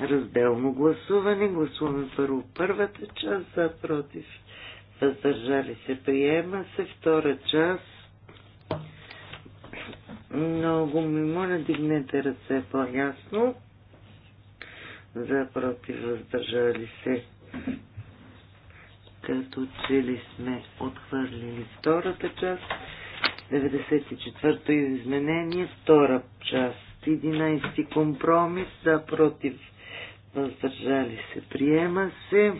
разделно гласуване. Гласуваме първо първата част, за против, въздържали се, приема се. Втора част, много ми моля, дигнете ръце по-ясно. За против, въздържали се. Като че ли сме отхвърлили втората част. 94-то изменение, втора част, 11 компромис, за против, въздържали се, приема се.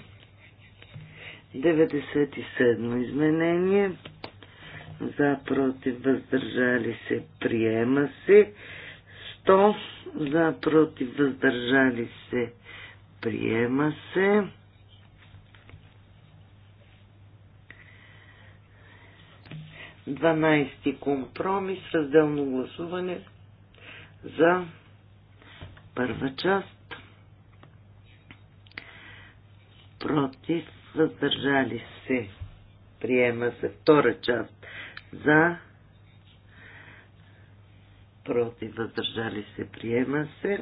97 изменение, за, против, въздържали се, приема се. 100, за, против, въздържали се, приема се. Дванайсти компромис, разделно гласуване за първа част против, въздържали се. Приема се втора част. За, против, въздържали се. Приема се.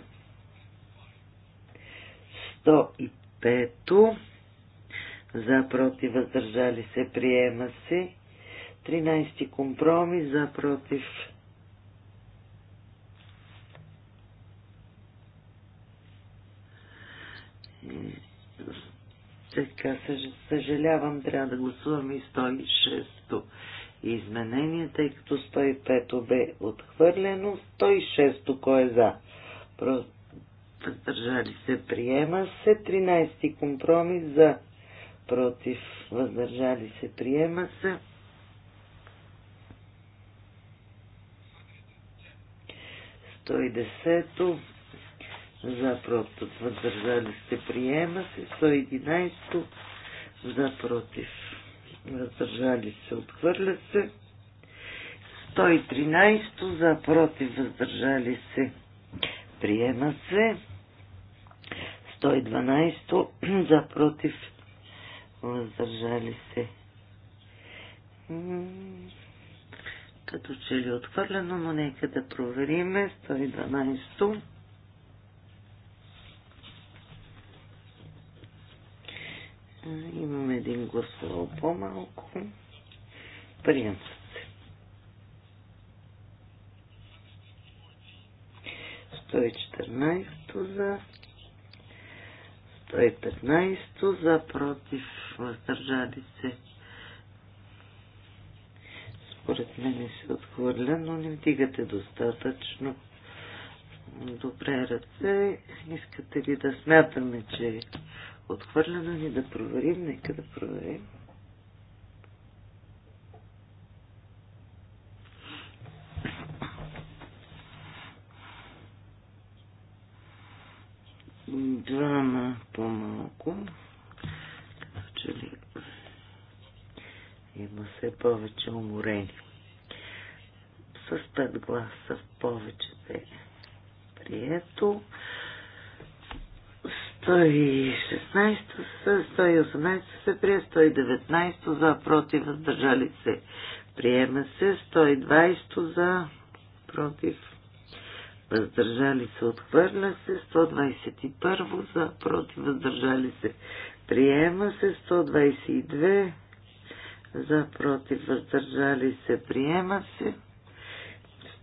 105. За, против, въздържали се. Приема се. 13 компромис. За, против, така, съжалявам, трябва да гласуваме и 106-то изменение, тъй като 105-то бе отхвърлено. 106-то кой е за? въздържали се, приема се. 13-ти компромис за против, въздържали се, приема се. Той десето за против, въздържали се, приема се. 111 за против, въздържали се, отхвърля се. 113 за против, въздържали се, приема се. 112 за против, въздържали се. Като че ли отхвърлено, но нека да провериме. 112 Имаме един гласувал по-малко. Прием се. 114 за 115 за против въздържали се. Според мен е се отхвърля, но не вдигате достатъчно добре ръце. Искате ли да смятаме, че Отхвърлено ни да проверим, нека да проверим. Двама по-малко. Като че ли има все повече уморени. С пет гласа в повече бе прието. 116 118 се прие, 119 за, против, въздържали се. Приема се 120 за, против, въздържали се, отхвърля се, 121 за, против, въздържали се. Приема се 122 за, против, въздържали се. Приема се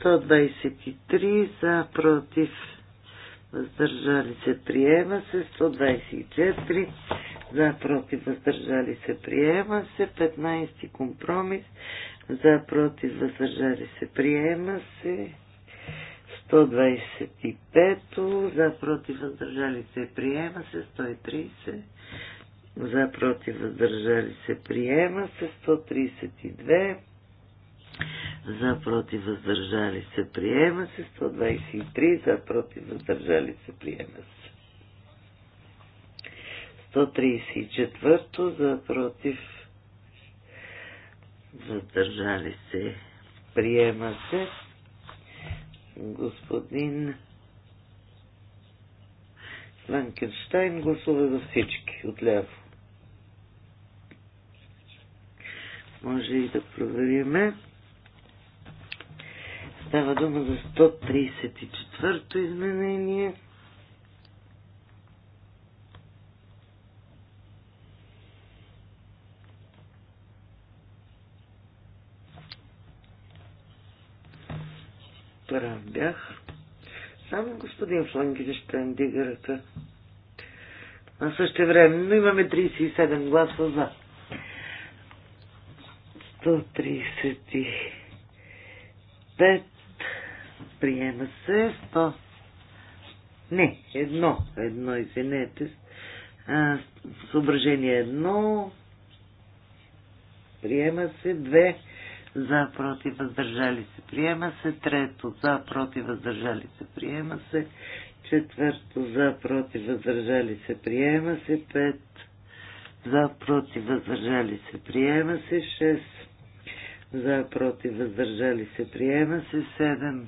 123 за, против, въздържали се, приема се 124, за против, въздържали се, приема се 15 компромис, за против, въздържали се, приема се 125, за против, въздържали се, приема се 130, за против, въздържали се, приема се 132, за против въздържали се приема се 123 за против въздържали се приема се 134 за против въздържали се приема се господин Франкенштайн гласува за всички отляво. Може и да провериме. Става дума за 134-то изменение. прав бях. Само господин Флангенщайн дига ръка. На също време, но имаме 37 гласа за. 135 приема се 100. Не, едно, едно, извинете. А, съображение едно. Приема се две. За, против, въздържали се, приема се. Трето, за, против, въздържали се, приема се. Четвърто, за, против, въздържали се, приема се. Пет, за, против, въздържали се, приема се. Шест, за, против, въздържали се, приема се. Седем,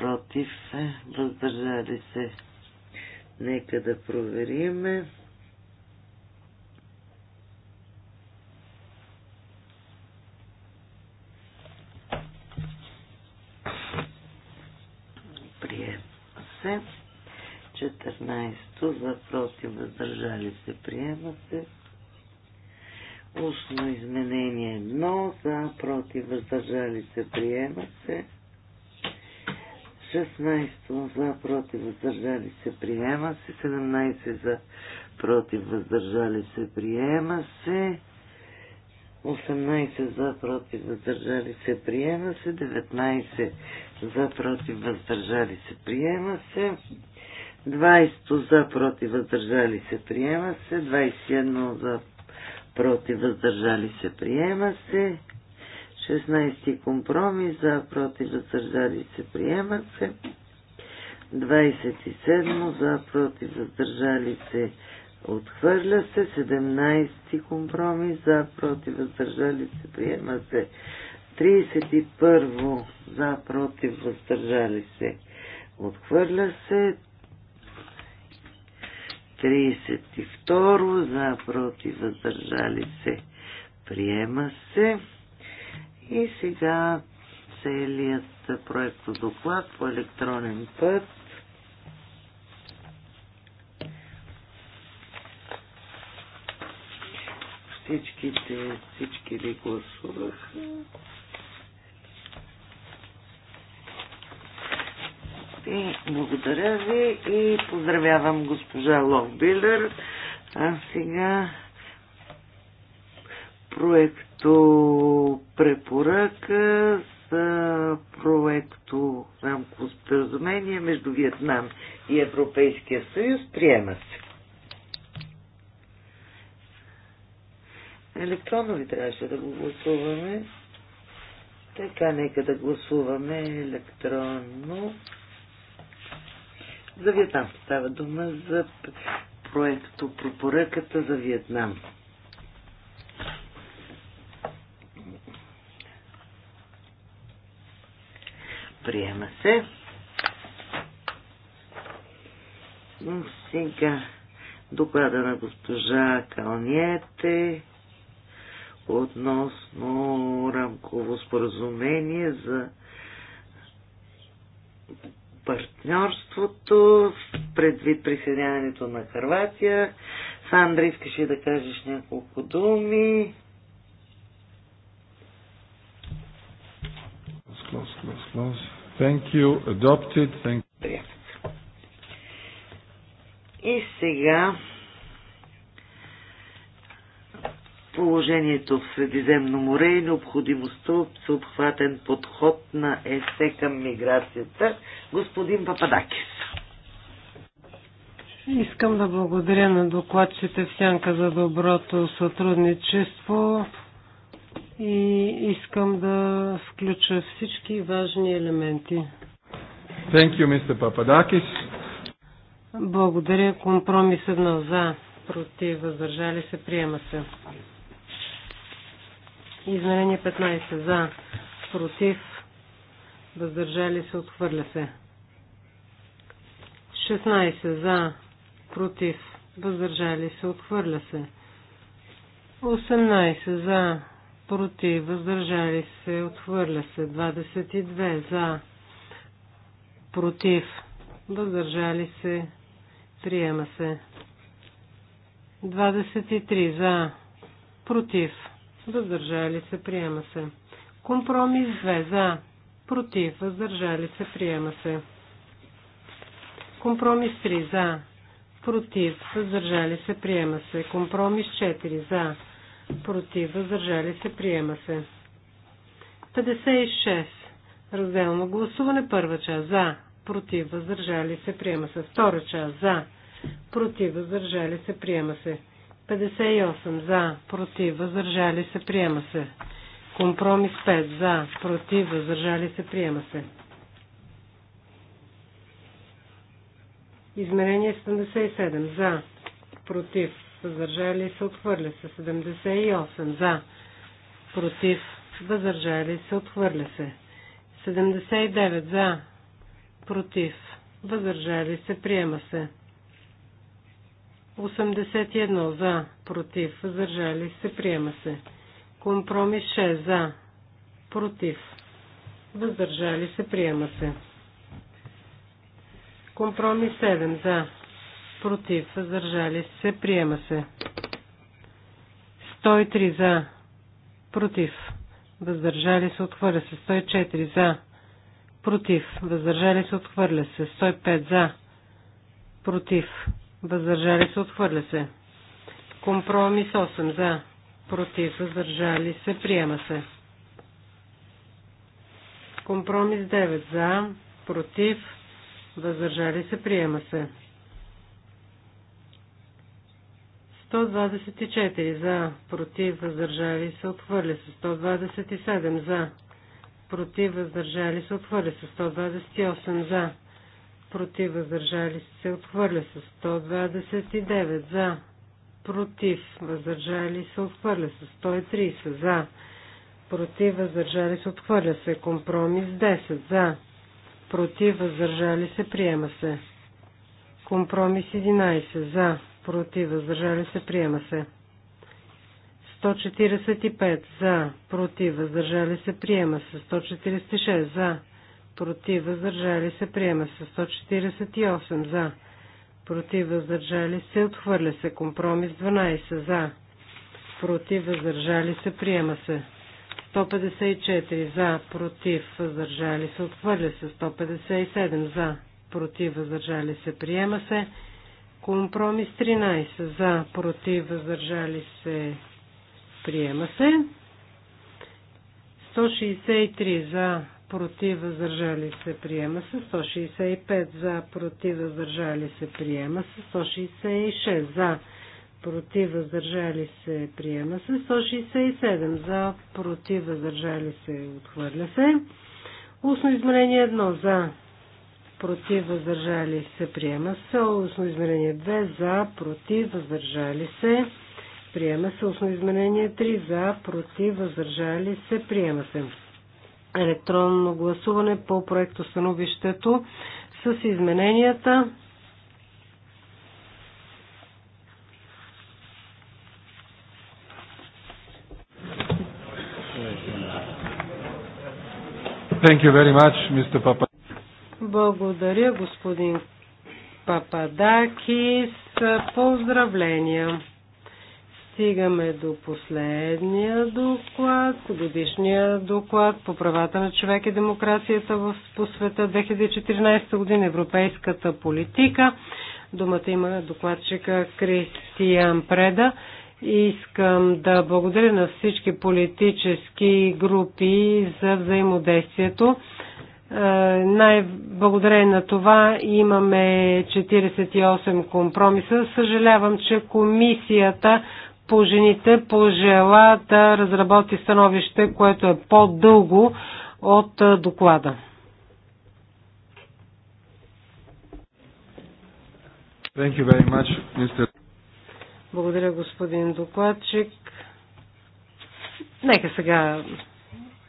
против, е, въздържали се. Нека да провериме. Приема се. 14 за против, въздържали се. Приема се. Устно изменение 1 за против, въздържали се. Приема се. 16 за против въздържали се приема се, 17 за против въздържали се приема се, 18 за против въздържали се приема се, 19 за против въздържали се приема се, 20 за против въздържали се приема се, 21 за против въздържали се приема се, 16 компромис, против, въздържали се, приемат се. 27 за, против, въздържали се, отхвърля се. 17 компромис, за, против, въздържали се, приема се. 31 за, против, въздържали се, отхвърля се. 32 за, против, въздържали се, приема се. И сега целият проект доклад по електронен път. Всичките, всички ли гласуваха? И благодаря ви и поздравявам госпожа Лов Билер. А сега проекто препоръка за проекто рамко споразумение между Виетнам и Европейския съюз. Приема се. Електронно ви трябваше да го гласуваме. Така, нека да гласуваме електронно. За Виетнам става дума за проекто препоръката за Виетнам. приема се. Сега доклада на госпожа Калниете относно рамково споразумение за партньорството предвид присъединяването на Харватия. Сандра, искаше да кажеш няколко думи. Close, close, close. Thank you. Adopted. Thank И сега положението в Средиземно море и необходимостта от съобхватен подход на ЕСЕ към миграцията. Господин Пападакис. Искам да благодаря на докладчите в Сянка за доброто сътрудничество и искам да включа всички важни елементи. Thank you, Mr. Papadakis. Благодаря. Компромис на за, против, въздържали се, приема се. Изменение 15 за, против, въздържали се, отхвърля се. 16 за, против, въздържали се, отхвърля се. 18 за, против, въздържали се, отхвърля се. 22 за, против, въздържали се, приема се. 23 за, против, въздържали се, приема се. Компромис 2 за, против, въздържали се, приема се. Компромис 3 за, против, въздържали се, приема се. Компромис 4 за, против, въздържали се, приема се. 56. Разделно гласуване. Първа част за, против, въздържали се, приема се. Втора част за, против, въздържали се, приема се. 58 за, против, въздържали се, приема се. Компромис 5 за, против, въздържали се, приема се. Измерение 77 за, против, въздържали се, отхвърля се. 78 за, против, въздържали се, отхвърля се. 79 за, против, въздържали се, приема се. 81 за, против, въздържали се, приема се. Компромис 6 за, против, въздържали се, приема се. Компромис 7 за, против, въздържали се, приема се. 103 за, против, въздържали се, отхвърля се. 104 за, против, въздържали се, отхвърля се. 105 за, против, въздържали се, отхвърля се. Компромис 8 за, против, въздържали се, приема се. Компромис 9 за, против, въздържали се, приема се. 124 за, против, въздържали се, отхвърля се. 127 за, против, въздържали се, отхвърля се. 128 за, против, въздържали се, отхвърля се. 129 за, против, въздържали се, отхвърля се. 130 за, против, въздържали се, отхвърля се. Компромис 10 за, против, въздържали се, приема се. Компромис 11 за, против, въздържали се, приема се. 145 за, против, въздържали се, приема се. 146 за, против, въздържали се, приема се. 148 за, против, въздържали се, отхвърля се. Компромис 12 за, против, въздържали се, приема се. 154 за, против, въздържали се, отхвърля се. 157 за, против, въздържали се, приема се. Компромис 13 за, против, въздържали се, приема се. 163 за, против, въздържали се, приема се. 165 за, против, въздържали се, приема се. 166 за, против, въздържали се, приема се. 167 за, против, въздържали се, отхвърля се. Устно измерение 1 за, против, въздържали се, приема се. Устно изменение 2 за, против, въздържали се, приема се. Устно изменение 3 за, против, въздържали се, приема се. Електронно гласуване по проекто становището с измененията. Thank you very much, Mr. Papa. Благодаря, господин Пападакис. Поздравления! Стигаме до последния доклад, годишния доклад по правата на човек и демокрацията в, по света 2014 година, европейската политика. Думата има докладчика Кристиан Преда. Искам да благодаря на всички политически групи за взаимодействието е, най- благодарение на това имаме 48 компромиса. Съжалявам, че комисията по жените пожела да разработи становище, което е по-дълго от е, доклада. Thank you very much, Mr. Благодаря, господин докладчик. Нека сега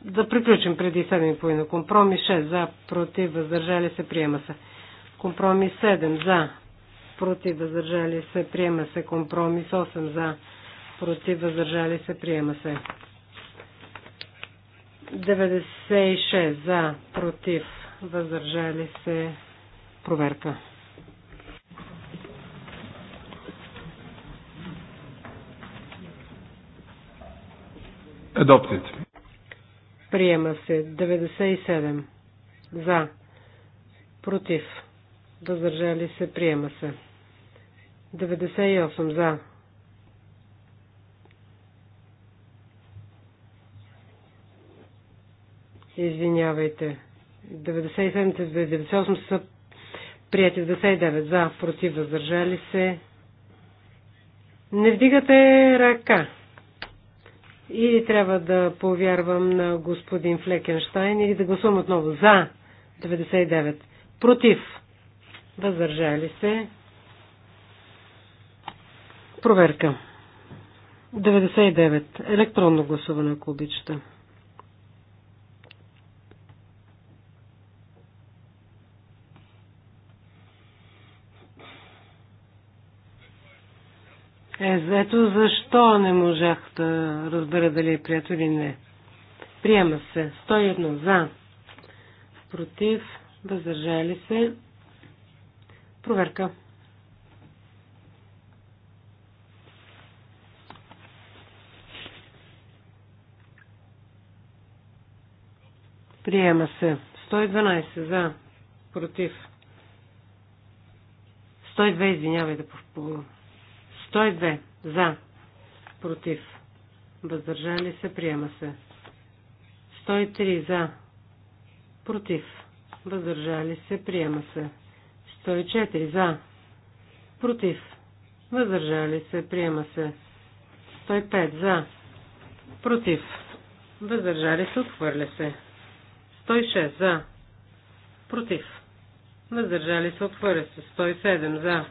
да приключим преди 7,5. Компромис 6 за, против, въздържали се, приема се. Компромис 7 за, против, въздържали се, приема се. Компромис 8 за, против, въздържали се, приема се. 96 за, против, въздържали се, проверка. Adopted. Приема се 97. За. Против. Въздържали се. Приема се. 98. За. Извинявайте. 97 и 98 са прияти. 99. За. Против. Въздържали се. Не вдигате ръка. И трябва да повярвам на господин Флекенштайн или да гласувам отново за 99. Против. Въздържали се. Проверка. 99. Електронно гласуване, ако обичате. Е, ето защо не можах да разбера дали е прието или не. Приема се. 101 за. Против. Въздържали се. Проверка. Приема се. 112 за. Против. 102, извинявай да повторя. 102. За. Против. Въздържали се. Приема се. 103. За. Против. Въздържали се. Приема се. 104. За. Против. Въздържали се. Приема се. 105. За. Против. Въздържали се. Отхвърля се. 106. За. Против. Въздържали се. Отхвърля се. 107. За.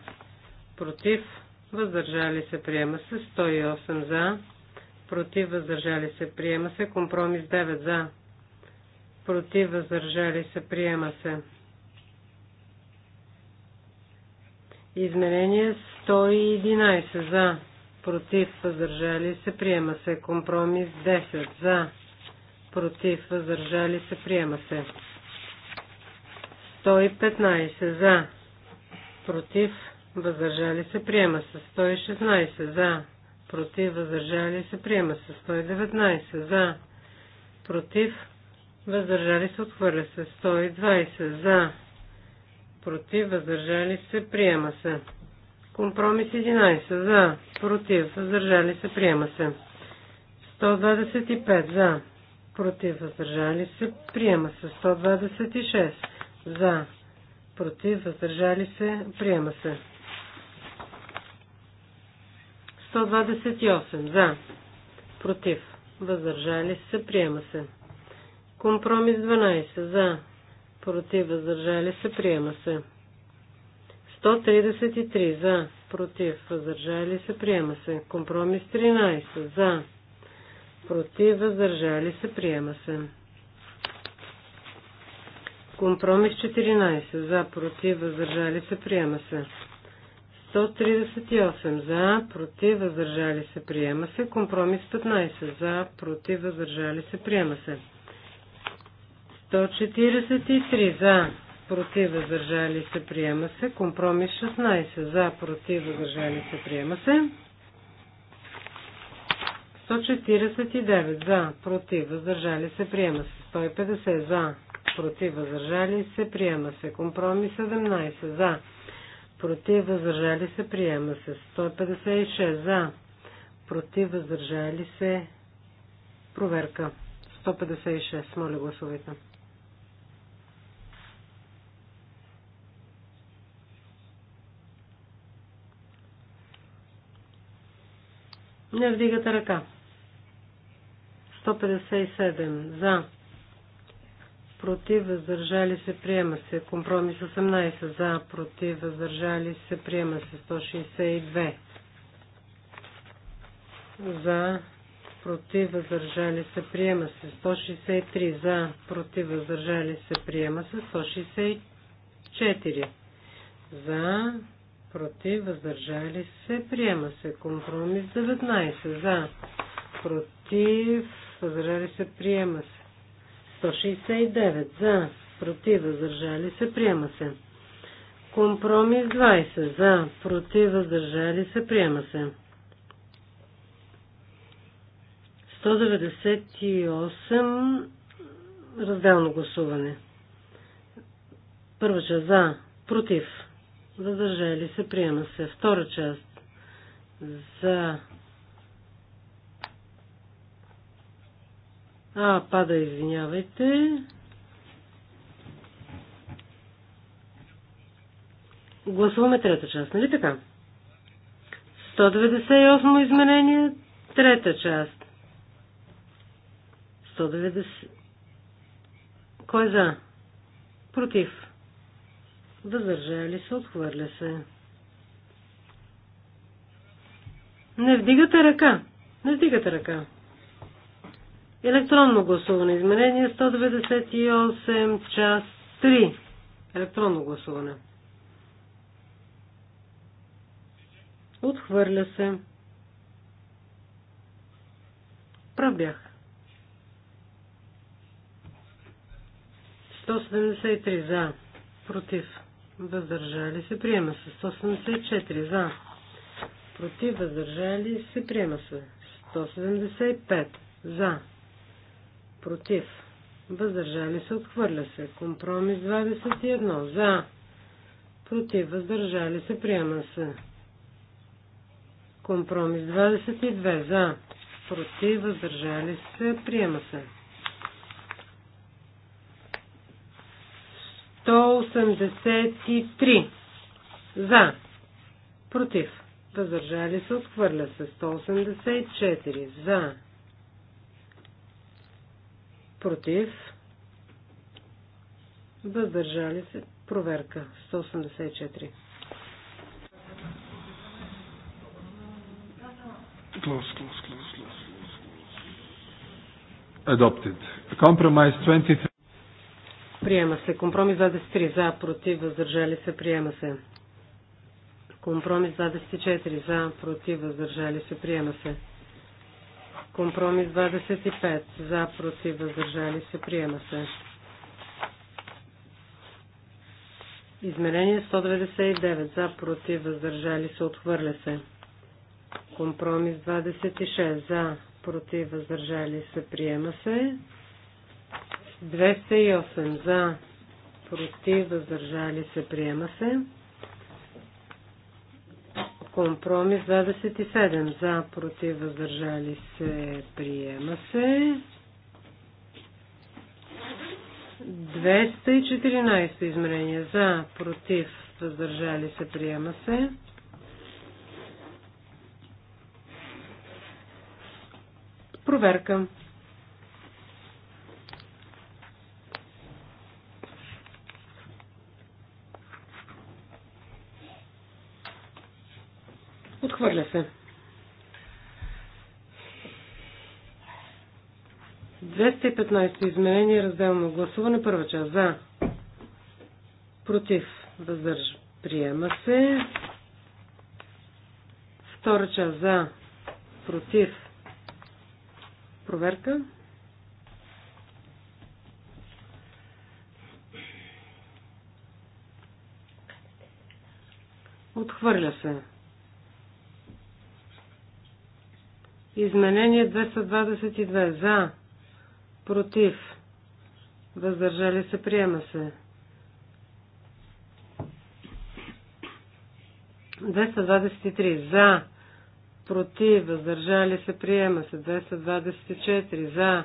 Против въздържали се, приема се 108 за, против, въздържали се, приема се, компромис 9 за, против, въздържали се, приема се. Изменение 111 за, против, въздържали се, приема се, компромис 10 за, против, въздържали се, приема се. 115 за, против, въздържали се, приема се 116 за, против, въздържали се, приема се 119 за, против, въздържали се, отхвърля се 120 за, против, въздържали се, приема се. Компромис 11 за, против, въздържали се, приема се. 125 за, против, въздържали се, приема се. 126 за, против, въздържали се, приема се. 128. За. Против. Въздържали се. Приема се. Компромис 12. За. Против. Въздържали се. Приема се. 133. За. Против. Въздържали се. Приема се. Компромис 13. За. Против. Въздържали се. Приема се. Компромис 14. За. Против. Въздържали се. Приема се. 138 за, против, въздържали се, приема се. Компромис 15 за, против, въздържали се, приема се. 143 за, против, въздържали се, приема се. Компромис 16 за, против, въздържали се, приема се. 149 за, против, въздържали се, приема се. 150 за, против, въздържали се, приема се. Компромис 17 за, против, въздържали се, приема се. 156 за, против, въздържали се, проверка. 156, моля гласовете. Не вдигате ръка. 157 за, против, въздържали се, приема се. Компромис 18 за, против, въздържали се, приема се. 162 за, против, въздържали се, приема се. 163 за, против, въздържали се, приема се. 164 за, против, въздържали се, приема се. Компромис 19 за, против, въздържали се, приема се. 169 за, против, въздържали се, приема се. Компромис 20 за, против, въздържали се, приема се. 198 разделно гласуване. Първа част за, против, въздържали се, приема се. Втора част за, А, пада, извинявайте. Гласуваме трета част, нали така? 198 изменение, трета част. 190. Кой е за? Против. Въздържали се, отхвърля се. Не вдигате ръка. Не вдигате ръка. Електронно гласуване. Изменение 198, час 3. Електронно гласуване. Отхвърля се. Пробях. бях. 173 за. Против. Въздържали се. Приема се. 174 за. Против. Въздържали се. Приема се. 175 за против, въздържали се, отхвърля се. Компромис 21 за, против, въздържали се, приема се. Компромис 22 за, против, въздържали се, приема се. 183 за, против, въздържали се, отхвърля се. 184 за, против, въздържали се, проверка 184. Close, close, close, close. Adopted. Compromise 23. Приема се. Компромис 23. За, против, въздържали се. Приема се. Компромис 24. За, против, въздържали се. Приема се. Компромис 25. За, против, въздържали се, приема се. Измерение 199. За, против, въздържали се, отхвърля се. Компромис 26. За, против, въздържали се, приема се. 208. За, против, въздържали се, приема се. Компромис 27. За, против, въздържали се, приема се. 214 измерение. За, против, въздържали се, приема се. Проверка. Отхвърля се. 215 изменение, разделно гласуване, първа част. За. Против. Въздържа. Приема се. Втора част. За. Против. Проверка. Отхвърля се. Изменение 222. За. Против. Въздържали се. Приема се. 223. За. Против. Въздържали се. Приема се. 224. За.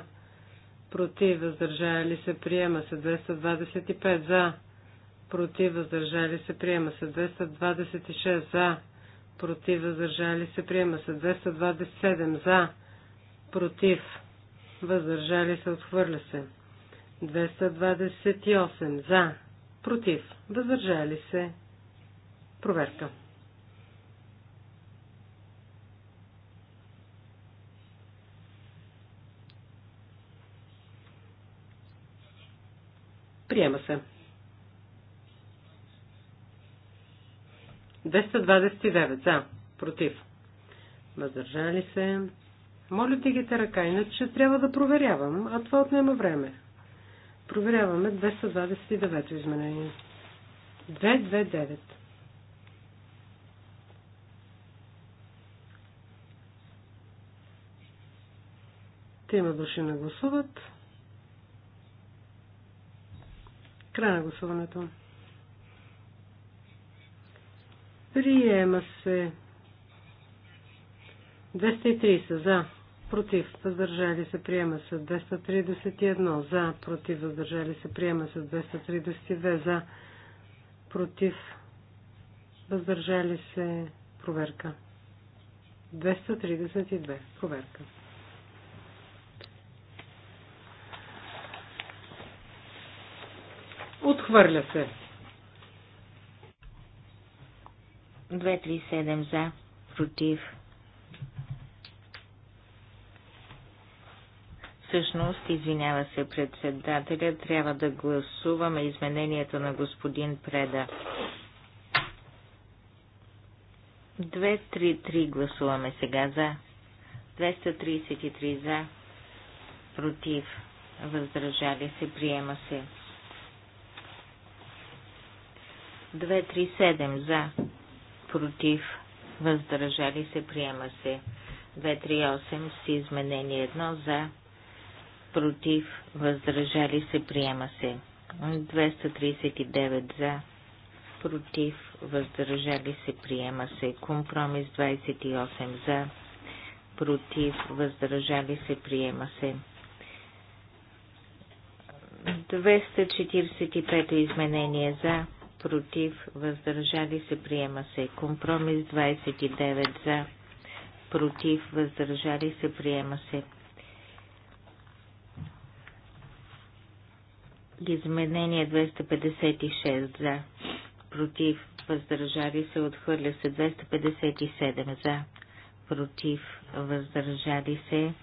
Против. Въздържали се. Приема се. 225. За. Против. Въздържали се. Приема се. 226. За против, въздържали се, приема се. 227 за, против, въздържали се, отхвърля се. 228 за, против, въздържали се, проверка. Приема се. 229 за, против. Въздържали се. Моля дигите ръка, иначе трябва да проверявам, а това отнема време. Проверяваме 229 изменение. 229. Трима души не гласуват. Край на гласуването. Приема се 230 за, против, въздържали се, приема се 231 за, против, въздържали се, приема се 232 за, против, въздържали се, проверка. 232, проверка. Отхвърля се. 237 за, против. Всъщност, извинява се председателя, трябва да гласуваме изменението на господин Преда. 233 гласуваме сега за. 233 за. Против. Въздържали се. Приема се. 237 за против, въздържали се, приема се. 238 с изменение 1 за, против, въздържали се, приема се. 239 за, против, въздържали се, приема се. Компромис 28 за, против, въздържали се, приема се. 245 изменение за, против, въздържали се, приема се. Компромис 29 за, против, въздържали се, приема се. Изменение 256 за, против, въздържали се, отхвърля се 257 за, против, въздържали се.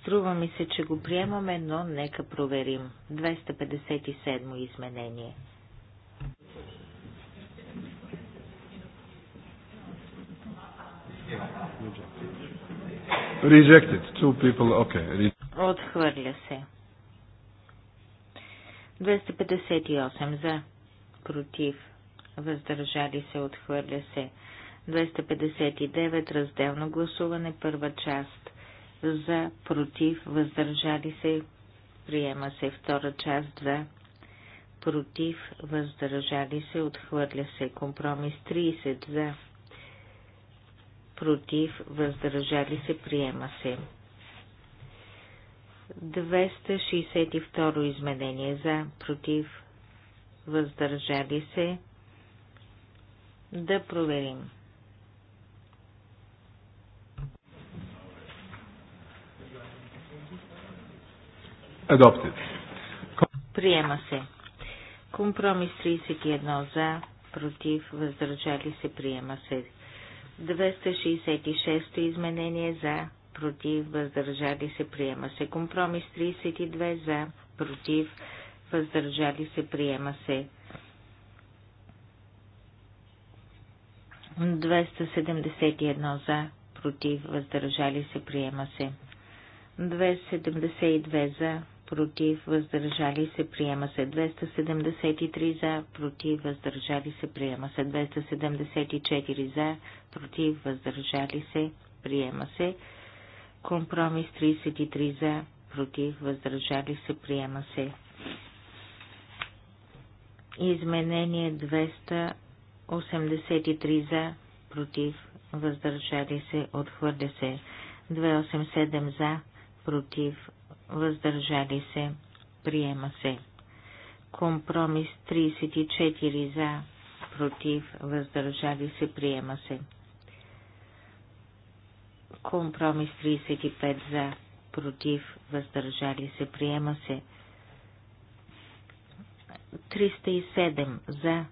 Струва ми се, че го приемаме, но нека проверим. 257 изменение. Rejected. Two people. Okay. Отхвърля се. 258 за. Против. Въздържали се. Отхвърля се. 259 разделно гласуване. Първа част. За. Против. Въздържали се. Приема се. Втора част. За. Против. Въздържали се. Отхвърля се. Компромис 30 за против, въздържали се, приема се. 262 изменение за, против, въздържали се. Да проверим. Adopted. Приема се. Компромис 31 за, против, въздържали се, приема се. 266 изменение за, против, въздържали се, приема се. Компромис 32 за, против, въздържали се, приема се. 271 за, против, въздържали се, приема се. 272 за, против, въздържали се, приема се 273 за, против, въздържали се, приема се 274 за, против, въздържали се, приема се. Компромис 33 за, против, въздържали се, приема се. Изменение 283 за, против, въздържали се, отхвърля се. 287 за, против, въздържали се, приема се. Компромис 34 за, против, въздържали се, приема се. Компромис 35 за, против, въздържали се, приема се. 307 за,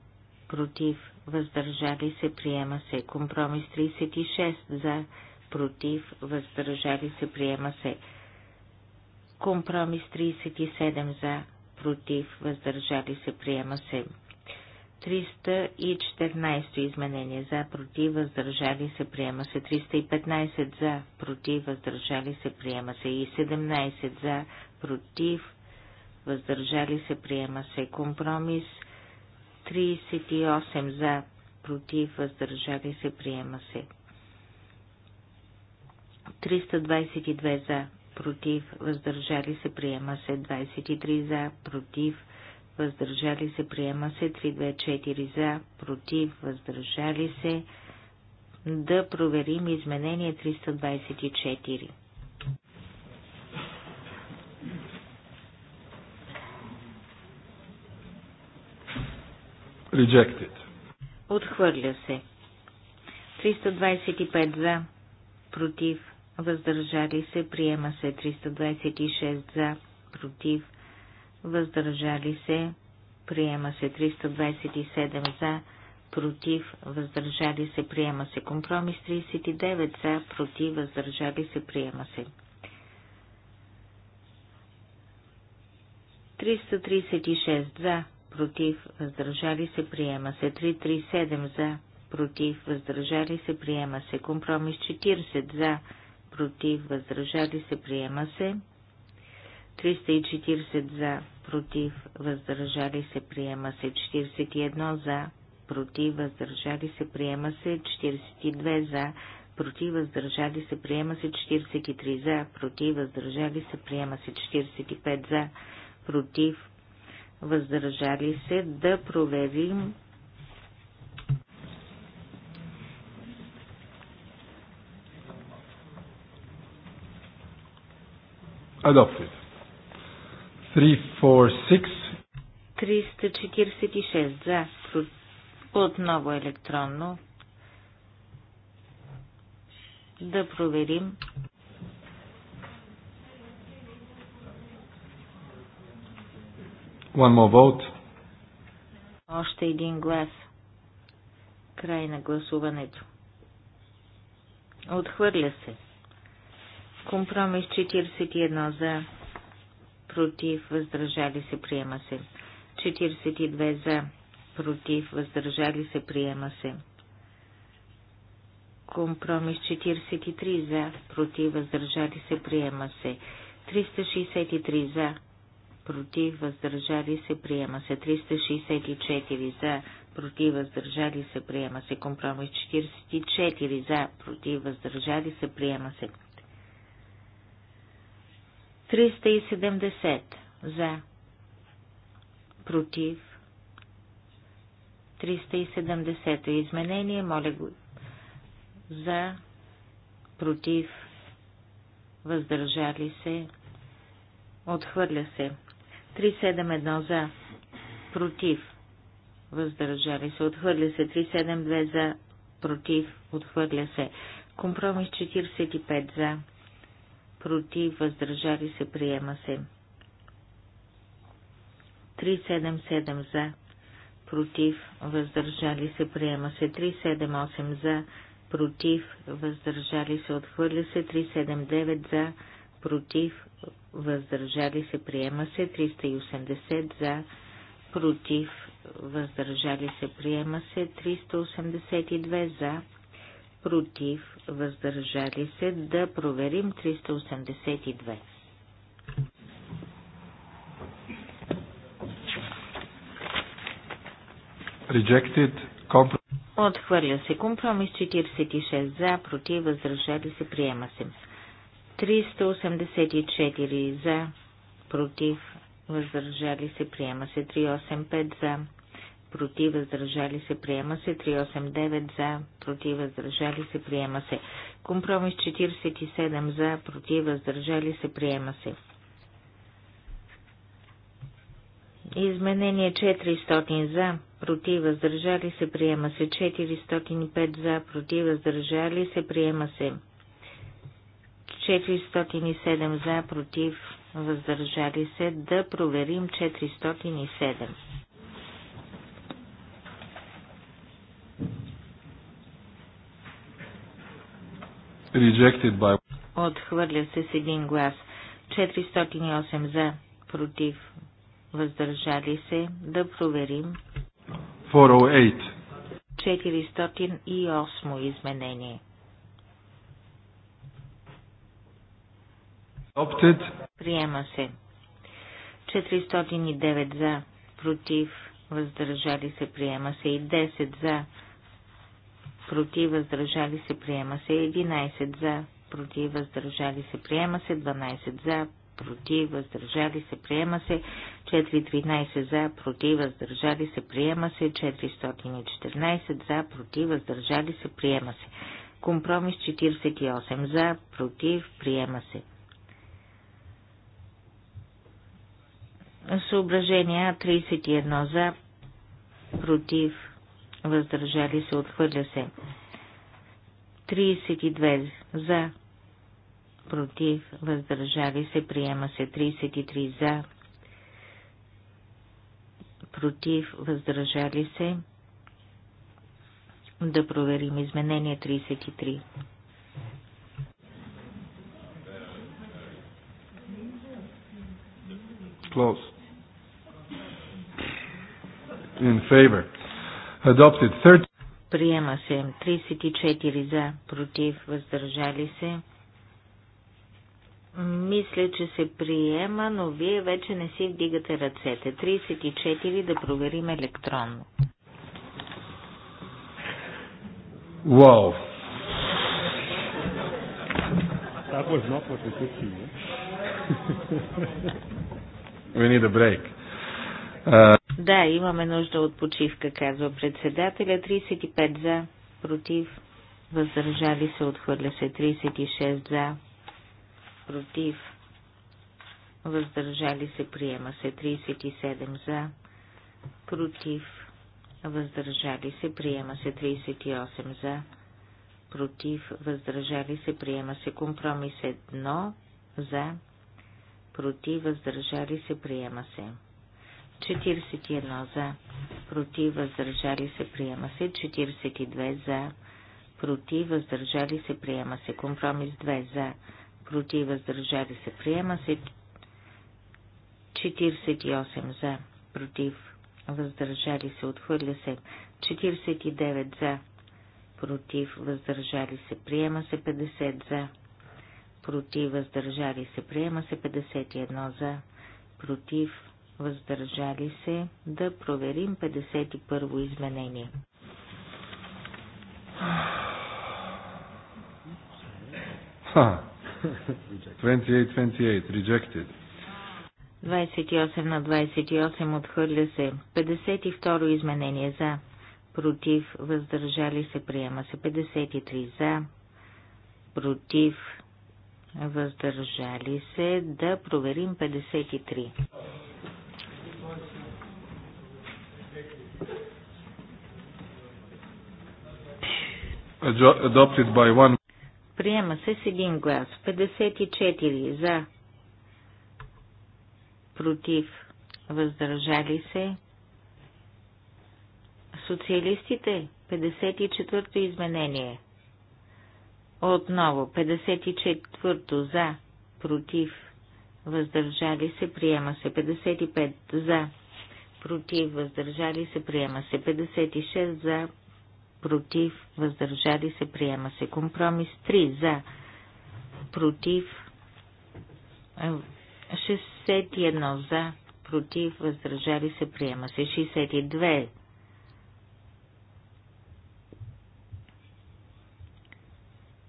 против, въздържали се, приема се. Компромис 36 за, против, въздържали се, приема се. Компромис 37 за, против, въздържали се, приема се. 314 изменение за, против, въздържали се, приема се. 315 за, против, въздържали се, приема се. И 17 за, против, въздържали се, приема се. Компромис 38 за, против, въздържали се, приема се. 322 за, против, въздържали се, приема се 23 за, против, въздържали се, приема се 324 за, против, въздържали се. Да проверим изменение 324. Rejected. Отхвърля се. 325 за, против, въздържали се, приема се 326 за, против, въздържали се, приема се 327 за, против, въздържали се, приема се компромис 39 за, против, въздържали се, приема се. 336 за, против, въздържали се, приема се 337 за, против, въздържали се, приема се компромис 40 за, против, въздържали се, приема се. 340 за, против, въздържали се, приема се. 41 за, против, въздържали се, приема се. 42 за, против, въздържали се, приема се. 43 за, против, въздържали се, приема се. 45 за, против, въздържали се. Да проверим Adopted. 346. 346 за. Отново електронно. Да проверим. One more vote. Още един глас. Край на гласуването. Отхвърля се. Компромис 41 за, против, въздържали се, приема се. 42 за, против, въздържали се, приема се. Компромис 43 за, против, въздържали се, приема се. 363 за, против, въздържали се, приема се. 364 за, против, въздържали се, приема се. Компромис 44 за, против, въздържали се, приема се. 370 за, против, 370 изменение, моля го за, против, въздържали се, отхвърля се. 371 за, против, въздържали се, отхвърля се. 372 за, против, отхвърля се. Компромис 45 за, против, въздържали се, приема се. 377 за, против, въздържали се, приема се. 378 за, против, въздържали се, отхвърля се. 379 за, против, въздържали се, приема се. 380 за, против, въздържали се, приема се. 382 за, против, против, въздържали се, да проверим 382. Rejected. Отхвърля се компромис 46 за, против, въздържали се, приема се. 384 за, против, въздържали се, приема се. 385 за, против, въздържали се, приема се. 389 за, против, въздържали се, приема се. Компромис 47 за, против, въздържали се, приема се. Изменение 400 за, против, въздържали се, приема се. 405 за, против, въздържали се, приема се. 407 за, против, въздържали се, да проверим 407. Rejected by... Отхвърля се с един глас. 408 за, против, въздържали се. Да проверим. 408. 408 изменение. Adopted. Приема се. 409 за, против, въздържали се, приема се и 10 за, против, въздържали се, приема се 11 за, против, въздържали се, приема се 12 за, против, въздържали се, приема се 413 за, против, въздържали се, приема се 414 за, против, въздържали се, приема се. Компромис 48 за, против, приема се. Съображения 31 за, против, въздържали се, отхвърля се. 32 за, против, въздържали се, приема се. 33 за, против, въздържали се. Да проверим изменение 33. Close. In favor. Adopted 30. Приема се 34 за, против, въздържали се. Мисля, че се приема, но вие вече не си вдигате ръцете. 34 да проверим електронно. Wow. That was not what we could see. Eh? we need a break. Uh... Да, имаме нужда от почивка, казва председателя. 35 за, против, въздържали се, отхвърля се. 36 за, против, въздържали се, приема се. 37 за, против, въздържали се, приема се. 38 за, против, въздържали се, приема се. Компромис 1 за, против, въздържали се, приема се. 41 за, против, въздържали се, приема се. 42 за, против, въздържали се, приема се. Компромис 2 за, против, въздържали се, приема се. 48 за, против, въздържали се, отхвърля се. 49 за, против, въздържали се, приема се. 50 за, против, въздържали се, приема се. 51 за, против, въздържали се, да проверим 51-во изменение. Ха. 28, 28, rejected. 28 на 28 отхвърля се. 52 изменение за. Против, въздържали се, приема се. 53 за. Против, въздържали се, да проверим 53. Adopted by one. Приема се с един глас. 54 за. Против. Въздържали се. Социалистите. 54-то изменение. Отново 54-то за. Против. Въздържали се. Приема се. 55 за. Против. Въздържали се. Приема се. 56 за против, въздържали се, приема се. Компромис 3 за, против, 61 е, за, против, въздържали се, приема се. 62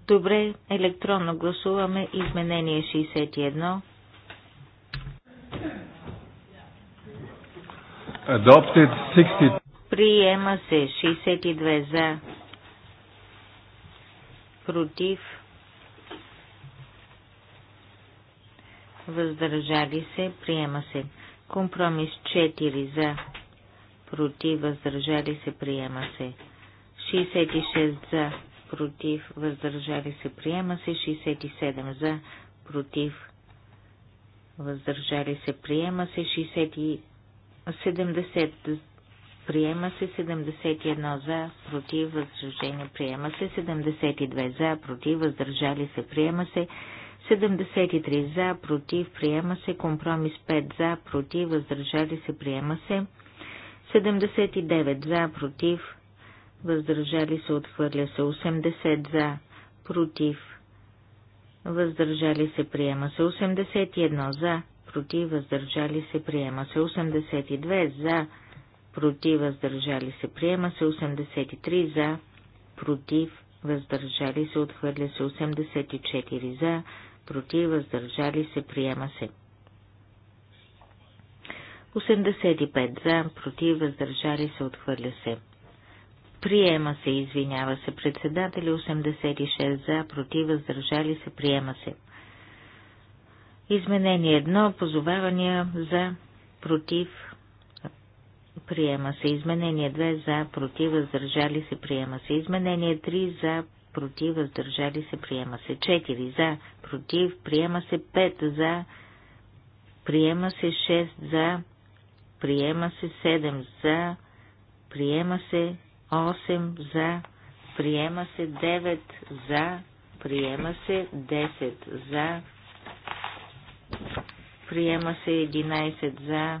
Добре, електронно гласуваме изменение 61. Adopted 60. Приема се 62 за. Против. Въздържали се. Приема се. Компромис 4 за. Против. Въздържали се. Приема се. 66 за. Против. Въздържали се. Приема се. 67 за. Против. Въздържали се. Приема се. 60... 70 Приема се 71 за, против, въздържане. Приема се 72 за, против, въздържали се. Приема се 73 за, против, приема се. Компромис 5 за, против, въздържали се. Приема се 79 за, против, въздържали се. Отхвърля се 80 за, против, въздържали се. Приема се 81 за, против, въздържали се. Приема се 82 за, против, против, въздържали се, приема се 83 за, против, въздържали се, отхвърля се 84 за, против, въздържали се, приема се. 85 за, против, въздържали се, отхвърля се. Приема се, извинява се председатели, 86 за, против, въздържали се, приема се. Изменение 1, позовавания за, против, Приема се изменение 2 за, против, въздържали се, приема се. Изменение 3 за, против, въздържали се, приема се. 4 за, против, приема се. 5 за, приема се. 6 за, приема се. 7 за, приема се. 8 за, приема се. 9 за, приема се. 10 за, приема се. 11 за,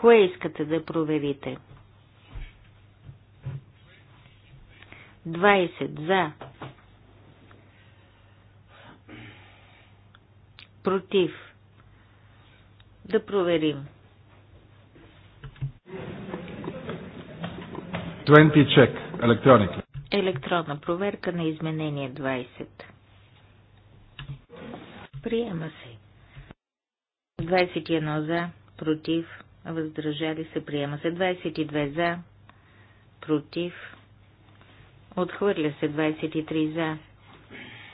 Кое искате да проверите? 20 за. Против. Да проверим. 20 чек. Електроника. Електронна проверка на изменение 20. Приема се. 21 за. Против въздържали се, приема се 22 за, против, отхвърля се 23 за,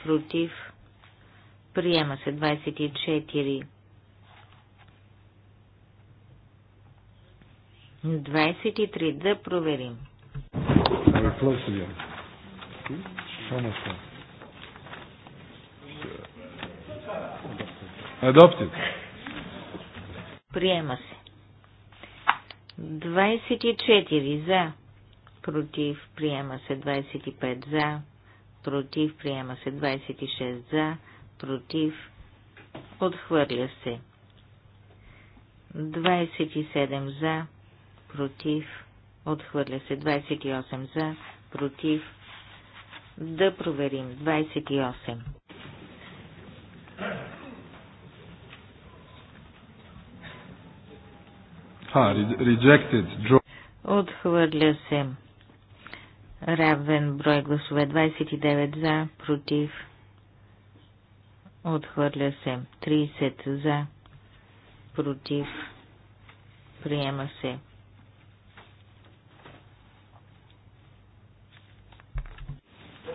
против, приема се 24. 23 да проверим. Адоптив. Е? Приема се. 24 за, против, приема се 25 за, против, приема се 26 за, против, отхвърля се. 27 за, против, отхвърля се 28 за, против. Да проверим 28. Отхвърля се. Равен брой гласове 29 за, против. Отхвърля се. 30 за, против. Приема се.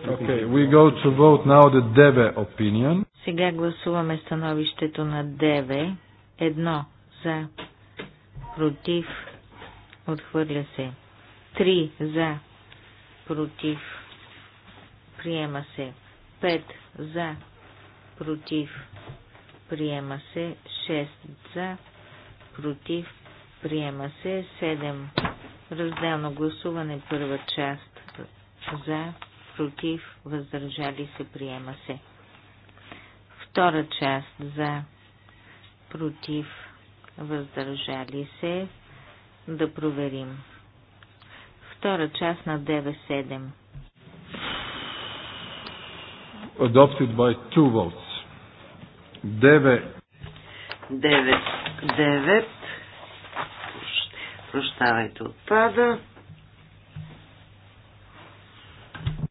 Okay, we go to vote now the Debe opinion. Сега гласуваме становището на ДЕВЕ. Едно за, против, отхвърля се. 3 за, против, приема се. 5 за, против, приема се. 6 за, против, приема се. 7 разделно гласуване, първа част за, против, въздържали се, приема се. Втора част за, против, въздържали се, да проверим. Втора част на 9-7. Adopted by two votes. 9. 9. 9. Прощавайте, отпада.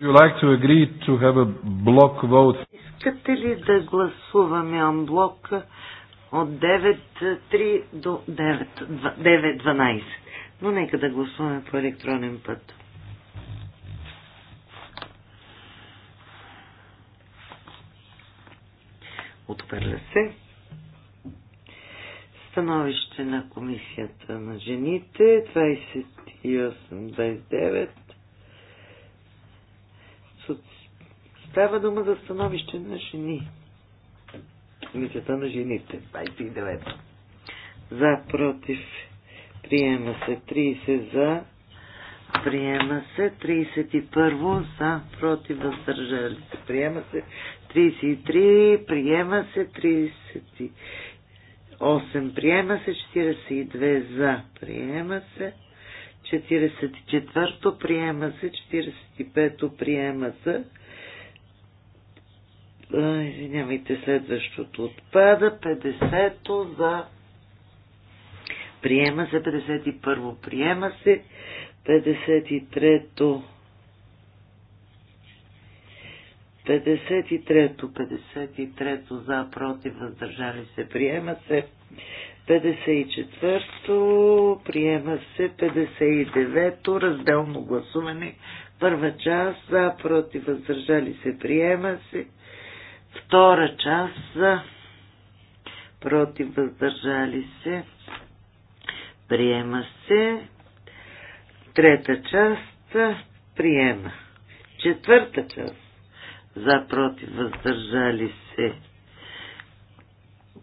You like to agree to have a block vote? Искате ли да гласуваме анблок? блок? от 9.3 до 9.12. Но нека да гласуваме по електронен път. Отвърля се. Становище на комисията на жените 28-29. Става дума за становище на жени. Комисията на жените. 29. За, против, приема се 30 за, приема се 31 за, против, въздържали се, приема се 33, приема се 38, приема се 42 за, приема се 44, приема се 45, приема се извинявайте, следващото отпада, 50-то за приема се, 51-во приема се, 53-то 53-то, 53-то за, против, въздържали се, приема се. 54-то, приема се. 59-то, разделно гласуване. Първа част, за, против, въздържали се, приема се. Втора част за против въздържали се. Приема се. Трета част приема. Четвърта част за против въздържали се.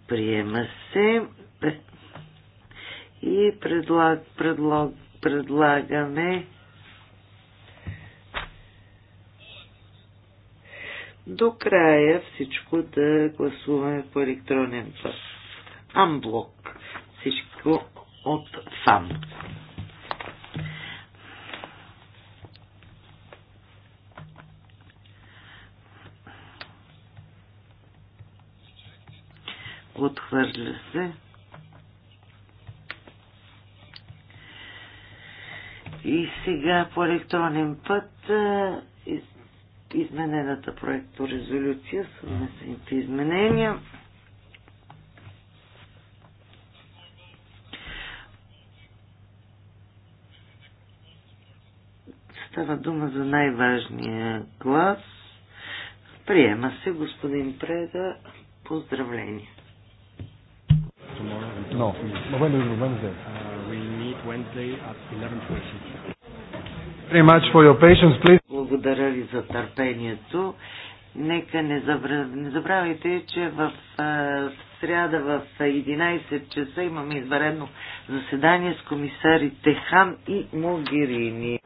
Приема се. И предлаг, предлог, предлагаме до края всичко да гласуваме по електронен път. Амблок. Всичко от ФАМ. Отхвърля се. И сега по електронен път изменената проекторезолюция с внесените изменения. Става дума за най-важния глас. Приема се господин Преда. Поздравление. Uh, very much for your patience, please. Благодаря ви за търпението. Нека не, забра... не забравяйте, че в сряда в 11 часа имаме изварено заседание с комисарите Хан и Могирини.